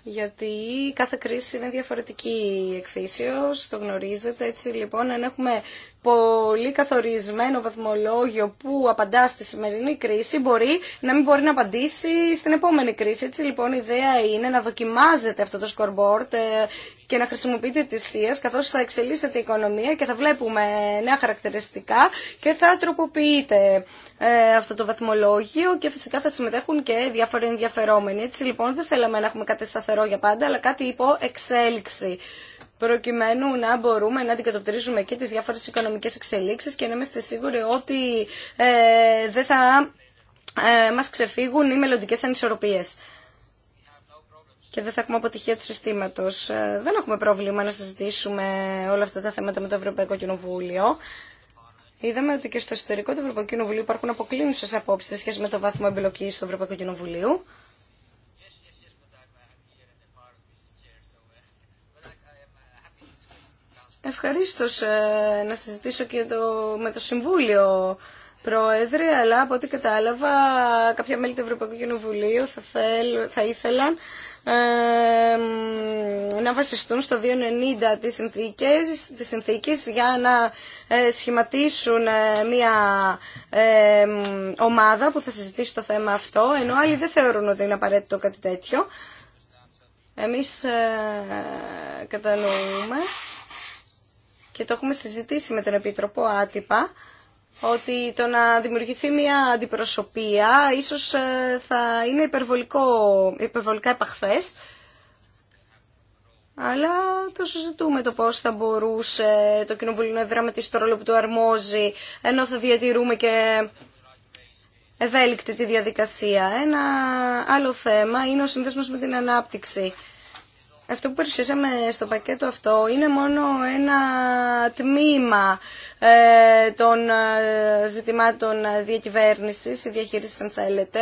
γιατί κάθε κρίση είναι διαφορετική εκφύσεως, το γνωρίζετε. Έτσι λοιπόν, αν έχουμε πολύ καθορισμένο βαθμολόγιο που απαντά στη σημερινή κρίση, μπορεί να μην μπορεί να απαντήσει στην επόμενη κρίση. Έτσι λοιπόν, η ιδέα είναι να δοκιμάζεται αυτό το scoreboard ε, και να χρησιμοποιείτε τις σία καθώ θα εξελίσσεται η οικονομία και θα βλέπουμε νέα χαρακτηριστικά και θα τροποποιείται ε, αυτό το βαθμολόγιο και φυσικά θα συμμετέχουν και διάφοροι ενδιαφερόμενοι. Έτσι λοιπόν δεν θέλαμε να έχουμε κάτι σταθερό για πάντα αλλά κάτι υπό εξέλιξη προκειμένου να μπορούμε να αντικατοπτρίζουμε και τις διάφορες οικονομικές εξελίξεις και να είμαστε σίγουροι ότι ε, δεν θα ε, μας ξεφύγουν οι μελλοντικές ανισορροπίες και δεν θα έχουμε αποτυχία του συστήματος. Ε, δεν έχουμε πρόβλημα να συζητήσουμε όλα αυτά τα θέματα με το Ευρωπαϊκό Κοινοβούλιο. Είδαμε ότι και στο εσωτερικό του Ευρωπαϊκού Κοινοβουλίου υπάρχουν αποκλίνουσε απόψει σε σχέση με το βάθμο εμπλοκή του Ευρωπαϊκού Κοινοβουλίου. Ευχαρίστω ε, να συζητήσω και το, με το Συμβούλιο, Πρόεδρε, αλλά από ό,τι κατάλαβα, κάποια μέλη του Ευρωπαϊκού Κοινοβουλίου θα, θέλ, θα ήθελαν ε, να βασιστούν στο 290 τις συνθήκες, τις για να ε, σχηματίσουν ε, μια ομάδα που θα συζητήσει το θέμα αυτό, ενώ άλλοι δεν θεωρούν ότι είναι απαραίτητο κάτι τέτοιο. Εμείς κατανοούμε και το έχουμε συζητήσει με τον Επίτροπο άτυπα ότι το να δημιουργηθεί μια αντιπροσωπεία ίσως ε, θα είναι υπερβολικό, υπερβολικά επαχθές αλλά το συζητούμε το πώς θα μπορούσε το Κοινοβουλίο να δραματίσει το ρόλο που του αρμόζει ενώ θα διατηρούμε και ευέλικτη τη διαδικασία. Ένα άλλο θέμα είναι ο συνδέσμος με την ανάπτυξη αυτό που παρουσιάσαμε στο πακέτο αυτό είναι μόνο ένα τμήμα ε, των ε, ζητημάτων διακυβέρνησης ή διαχείρισης αν θέλετε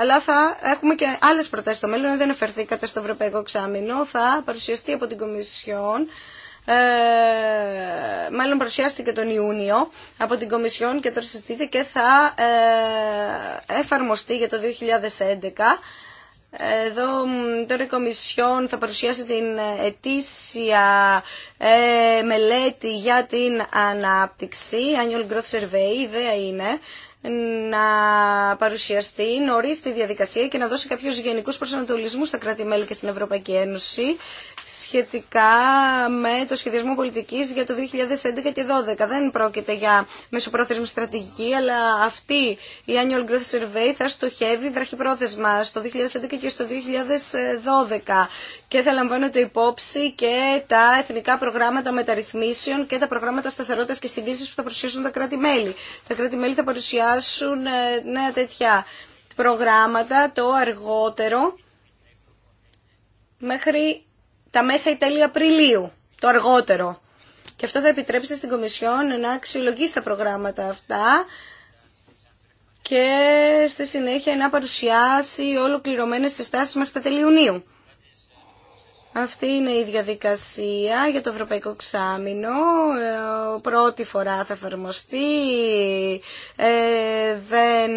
αλλά θα έχουμε και άλλες προτάσεις στο μέλλον δεν εφερθήκατε στο Ευρωπαϊκό Εξάμεινο θα παρουσιαστεί από την Κομισιόν ε, μάλλον παρουσιάστηκε τον Ιούνιο από την Κομισιόν και τώρα συζητείται και θα εφαρμοστεί για το 2011 εδώ τώρα η Κομισιόν θα παρουσιάσει την ετήσια ε, μελέτη για την ανάπτυξη, Annual Growth Survey, η ιδέα είναι να παρουσιαστεί νωρί τη διαδικασία και να δώσει κάποιους γενικούς προσανατολισμούς στα κράτη-μέλη και στην Ευρωπαϊκή Ένωση σχετικά με το σχεδιασμό πολιτικής για το 2011 και 2012. Δεν πρόκειται για μεσοπρόθεσμη στρατηγική, αλλά αυτή η Annual Growth Survey θα στοχεύει βραχυπρόθεσμα στο 2011 και στο 2012 και θα λαμβάνονται υπόψη και τα εθνικά προγράμματα μεταρρυθμίσεων και τα προγράμματα σταθερότητας και συγκλήσεις που θα παρουσιάσουν τα κράτη-μέλη. Τα κράτη-μέλη θα παρουσιάσουν ε, νέα τέτοια προγράμματα το αργότερο μέχρι τα μέσα ή τέλη Απριλίου, το αργότερο. Και αυτό θα επιτρέψει στην Κομισιόν να αξιολογήσει τα προγράμματα αυτά και στη συνέχεια να παρουσιάσει ολοκληρωμένες συστάσεις μέχρι τα τέλη Ιουνίου. Αυτή είναι η διαδικασία για το Ευρωπαϊκό Ξάμεινο. Ε, πρώτη φορά θα εφαρμοστεί. Ε, δεν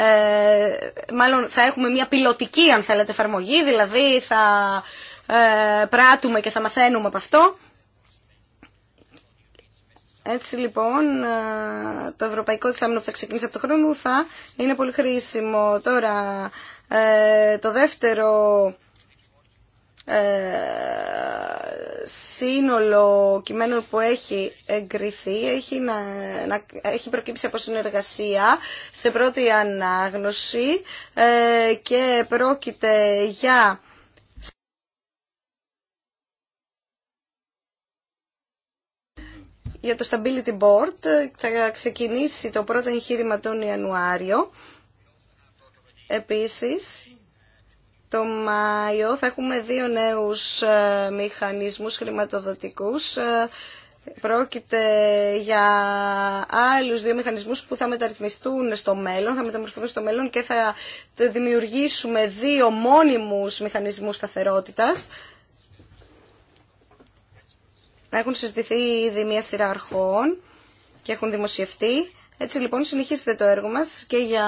ε, μάλλον θα έχουμε μια πιλωτική αν θέλετε εφαρμογή, δηλαδή θα ε, πράττουμε και θα μαθαίνουμε από αυτό. Έτσι λοιπόν, ε, το ευρωπαϊκό εξάμεινο που θα ξεκινήσει από το χρόνο θα είναι πολύ χρήσιμο. Τώρα, το δεύτερο ε, σύνολο κειμένου που έχει εγκριθεί έχει, να, έχει προκύψει από συνεργασία σε πρώτη ανάγνωση ε, και πρόκειται για για το Stability Board θα ξεκινήσει το πρώτο εγχείρημα τον Ιανουάριο. Επίσης, το Μάιο θα έχουμε δύο νέους ε, μηχανισμούς χρηματοδοτικούς. Ε, πρόκειται για άλλους δύο μηχανισμούς που θα μεταρρυθμιστούν στο μέλλον, θα μεταμορφωθούν στο μέλλον και θα δημιουργήσουμε δύο μόνιμους μηχανισμούς σταθερότητας. Έχουν συζητηθεί ήδη μια σειρά αρχών και έχουν δημοσιευτεί. Έτσι λοιπόν συνεχίσετε το έργο μας και για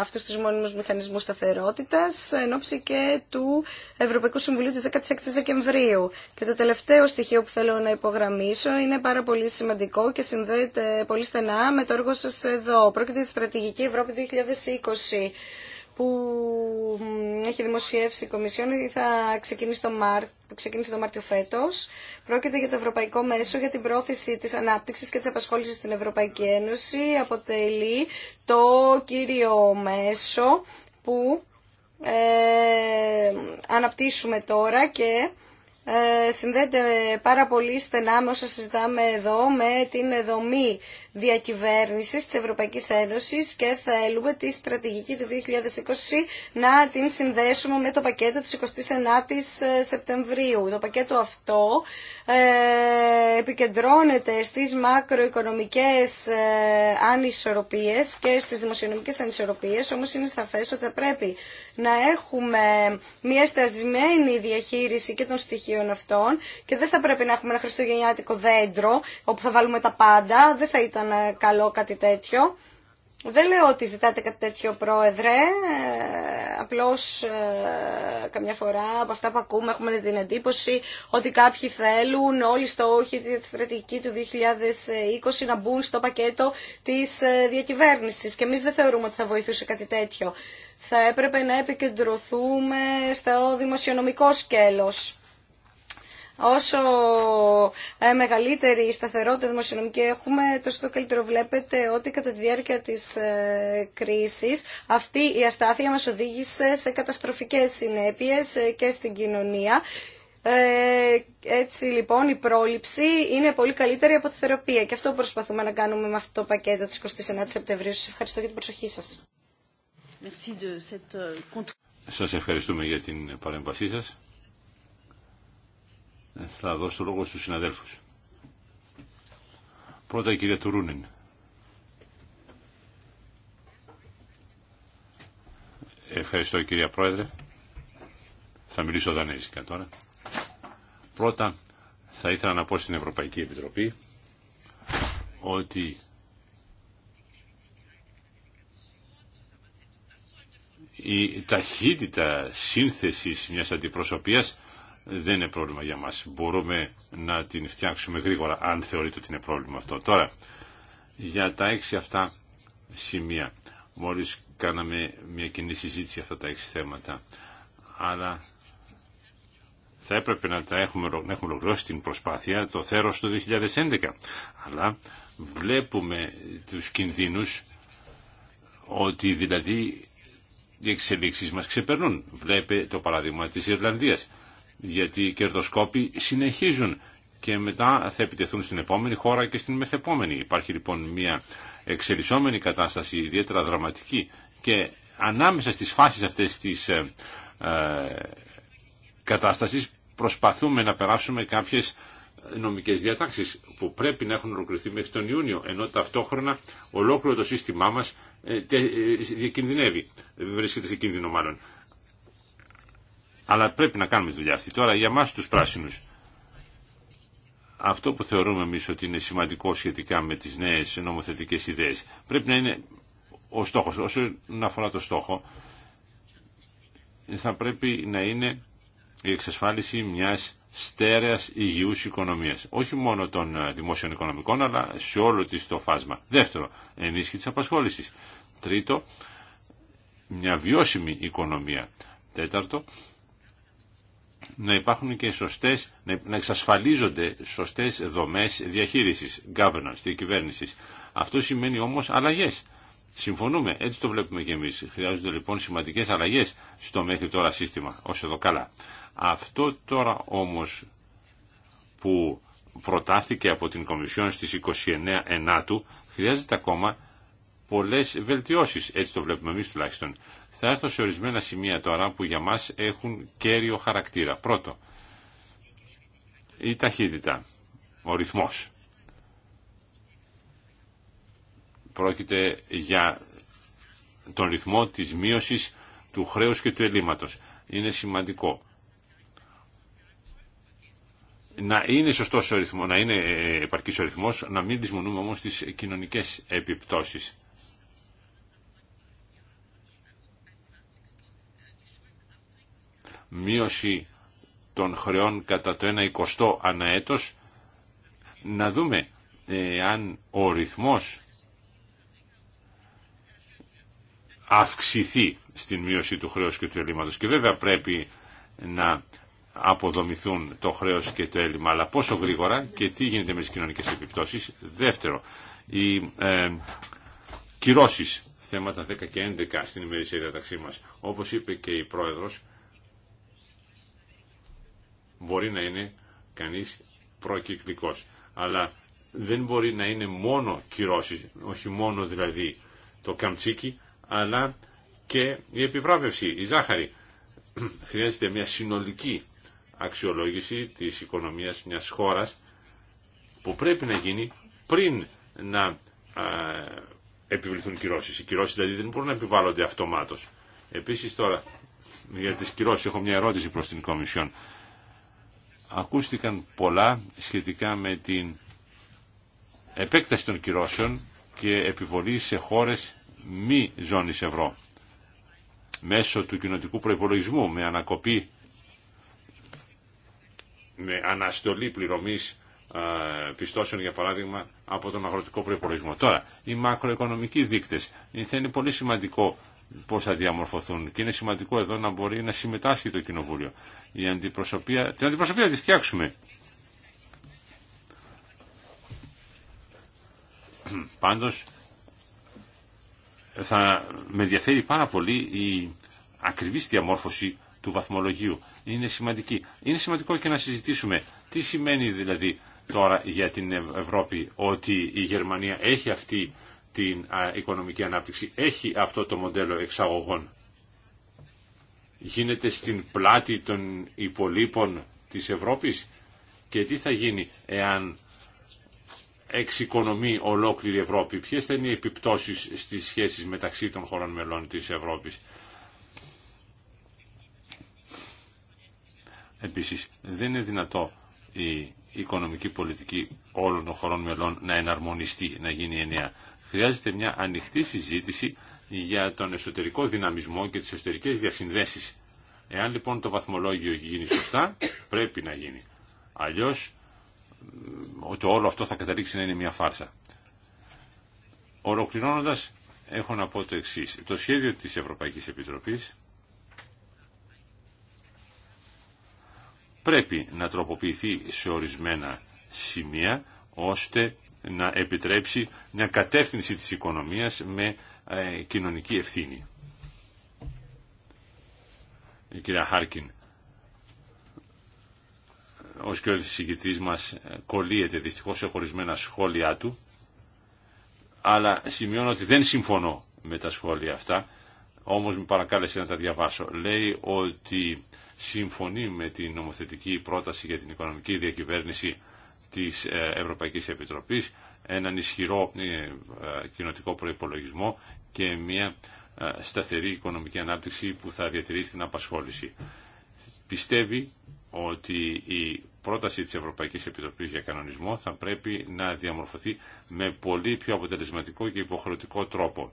αυτούς τους μόνιμους μηχανισμούς σταθερότητας εν ώψη και του Ευρωπαϊκού Συμβουλίου της 16ης Δεκεμβρίου. Και το τελευταίο στοιχείο που θέλω να υπογραμμίσω είναι πάρα πολύ σημαντικό και συνδέεται πολύ στενά με το έργο σας εδώ. Πρόκειται στη Στρατηγική Ευρώπη 2020 που έχει δημοσιεύσει η Κομισιόν θα ξεκινήσει το, ξεκίνησε το Μάρτιο φέτος. Πρόκειται για το Ευρωπαϊκό Μέσο για την πρόθεση της ανάπτυξης και της απασχόλησης στην Ευρωπαϊκή Ένωση. Αποτελεί το κύριο μέσο που ε, αναπτύσσουμε τώρα και ε, συνδέεται πάρα πολύ στενά με όσα συζητάμε εδώ με την δομή διακυβέρνησης της Ευρωπαϊκής Ένωσης και θέλουμε τη στρατηγική του 2020 να την συνδέσουμε με το πακέτο της 29 η ε, Σεπτεμβρίου. Το πακέτο αυτό ε, επικεντρώνεται στις μακροοικονομικές ε, ανισορροπίες και στις δημοσιονομικές ανισορροπίες, όμως είναι σαφές ότι θα πρέπει να έχουμε μια στασμένη διαχείριση και των στοιχείων αυτών και δεν θα πρέπει να έχουμε ένα χριστουγεννιάτικο δέντρο όπου θα βάλουμε τα πάντα, δεν θα ήταν ε, καλό κάτι τέτοιο. Δεν λέω ότι ζητάτε κάτι τέτοιο πρόεδρε, ε, απλώς ε, καμιά φορά από αυτά που ακούμε έχουμε την εντύπωση ότι κάποιοι θέλουν όλοι στο όχι τη στρατηγική του 2020 να μπουν στο πακέτο της διακυβέρνησης και εμείς δεν θεωρούμε ότι θα βοηθούσε κάτι τέτοιο. Θα έπρεπε να επικεντρωθούμε στο δημοσιονομικό σκέλος Όσο ε, μεγαλύτερη η σταθερότητα δημοσιονομική έχουμε, τόσο το καλύτερο βλέπετε ότι κατά τη διάρκεια της ε, κρίσης αυτή η αστάθεια μας οδήγησε σε καταστροφικές συνέπειες ε, και στην κοινωνία. Έτσι λοιπόν η πρόληψη είναι πολύ καλύτερη από τη θεραπεία και αυτό προσπαθούμε να κάνουμε με αυτό το πακέτο της 29 η Σεπτεμβρίου. Σας ευχαριστώ για την προσοχή σας. Euh, σας ευχαριστούμε για την παρέμβασή σας θα δώσω λόγο στους συναδέλφους. Πρώτα η κυρία Τουρούνιν. Ευχαριστώ κυρία Πρόεδρε. Θα μιλήσω δανέζικα τώρα. Πρώτα θα ήθελα να πω στην Ευρωπαϊκή Επιτροπή ότι η ταχύτητα σύνθεσης μιας αντιπροσωπείας δεν είναι πρόβλημα για μας. Μπορούμε να την φτιάξουμε γρήγορα, αν θεωρείτε ότι είναι πρόβλημα αυτό. Τώρα, για τα έξι αυτά σημεία. Μόλις κάναμε μια κοινή συζήτηση για αυτά τα έξι θέματα. Αλλά θα έπρεπε να, τα έχουμε, να έχουμε ολοκληρώσει την προσπάθεια το θέρος του 2011. Αλλά βλέπουμε τους κινδύνους ότι δηλαδή οι εξελίξεις μας ξεπερνούν. Βλέπε το παράδειγμα της Ιρλανδίας γιατί οι κερδοσκόποι συνεχίζουν και μετά θα επιτεθούν στην επόμενη χώρα και στην μεθεπόμενη. Υπάρχει λοιπόν μια εξελισσόμενη κατάσταση ιδιαίτερα δραματική και ανάμεσα στις φάσεις αυτές της ε, ε κατάστασης προσπαθούμε να περάσουμε κάποιες νομικές διατάξεις που πρέπει να έχουν ολοκληρωθεί μέχρι τον Ιούνιο ενώ ταυτόχρονα ολόκληρο το σύστημά μας ε, ε, διακινδυνεύει, βρίσκεται σε κίνδυνο μάλλον. Αλλά πρέπει να κάνουμε δουλειά αυτή. Τώρα για μας τους πράσινους. Αυτό που θεωρούμε εμεί ότι είναι σημαντικό σχετικά με τις νέες νομοθετικές ιδέες πρέπει να είναι ο στόχος. Όσο να αφορά το στόχο θα πρέπει να είναι η εξασφάλιση μιας στέρεας υγιούς οικονομίας. Όχι μόνο των ε, δημόσιων οικονομικών, αλλά σε όλο τη το φάσμα. Δεύτερο, ενίσχυση της απασχόλησης. Τρίτο, μια βιώσιμη οικονομία. Τέταρτο, να υπάρχουν και σωστές, να εξασφαλίζονται σωστές δομές διαχείρισης, governance, τη κυβέρνησης. Αυτό σημαίνει όμως αλλαγές. Συμφωνούμε, έτσι το βλέπουμε και εμείς. Χρειάζονται λοιπόν σημαντικές αλλαγές στο μέχρι τώρα σύστημα, όσο εδώ καλά. Αυτό τώρα όμως που προτάθηκε από την Κομισιόν στις 29 Ενάτου, χρειάζεται ακόμα πολλές βελτιώσεις, έτσι το βλέπουμε εμείς τουλάχιστον. Θα έρθω σε ορισμένα σημεία τώρα που για μας έχουν κέριο χαρακτήρα. Πρώτο, η ταχύτητα, ο ρυθμός. Πρόκειται για τον ρυθμό της μείωσης του χρέους και του ελλείμματος. Είναι σημαντικό. Να είναι σωστός ο ρυθμός, να είναι επαρκής ο ρυθμός, να μην δυσμονούμε όμως τις κοινωνικές επιπτώσεις. μείωση των χρεών κατά το 1 εικοστό ανά έτος, να δούμε ε, αν ο ρυθμός αυξηθεί στην μείωση του χρέους και του ελλείμματος. Και βέβαια πρέπει να αποδομηθούν το χρέος και το έλλειμμα, αλλά πόσο γρήγορα και τι γίνεται με τις κοινωνικές επιπτώσεις. Δεύτερο, οι ε, κυρώσεις, θέματα 10 και 11 στην ημερήσια διαταξή μας. Όπως είπε και η Πρόεδρος, Μπορεί να είναι κανείς προκυκλικός. Αλλά δεν μπορεί να είναι μόνο κυρώσεις, όχι μόνο δηλαδή το καμτσίκι, αλλά και η επιβράβευση, η ζάχαρη. Χρειάζεται μια συνολική αξιολόγηση της οικονομίας μιας χώρας που πρέπει να γίνει πριν να επιβληθούν κυρώσεις. Οι κυρώσεις δηλαδή δεν μπορούν να επιβάλλονται αυτομάτως. Επίσης τώρα για τις κυρώσεις έχω μια ερώτηση προς την Κομισιόν. Ακούστηκαν πολλά σχετικά με την επέκταση των κυρώσεων και επιβολή σε χώρες μη ζώνης ευρώ μέσω του κοινοτικού προϋπολογισμού με ανακοπή με αναστολή πληρωμής πιστώσεων για παράδειγμα από τον αγροτικό προϋπολογισμό. Τώρα, οι μακροοικονομικοί δείκτες θα είναι πολύ σημαντικό πώς θα διαμορφωθούν. Και είναι σημαντικό εδώ να μπορεί να συμμετάσχει το Κοινοβούλιο. Η αντιπροσωπεία, την αντιπροσωπεία τη φτιάξουμε. Πάντως, θα με ενδιαφέρει πάρα πολύ η ακριβής διαμόρφωση του βαθμολογίου. Είναι σημαντική. Είναι σημαντικό και να συζητήσουμε τι σημαίνει δηλαδή τώρα για την Ευρώπη ότι η Γερμανία έχει αυτή την οικονομική ανάπτυξη. Έχει αυτό το μοντέλο εξαγωγών. Γίνεται στην πλάτη των υπολείπων της Ευρώπης και τι θα γίνει εάν εξοικονομεί ολόκληρη Ευρώπη. Ποιες θα είναι οι επιπτώσεις στις σχέσεις μεταξύ των χωρών μελών της Ευρώπης. Επίσης, δεν είναι δυνατό η οικονομική πολιτική όλων των χωρών μελών να εναρμονιστεί, να γίνει ενιαία. Χρειάζεται μια ανοιχτή συζήτηση για τον εσωτερικό δυναμισμό και τις εσωτερικές διασυνδέσεις. Εάν λοιπόν το βαθμολόγιο γίνει σωστά, πρέπει να γίνει. Αλλιώς ε, το όλο αυτό θα καταλήξει να είναι μια φάρσα. Ολοκληρώνοντας, έχω να πω το εξή. Το σχέδιο της Ευρωπαϊκής Επιτροπής πρέπει να τροποποιηθεί σε ορισμένα σημεία, ώστε να επιτρέψει μια κατεύθυνση της οικονομίας με ε, κοινωνική ευθύνη. Η κυρία Χάρκιν, ως και ο συγκητής μας ε, κολλείεται δυστυχώς σε χωρισμένα σχόλιά του, αλλά σημειώνω ότι δεν συμφωνώ με τα σχόλια αυτά, όμως με παρακάλεσε να τα διαβάσω. Λέει ότι συμφωνεί με την νομοθετική πρόταση για την οικονομική διακυβέρνηση της ε, Ευρωπαϊκής Επιτροπής, έναν ισχυρό ε, ε, κοινοτικό προϋπολογισμό και μια σταθερή οικονομική ανάπτυξη που θα διατηρήσει την απασχόληση. Πιστεύει ότι η πρόταση της Ευρωπαϊκής Επιτροπής για κανονισμό θα πρέπει να διαμορφωθεί με πολύ πιο αποτελεσματικό και υποχρεωτικό τρόπο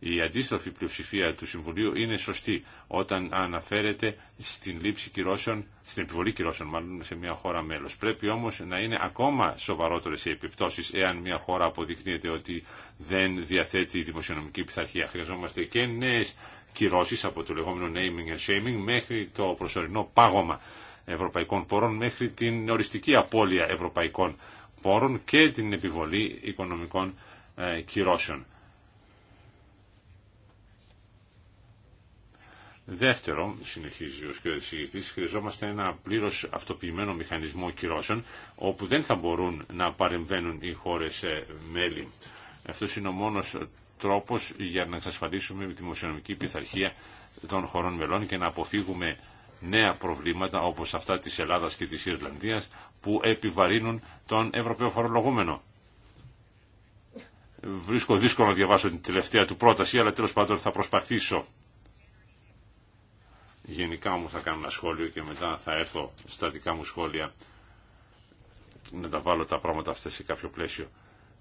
η αντίστροφη πλειοψηφία του Συμβουλίου είναι σωστή όταν αναφέρεται στην λήψη κυρώσεων, στην επιβολή κυρώσεων μάλλον σε μια χώρα μέλος. Πρέπει όμως να είναι ακόμα σοβαρότερες οι επιπτώσεις εάν μια χώρα αποδεικνύεται ότι δεν διαθέτει δημοσιονομική πειθαρχία. Χρειαζόμαστε και νέες κυρώσεις από το λεγόμενο naming and shaming μέχρι το προσωρινό πάγωμα ευρωπαϊκών πόρων μέχρι την οριστική απώλεια ευρωπαϊκών πόρων και την επιβολή οικονομικών ε, κυρώσεων. Δεύτερο, συνεχίζει ο σκέδιος χρειαζόμαστε ένα πλήρως αυτοποιημένο μηχανισμό κυρώσεων, όπου δεν θα μπορούν να παρεμβαίνουν οι χώρες ε, μέλη. Αυτό είναι ο μόνος τρόπος για να εξασφαλίσουμε τη δημοσιονομική πειθαρχία των χωρών μελών και να αποφύγουμε νέα προβλήματα όπως αυτά της Ελλάδας και της Ιρλανδίας που επιβαρύνουν τον Ευρωπαίο φορολογούμενο. Βρίσκω δύσκολο να διαβάσω την τελευταία του πρόταση, αλλά τέλος πάντων θα προσπαθήσω γενικά μου θα κάνω ένα σχόλιο και μετά θα έρθω στα δικά μου σχόλια να τα βάλω τα πράγματα αυτά σε κάποιο πλαίσιο.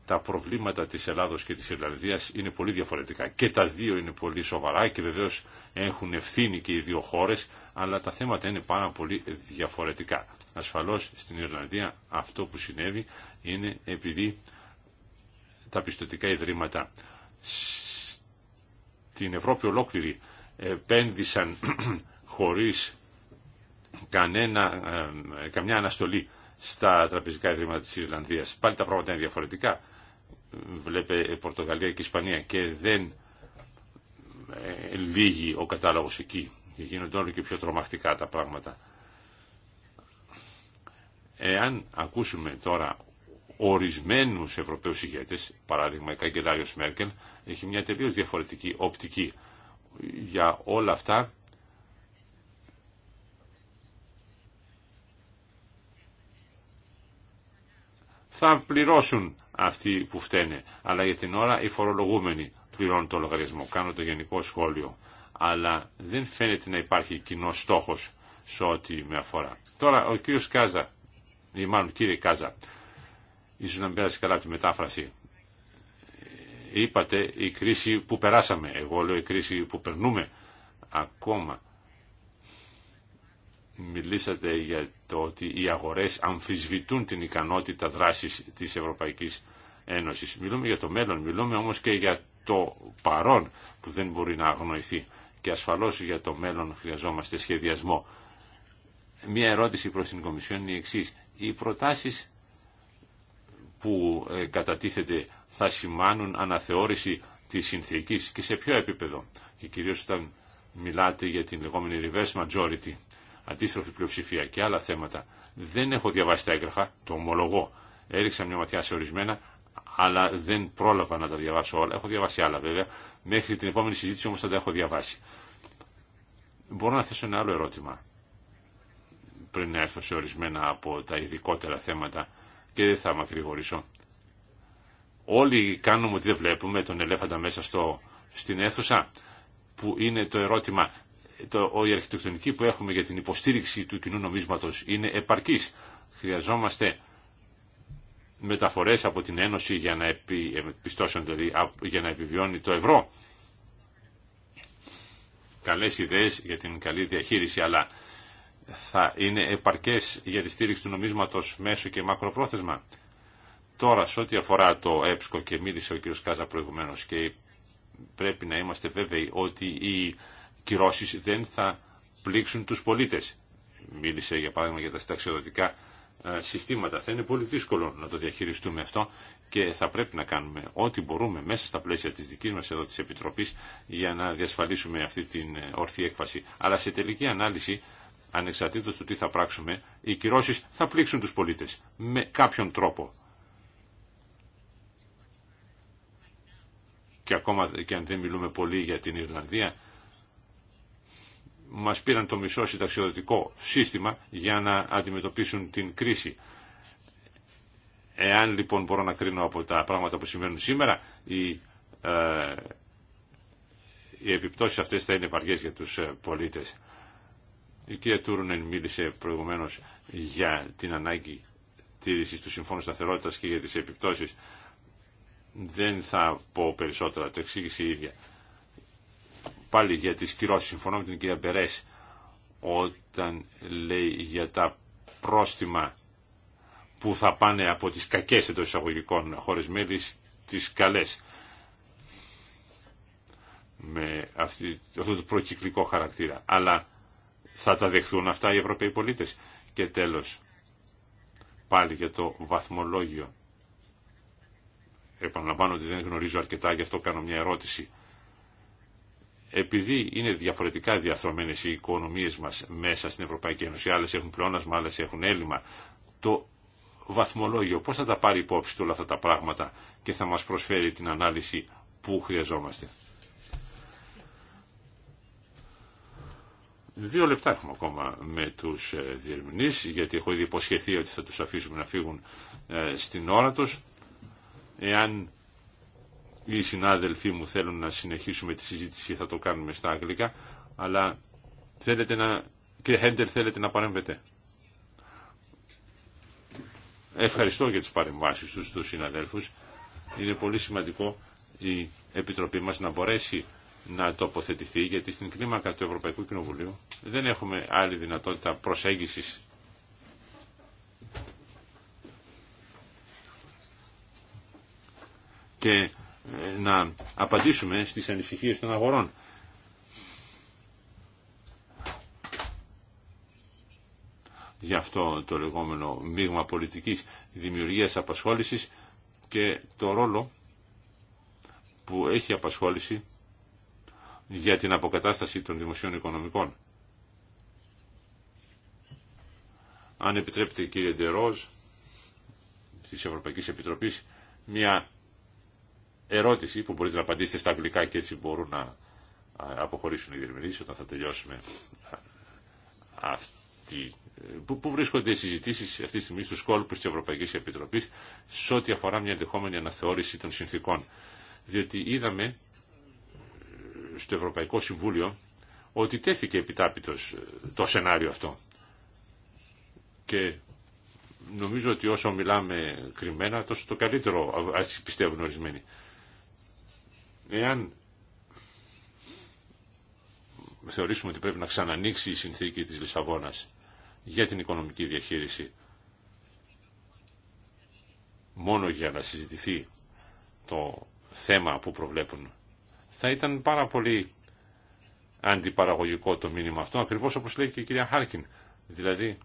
Τα προβλήματα της Ελλάδος και της Ιρλανδίας είναι πολύ διαφορετικά και τα δύο είναι πολύ σοβαρά και βεβαίως έχουν ευθύνη και οι δύο χώρες αλλά τα θέματα είναι πάρα πολύ διαφορετικά. Ασφαλώς στην Ιρλανδία αυτό που συνέβη είναι επειδή τα πιστοτικά ιδρύματα στην Ευρώπη ολόκληρη επένδυσαν χωρίς κανένα, ε, καμιά αναστολή στα τραπεζικά ιδρύματα της Ιρλανδίας. Πάλι τα πράγματα είναι διαφορετικά. Βλέπε Πορτογαλία και Ισπανία και δεν ε, λύγει ο κατάλογος εκεί. Και γίνονται όλο και πιο τρομακτικά τα πράγματα. Εάν ακούσουμε τώρα ορισμένους Ευρωπαίους ηγέτες, παράδειγμα η καγκελάριος Μέρκελ, έχει μια τελείως διαφορετική οπτική για όλα αυτά θα πληρώσουν αυτοί που φταίνε. Αλλά για την ώρα οι φορολογούμενοι πληρώνουν το λογαριασμό. Κάνω το γενικό σχόλιο. Αλλά δεν φαίνεται να υπάρχει κοινό στόχο σε ό,τι με αφορά. Τώρα ο κύριος Κάζα, ή μάλλον κύριε Κάζα, ίσως να μην καλά τη μετάφραση. Ε, είπατε η κρίση που περάσαμε. Εγώ λέω η κρίση που περνούμε ακόμα μιλήσατε για το ότι οι αγορές αμφισβητούν την ικανότητα δράσης της Ευρωπαϊκής Ένωσης. Μιλούμε για το μέλλον, μιλούμε όμως και για το παρόν που δεν μπορεί να αγνοηθεί. Και ασφαλώς για το μέλλον χρειαζόμαστε σχεδιασμό. Μία ερώτηση προς την Κομισιόν είναι η εξής. Οι προτάσεις που ε, κατατίθεται θα σημάνουν αναθεώρηση της συνθήκης και σε ποιο επίπεδο. Και κυρίως όταν μιλάτε για την λεγόμενη reverse majority αντίστροφη πλειοψηφία και άλλα θέματα. Δεν έχω διαβάσει τα έγγραφα, το ομολογώ. Έριξα μια ματιά σε ορισμένα, αλλά δεν πρόλαβα να τα διαβάσω όλα. Έχω διαβάσει άλλα βέβαια. Μέχρι την επόμενη συζήτηση όμως θα τα έχω διαβάσει. Μπορώ να θέσω ένα άλλο ερώτημα πριν να έρθω σε ορισμένα από τα ειδικότερα θέματα και δεν θα μακρηγορήσω. Όλοι κάνουμε ότι δεν βλέπουμε τον ελέφαντα μέσα στο, στην αίθουσα που είναι το ερώτημα το, η αρχιτεκτονική που έχουμε για την υποστήριξη του κοινού νομίσματος είναι επαρκής. Χρειαζόμαστε μεταφορές από την Ένωση για να, επι, δηλαδή, για να επιβιώνει το ευρώ. Καλές ιδέες για την καλή διαχείριση, αλλά θα είναι επαρκές για τη στήριξη του νομίσματος μέσω και μακροπρόθεσμα. Τώρα, σε ό,τι αφορά το ΕΠΣΚΟ και μίλησε ο κ. Κάζα προηγουμένως και πρέπει να είμαστε βέβαιοι ότι η κυρώσει δεν θα πλήξουν του πολίτε. Μίλησε για παράδειγμα για τα συνταξιοδοτικά ε, συστήματα. Θα είναι πολύ δύσκολο να το διαχειριστούμε αυτό και θα πρέπει να κάνουμε ό,τι μπορούμε μέσα στα πλαίσια της δικής μας εδώ της Επιτροπής για να διασφαλίσουμε αυτή την ε, ορθή έκφαση. Αλλά σε τελική ανάλυση, ανεξαρτήτως του τι θα πράξουμε, οι κυρώσεις θα πλήξουν τους πολίτες με κάποιον τρόπο. Και ακόμα και αν δεν μιλούμε πολύ για την Ιρλανδία, μας πήραν το μισό συνταξιοδοτικό σύστημα για να αντιμετωπίσουν την κρίση. Εάν λοιπόν μπορώ να κρίνω από τα πράγματα που συμβαίνουν σήμερα, οι, ε, οι επιπτώσεις αυτές θα είναι βαριές για τους ε, πολίτες. Η κυρία Τούρουνεν μίλησε προηγουμένως για την ανάγκη τήρησης του Συμφώνου Σταθερότητας και για τις επιπτώσεις. Δεν θα πω περισσότερα, το εξήγησε η ίδια πάλι για τις κυρώσεις. Συμφωνώ με την κυρία Μπερές όταν λέει για τα πρόστιμα που θα πάνε από τις κακές εντός εισαγωγικών χώρες μέλη τις καλές με αυτή, αυτό το προκυκλικό χαρακτήρα. Αλλά θα τα δεχθούν αυτά οι Ευρωπαίοι πολίτες. Και τέλος, πάλι για το βαθμολόγιο. Επαναλαμβάνω ότι δεν γνωρίζω αρκετά, γι' αυτό κάνω μια ερώτηση επειδή είναι διαφορετικά διαθρωμένες οι οικονομίες μας μέσα στην Ευρωπαϊκή Ένωση, άλλες έχουν πλεόνασμα, άλλες έχουν έλλειμμα, το βαθμολόγιο πώς θα τα πάρει υπόψη του όλα αυτά τα πράγματα και θα μας προσφέρει την ανάλυση που χρειαζόμαστε. Δύο λεπτά έχουμε ακόμα με τους ε, διερμηνείς, γιατί έχω ήδη υποσχεθεί ότι θα τους αφήσουμε να φύγουν ε, στην ώρα τους. Εάν οι συνάδελφοί μου θέλουν να συνεχίσουμε τη συζήτηση, θα το κάνουμε στα αγγλικά, αλλά θέλετε να... Κύριε Χέντερ, θέλετε να παρέμβετε. Ευχαριστώ για τις παρεμβάσεις τους στους συναδέλφους. Είναι πολύ σημαντικό η Επιτροπή μας να μπορέσει να τοποθετηθεί, γιατί στην κλίμακα του Ευρωπαϊκού Κοινοβουλίου δεν έχουμε άλλη δυνατότητα προσέγγισης και να απαντήσουμε στις ανησυχίες των αγορών. Γι' αυτό το λεγόμενο μείγμα πολιτικής δημιουργίας απασχόλησης και το ρόλο που έχει απασχόληση για την αποκατάσταση των δημοσίων οικονομικών. Αν επιτρέπετε κύριε Ντερόζ της Ευρωπαϊκής Επιτροπής μια ερώτηση που μπορείτε να απαντήσετε στα αγγλικά και έτσι μπορούν να αποχωρήσουν οι διερμηνήσεις όταν θα τελειώσουμε αυτή. Πού βρίσκονται οι συζητήσει αυτή τη στιγμή στου κόλπου τη Ευρωπαϊκή Επιτροπή σε ό,τι αφορά μια ενδεχόμενη αναθεώρηση των συνθήκων. Διότι είδαμε ε, στο Ευρωπαϊκό Συμβούλιο ότι τέθηκε επιτάπητος ε, το σενάριο αυτό. Και νομίζω ότι όσο μιλάμε κρυμμένα, τόσο το καλύτερο, έτσι πιστεύουν ορισμένοι. Εάν θεωρήσουμε ότι πρέπει να ξανανοίξει η συνθήκη της Λισαβόνας για την οικονομική διαχείριση μόνο για να συζητηθεί το θέμα που προβλέπουν θα ήταν πάρα πολύ αντιπαραγωγικό το μήνυμα αυτό ακριβώς όπως λέει και η κυρία Χάρκιν δηλαδή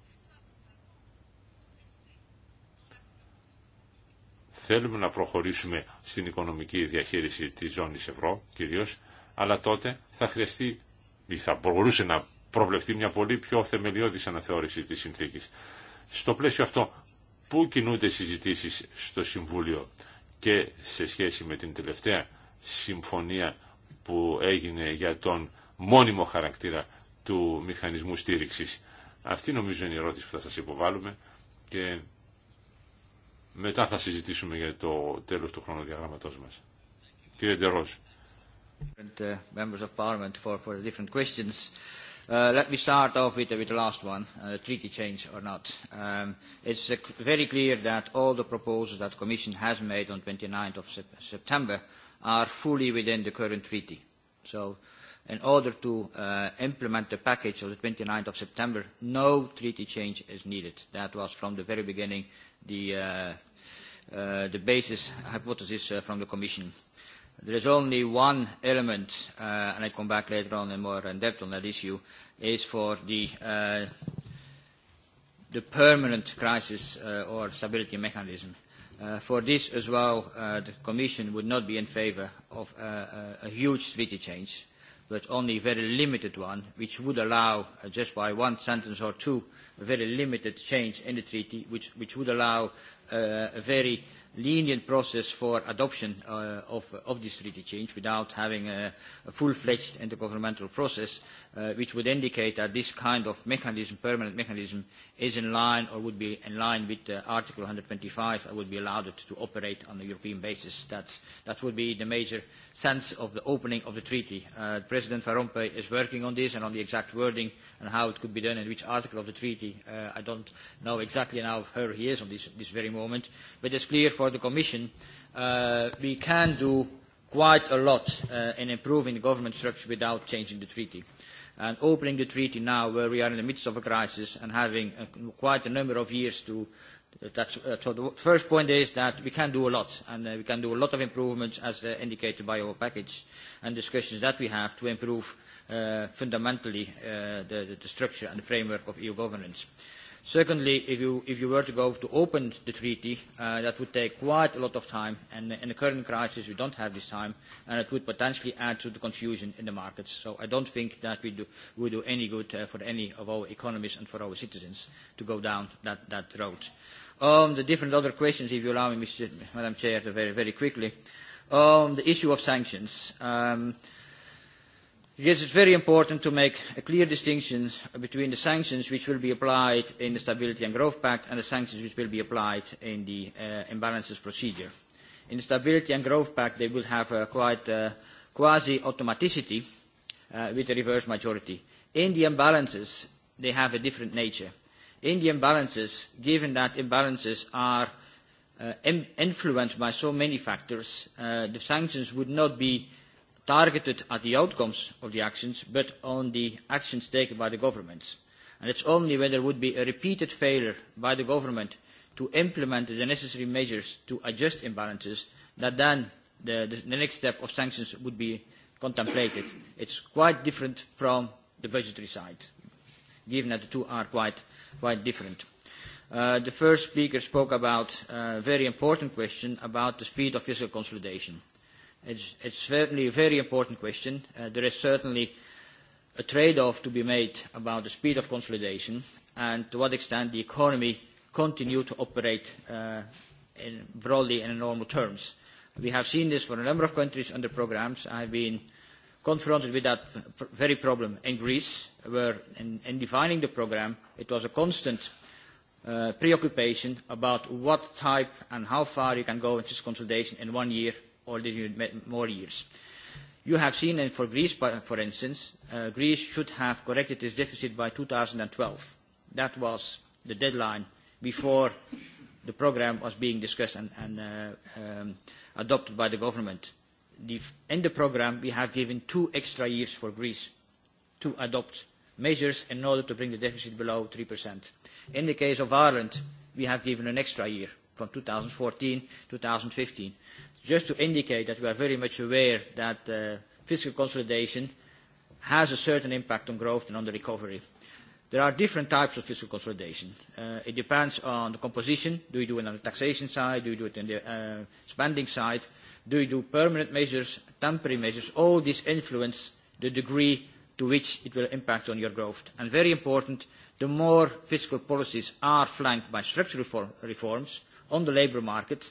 Θέλουμε να προχωρήσουμε στην οικονομική διαχείριση της ζώνης ευρώ κυρίως, αλλά τότε θα χρειαστεί ή θα μπορούσε να προβλεφθεί μια πολύ πιο θεμελιώδης αναθεώρηση της συνθήκης. Στο πλαίσιο αυτό, πού κινούνται συζητήσεις στο Συμβούλιο και σε σχέση με την τελευταία συμφωνία που έγινε για τον μόνιμο χαρακτήρα του μηχανισμού στήριξης. Αυτή νομίζω είναι η ερώτηση που θα σας υποβάλουμε και μετά θα συζητήσουμε για το τέλος του χρονοδιαγράμματός μας. Κύριε Ντερός. Uh, let me start off with, with the last one, uh, treaty change or not. Um, it's uh, very clear that all the proposals that the Commission has made on 29th of September are fully within the current treaty. So in order to uh, implement the package of the 29th of September, no treaty change is needed. That was from the very beginning the the basis hypothesis from the Commission. There is only one element, and I come back later on in more in depth on that issue, is for the the permanent crisis or stability mechanism. For this as well, the Commission would not be in favour of a huge treaty change but only a very limited one, which would allow, just by one sentence or two, a very limited change in the treaty, which would allow a very lenient process for adoption of this treaty change without having a full-fledged intergovernmental process which would indicate that this kind of mechanism, permanent mechanism, is in line or would be in line with Article 125 and would be allowed to operate on a European basis. That would be the major sense of the opening of the treaty. President Van is working on this and on the exact wording and how it could be done and which article of the treaty. I don't know exactly now where he is on this very moment, but it's clear for the Commission we can do quite a lot in improving the government structure without changing the treaty and opening the treaty now where we are in the midst of a crisis and having quite a number of years to so the first point is that we can do a lot and we can do a lot of improvements as indicated by our package and discussions that we have to improve fundamentally the structure and the framework of eu governance Secondly, if you were to go to open the treaty, that would take quite a lot of time, and in the current crisis we don't have this time, and it would potentially add to the confusion in the markets. So I don't think that we would do any good for any of our economies and for our citizens to go down that road. On the different other questions, if you allow me, Madam Chair, very, very quickly. Um the issue of sanctions. Yes, is very important to make a clear distinction between the sanctions which will be applied in the Stability and Growth Pact and the sanctions which will be applied in the imbalances procedure. In the Stability and Growth Pact, they will have quite quasi-automaticity with a reverse majority. In the imbalances, they have a different nature. In the imbalances, given that imbalances are influenced by so many factors, the sanctions would not be targeted at the outcomes of the actions, but on the actions taken by the governments. And it's only when there would be a repeated failure by the government to implement the necessary measures to adjust imbalances that then the next step of sanctions would be contemplated. It's quite different from the budgetary side, given that the two are quite different. The first speaker spoke about a very important question about the speed of fiscal consolidation. It's certainly a very important question. There is certainly a trade-off to be made about the speed of consolidation and to what extent the economy continues to operate broadly in normal terms. We have seen this for a number of countries under programmes. I have been confronted with that very problem in Greece, where in defining the programme, it was a constant preoccupation about what type and how far you can go with this consolidation in one year already more years. You have seen, and for Greece, for instance, Greece should have corrected its deficit by 2012. That was the deadline before the programme was being discussed and adopted by the government. In the programme, we have given two extra years for Greece to adopt measures in order to bring the deficit below 3%. In the case of Ireland, we have given an extra year from 2014 to 2015 just to indicate that we are very much aware that fiscal consolidation has a certain impact on growth and on the recovery. There are different types of fiscal consolidation. It depends on the composition. Do you do it on the taxation side? Do you do it on the spending side? Do you do permanent measures, temporary measures? All these influence the degree to which it will impact on your growth. And very important, the more fiscal policies are flanked by structural reforms on the labour market,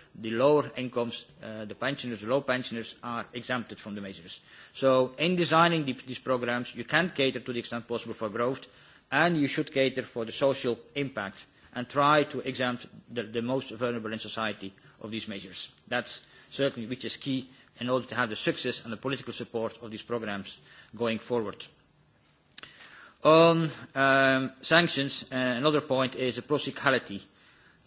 the lower incomes, the pensioners, the low pensioners are exempted from the measures. So in designing these programs, you can cater to the extent possible for growth, and you should cater for the social impact and try to exempt the most vulnerable in society of these measures. That's certainly which is key in order to have the success and the political support of these programs going forward. On sanctions, another point is the procyclicality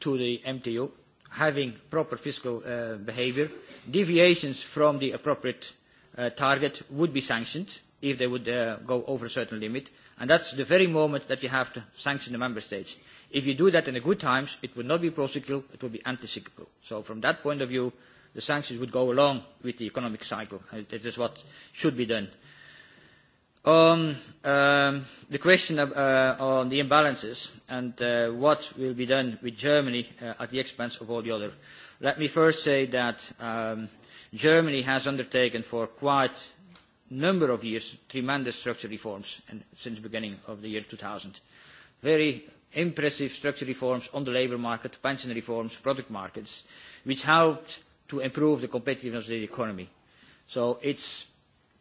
to the MTO, having proper fiscal behaviour, deviations from the appropriate target would be sanctioned if they would go over a certain limit, and that is the very moment that you have to sanction the member states. If you do that in the good times, it would not be pro it would be anti-cyclical. So from that point of view, the sanctions would go along with the economic cycle. That is what should be done. On the question on the imbalances and what will be done with Germany at the expense of all the others let me first say that Germany has undertaken for quite a number of years tremendous structural reforms since the beginning of the year 2000. Very impressive structural reforms on the labour market, pension reforms, product markets, which helped to improve the competitiveness of the economy. So it's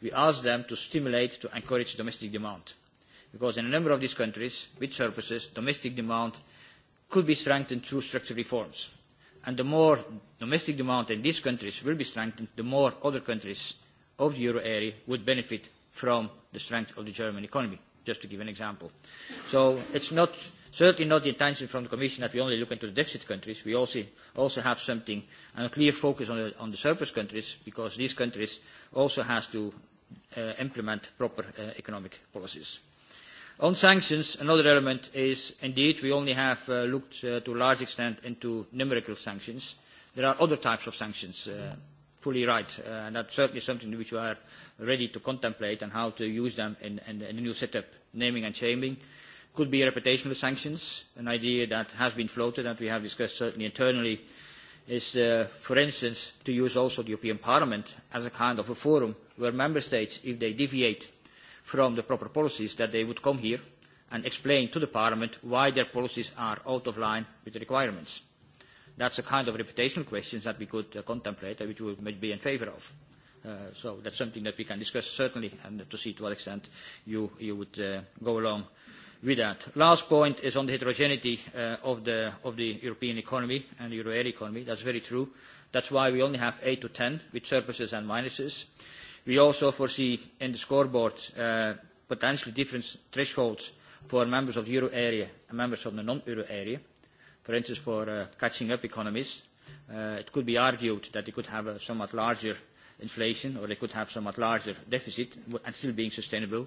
we ask them to stimulate to encourage domestic demand. Because in a number of these countries, with surpluses, domestic demand could be strengthened through structural reforms. And the more domestic demand in these countries will be strengthened, the more other countries of the euro area would benefit from the strength of the German economy, just to give an example. So it's not Certainly not the intention from the Commission that we only look into the deficit countries. We also also have something and a clear focus on the surplus countries because these countries also have to implement proper economic policies. On sanctions, another element is indeed we only have looked to a large extent into numerical sanctions. There are other types of sanctions, fully right, and is certainly something which we are ready to contemplate and how to use them in a new setup, naming and shaming could be reputational sanctions. An idea that has been floated and we have discussed certainly internally is, for instance, to use also the European Parliament as a kind of a forum where member states, if they deviate from the proper policies, that they would come here and explain to the Parliament why their policies are out of line with the requirements. That's a kind of reputational question that we could contemplate and which we would be in favour of. So that's something that we can discuss certainly and to see to what extent you would go along with that. Last point is on the heterogeneity of the European economy and the euro area economy. That's very true. That's why we only have 8 to 10 with surpluses and minuses. We also foresee in the scoreboard potentially different thresholds for members of the euro area and members of the non-euro area. For instance, for catching up economies, it could be argued that they could have a somewhat larger inflation or they could have somewhat larger deficit and still being sustainable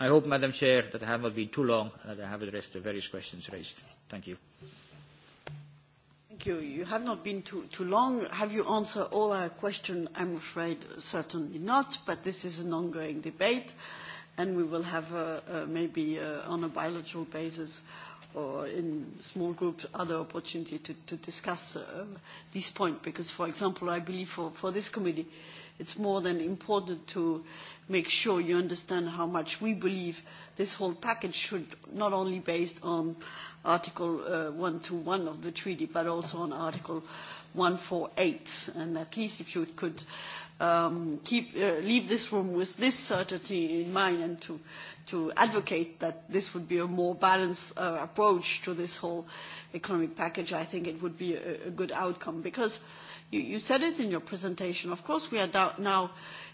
I hope, Madam Chair, that I have not been too long and that I have addressed the various questions raised. Thank you. Thank you. You have not been too long. Have you answered all our questions? I'm afraid certainly not, but this is an ongoing debate, and we will have maybe on a bilateral basis or in small groups other opportunity to discuss this point, because, for example, I believe for this committee, it's more than important to make sure you understand how much we believe this whole package should not only based on Article 121 of the treaty, but also on Article 148. And at least if you could keep leave this room with this certainty in mind and to to advocate that this would be a more balanced approach to this whole economic package, I think it would be a good outcome. Because you said it in your presentation, of course we are now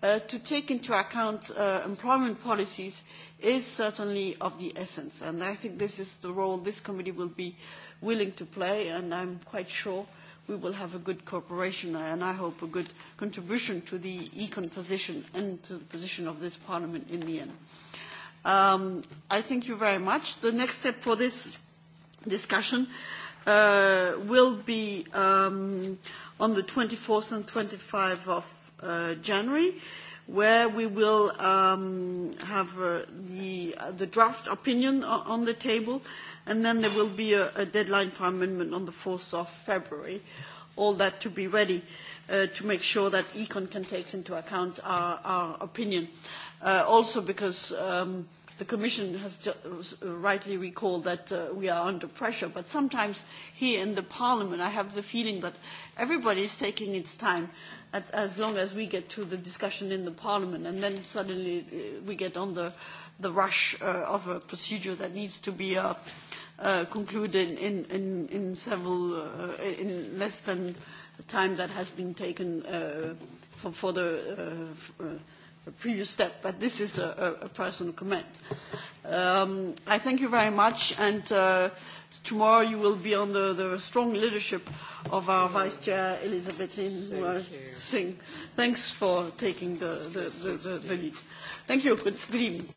to take into account employment policies is certainly of the essence. And I think this is the role this committee will be willing to play, and I'm quite sure we will have a good cooperation and I hope a good contribution to the econ position and to the position of this Parliament in the end. I thank you very much. The next step for this discussion will be on the 24th and 25th of January, where we will have the draft opinion on the table, and then there will be a deadline for amendment on the 4th of February. All that to be ready to make sure that Econ can take into account our opinion. Also because the Commission has rightly recalled that we are under pressure, but sometimes here in the Parliament I have the feeling that everybody is taking its time as long as we get to the discussion in the Parliament and then suddenly we get on the the rush of a procedure that needs to be concluded in in in several in less than the time that has been taken for the previous step. But this is a personal comment. I thank you very much and Tomorrow you will be under the strong leadership of our Vice Chair, Elizabeth Singh. Thanks for taking the lead. Thank you. Good evening.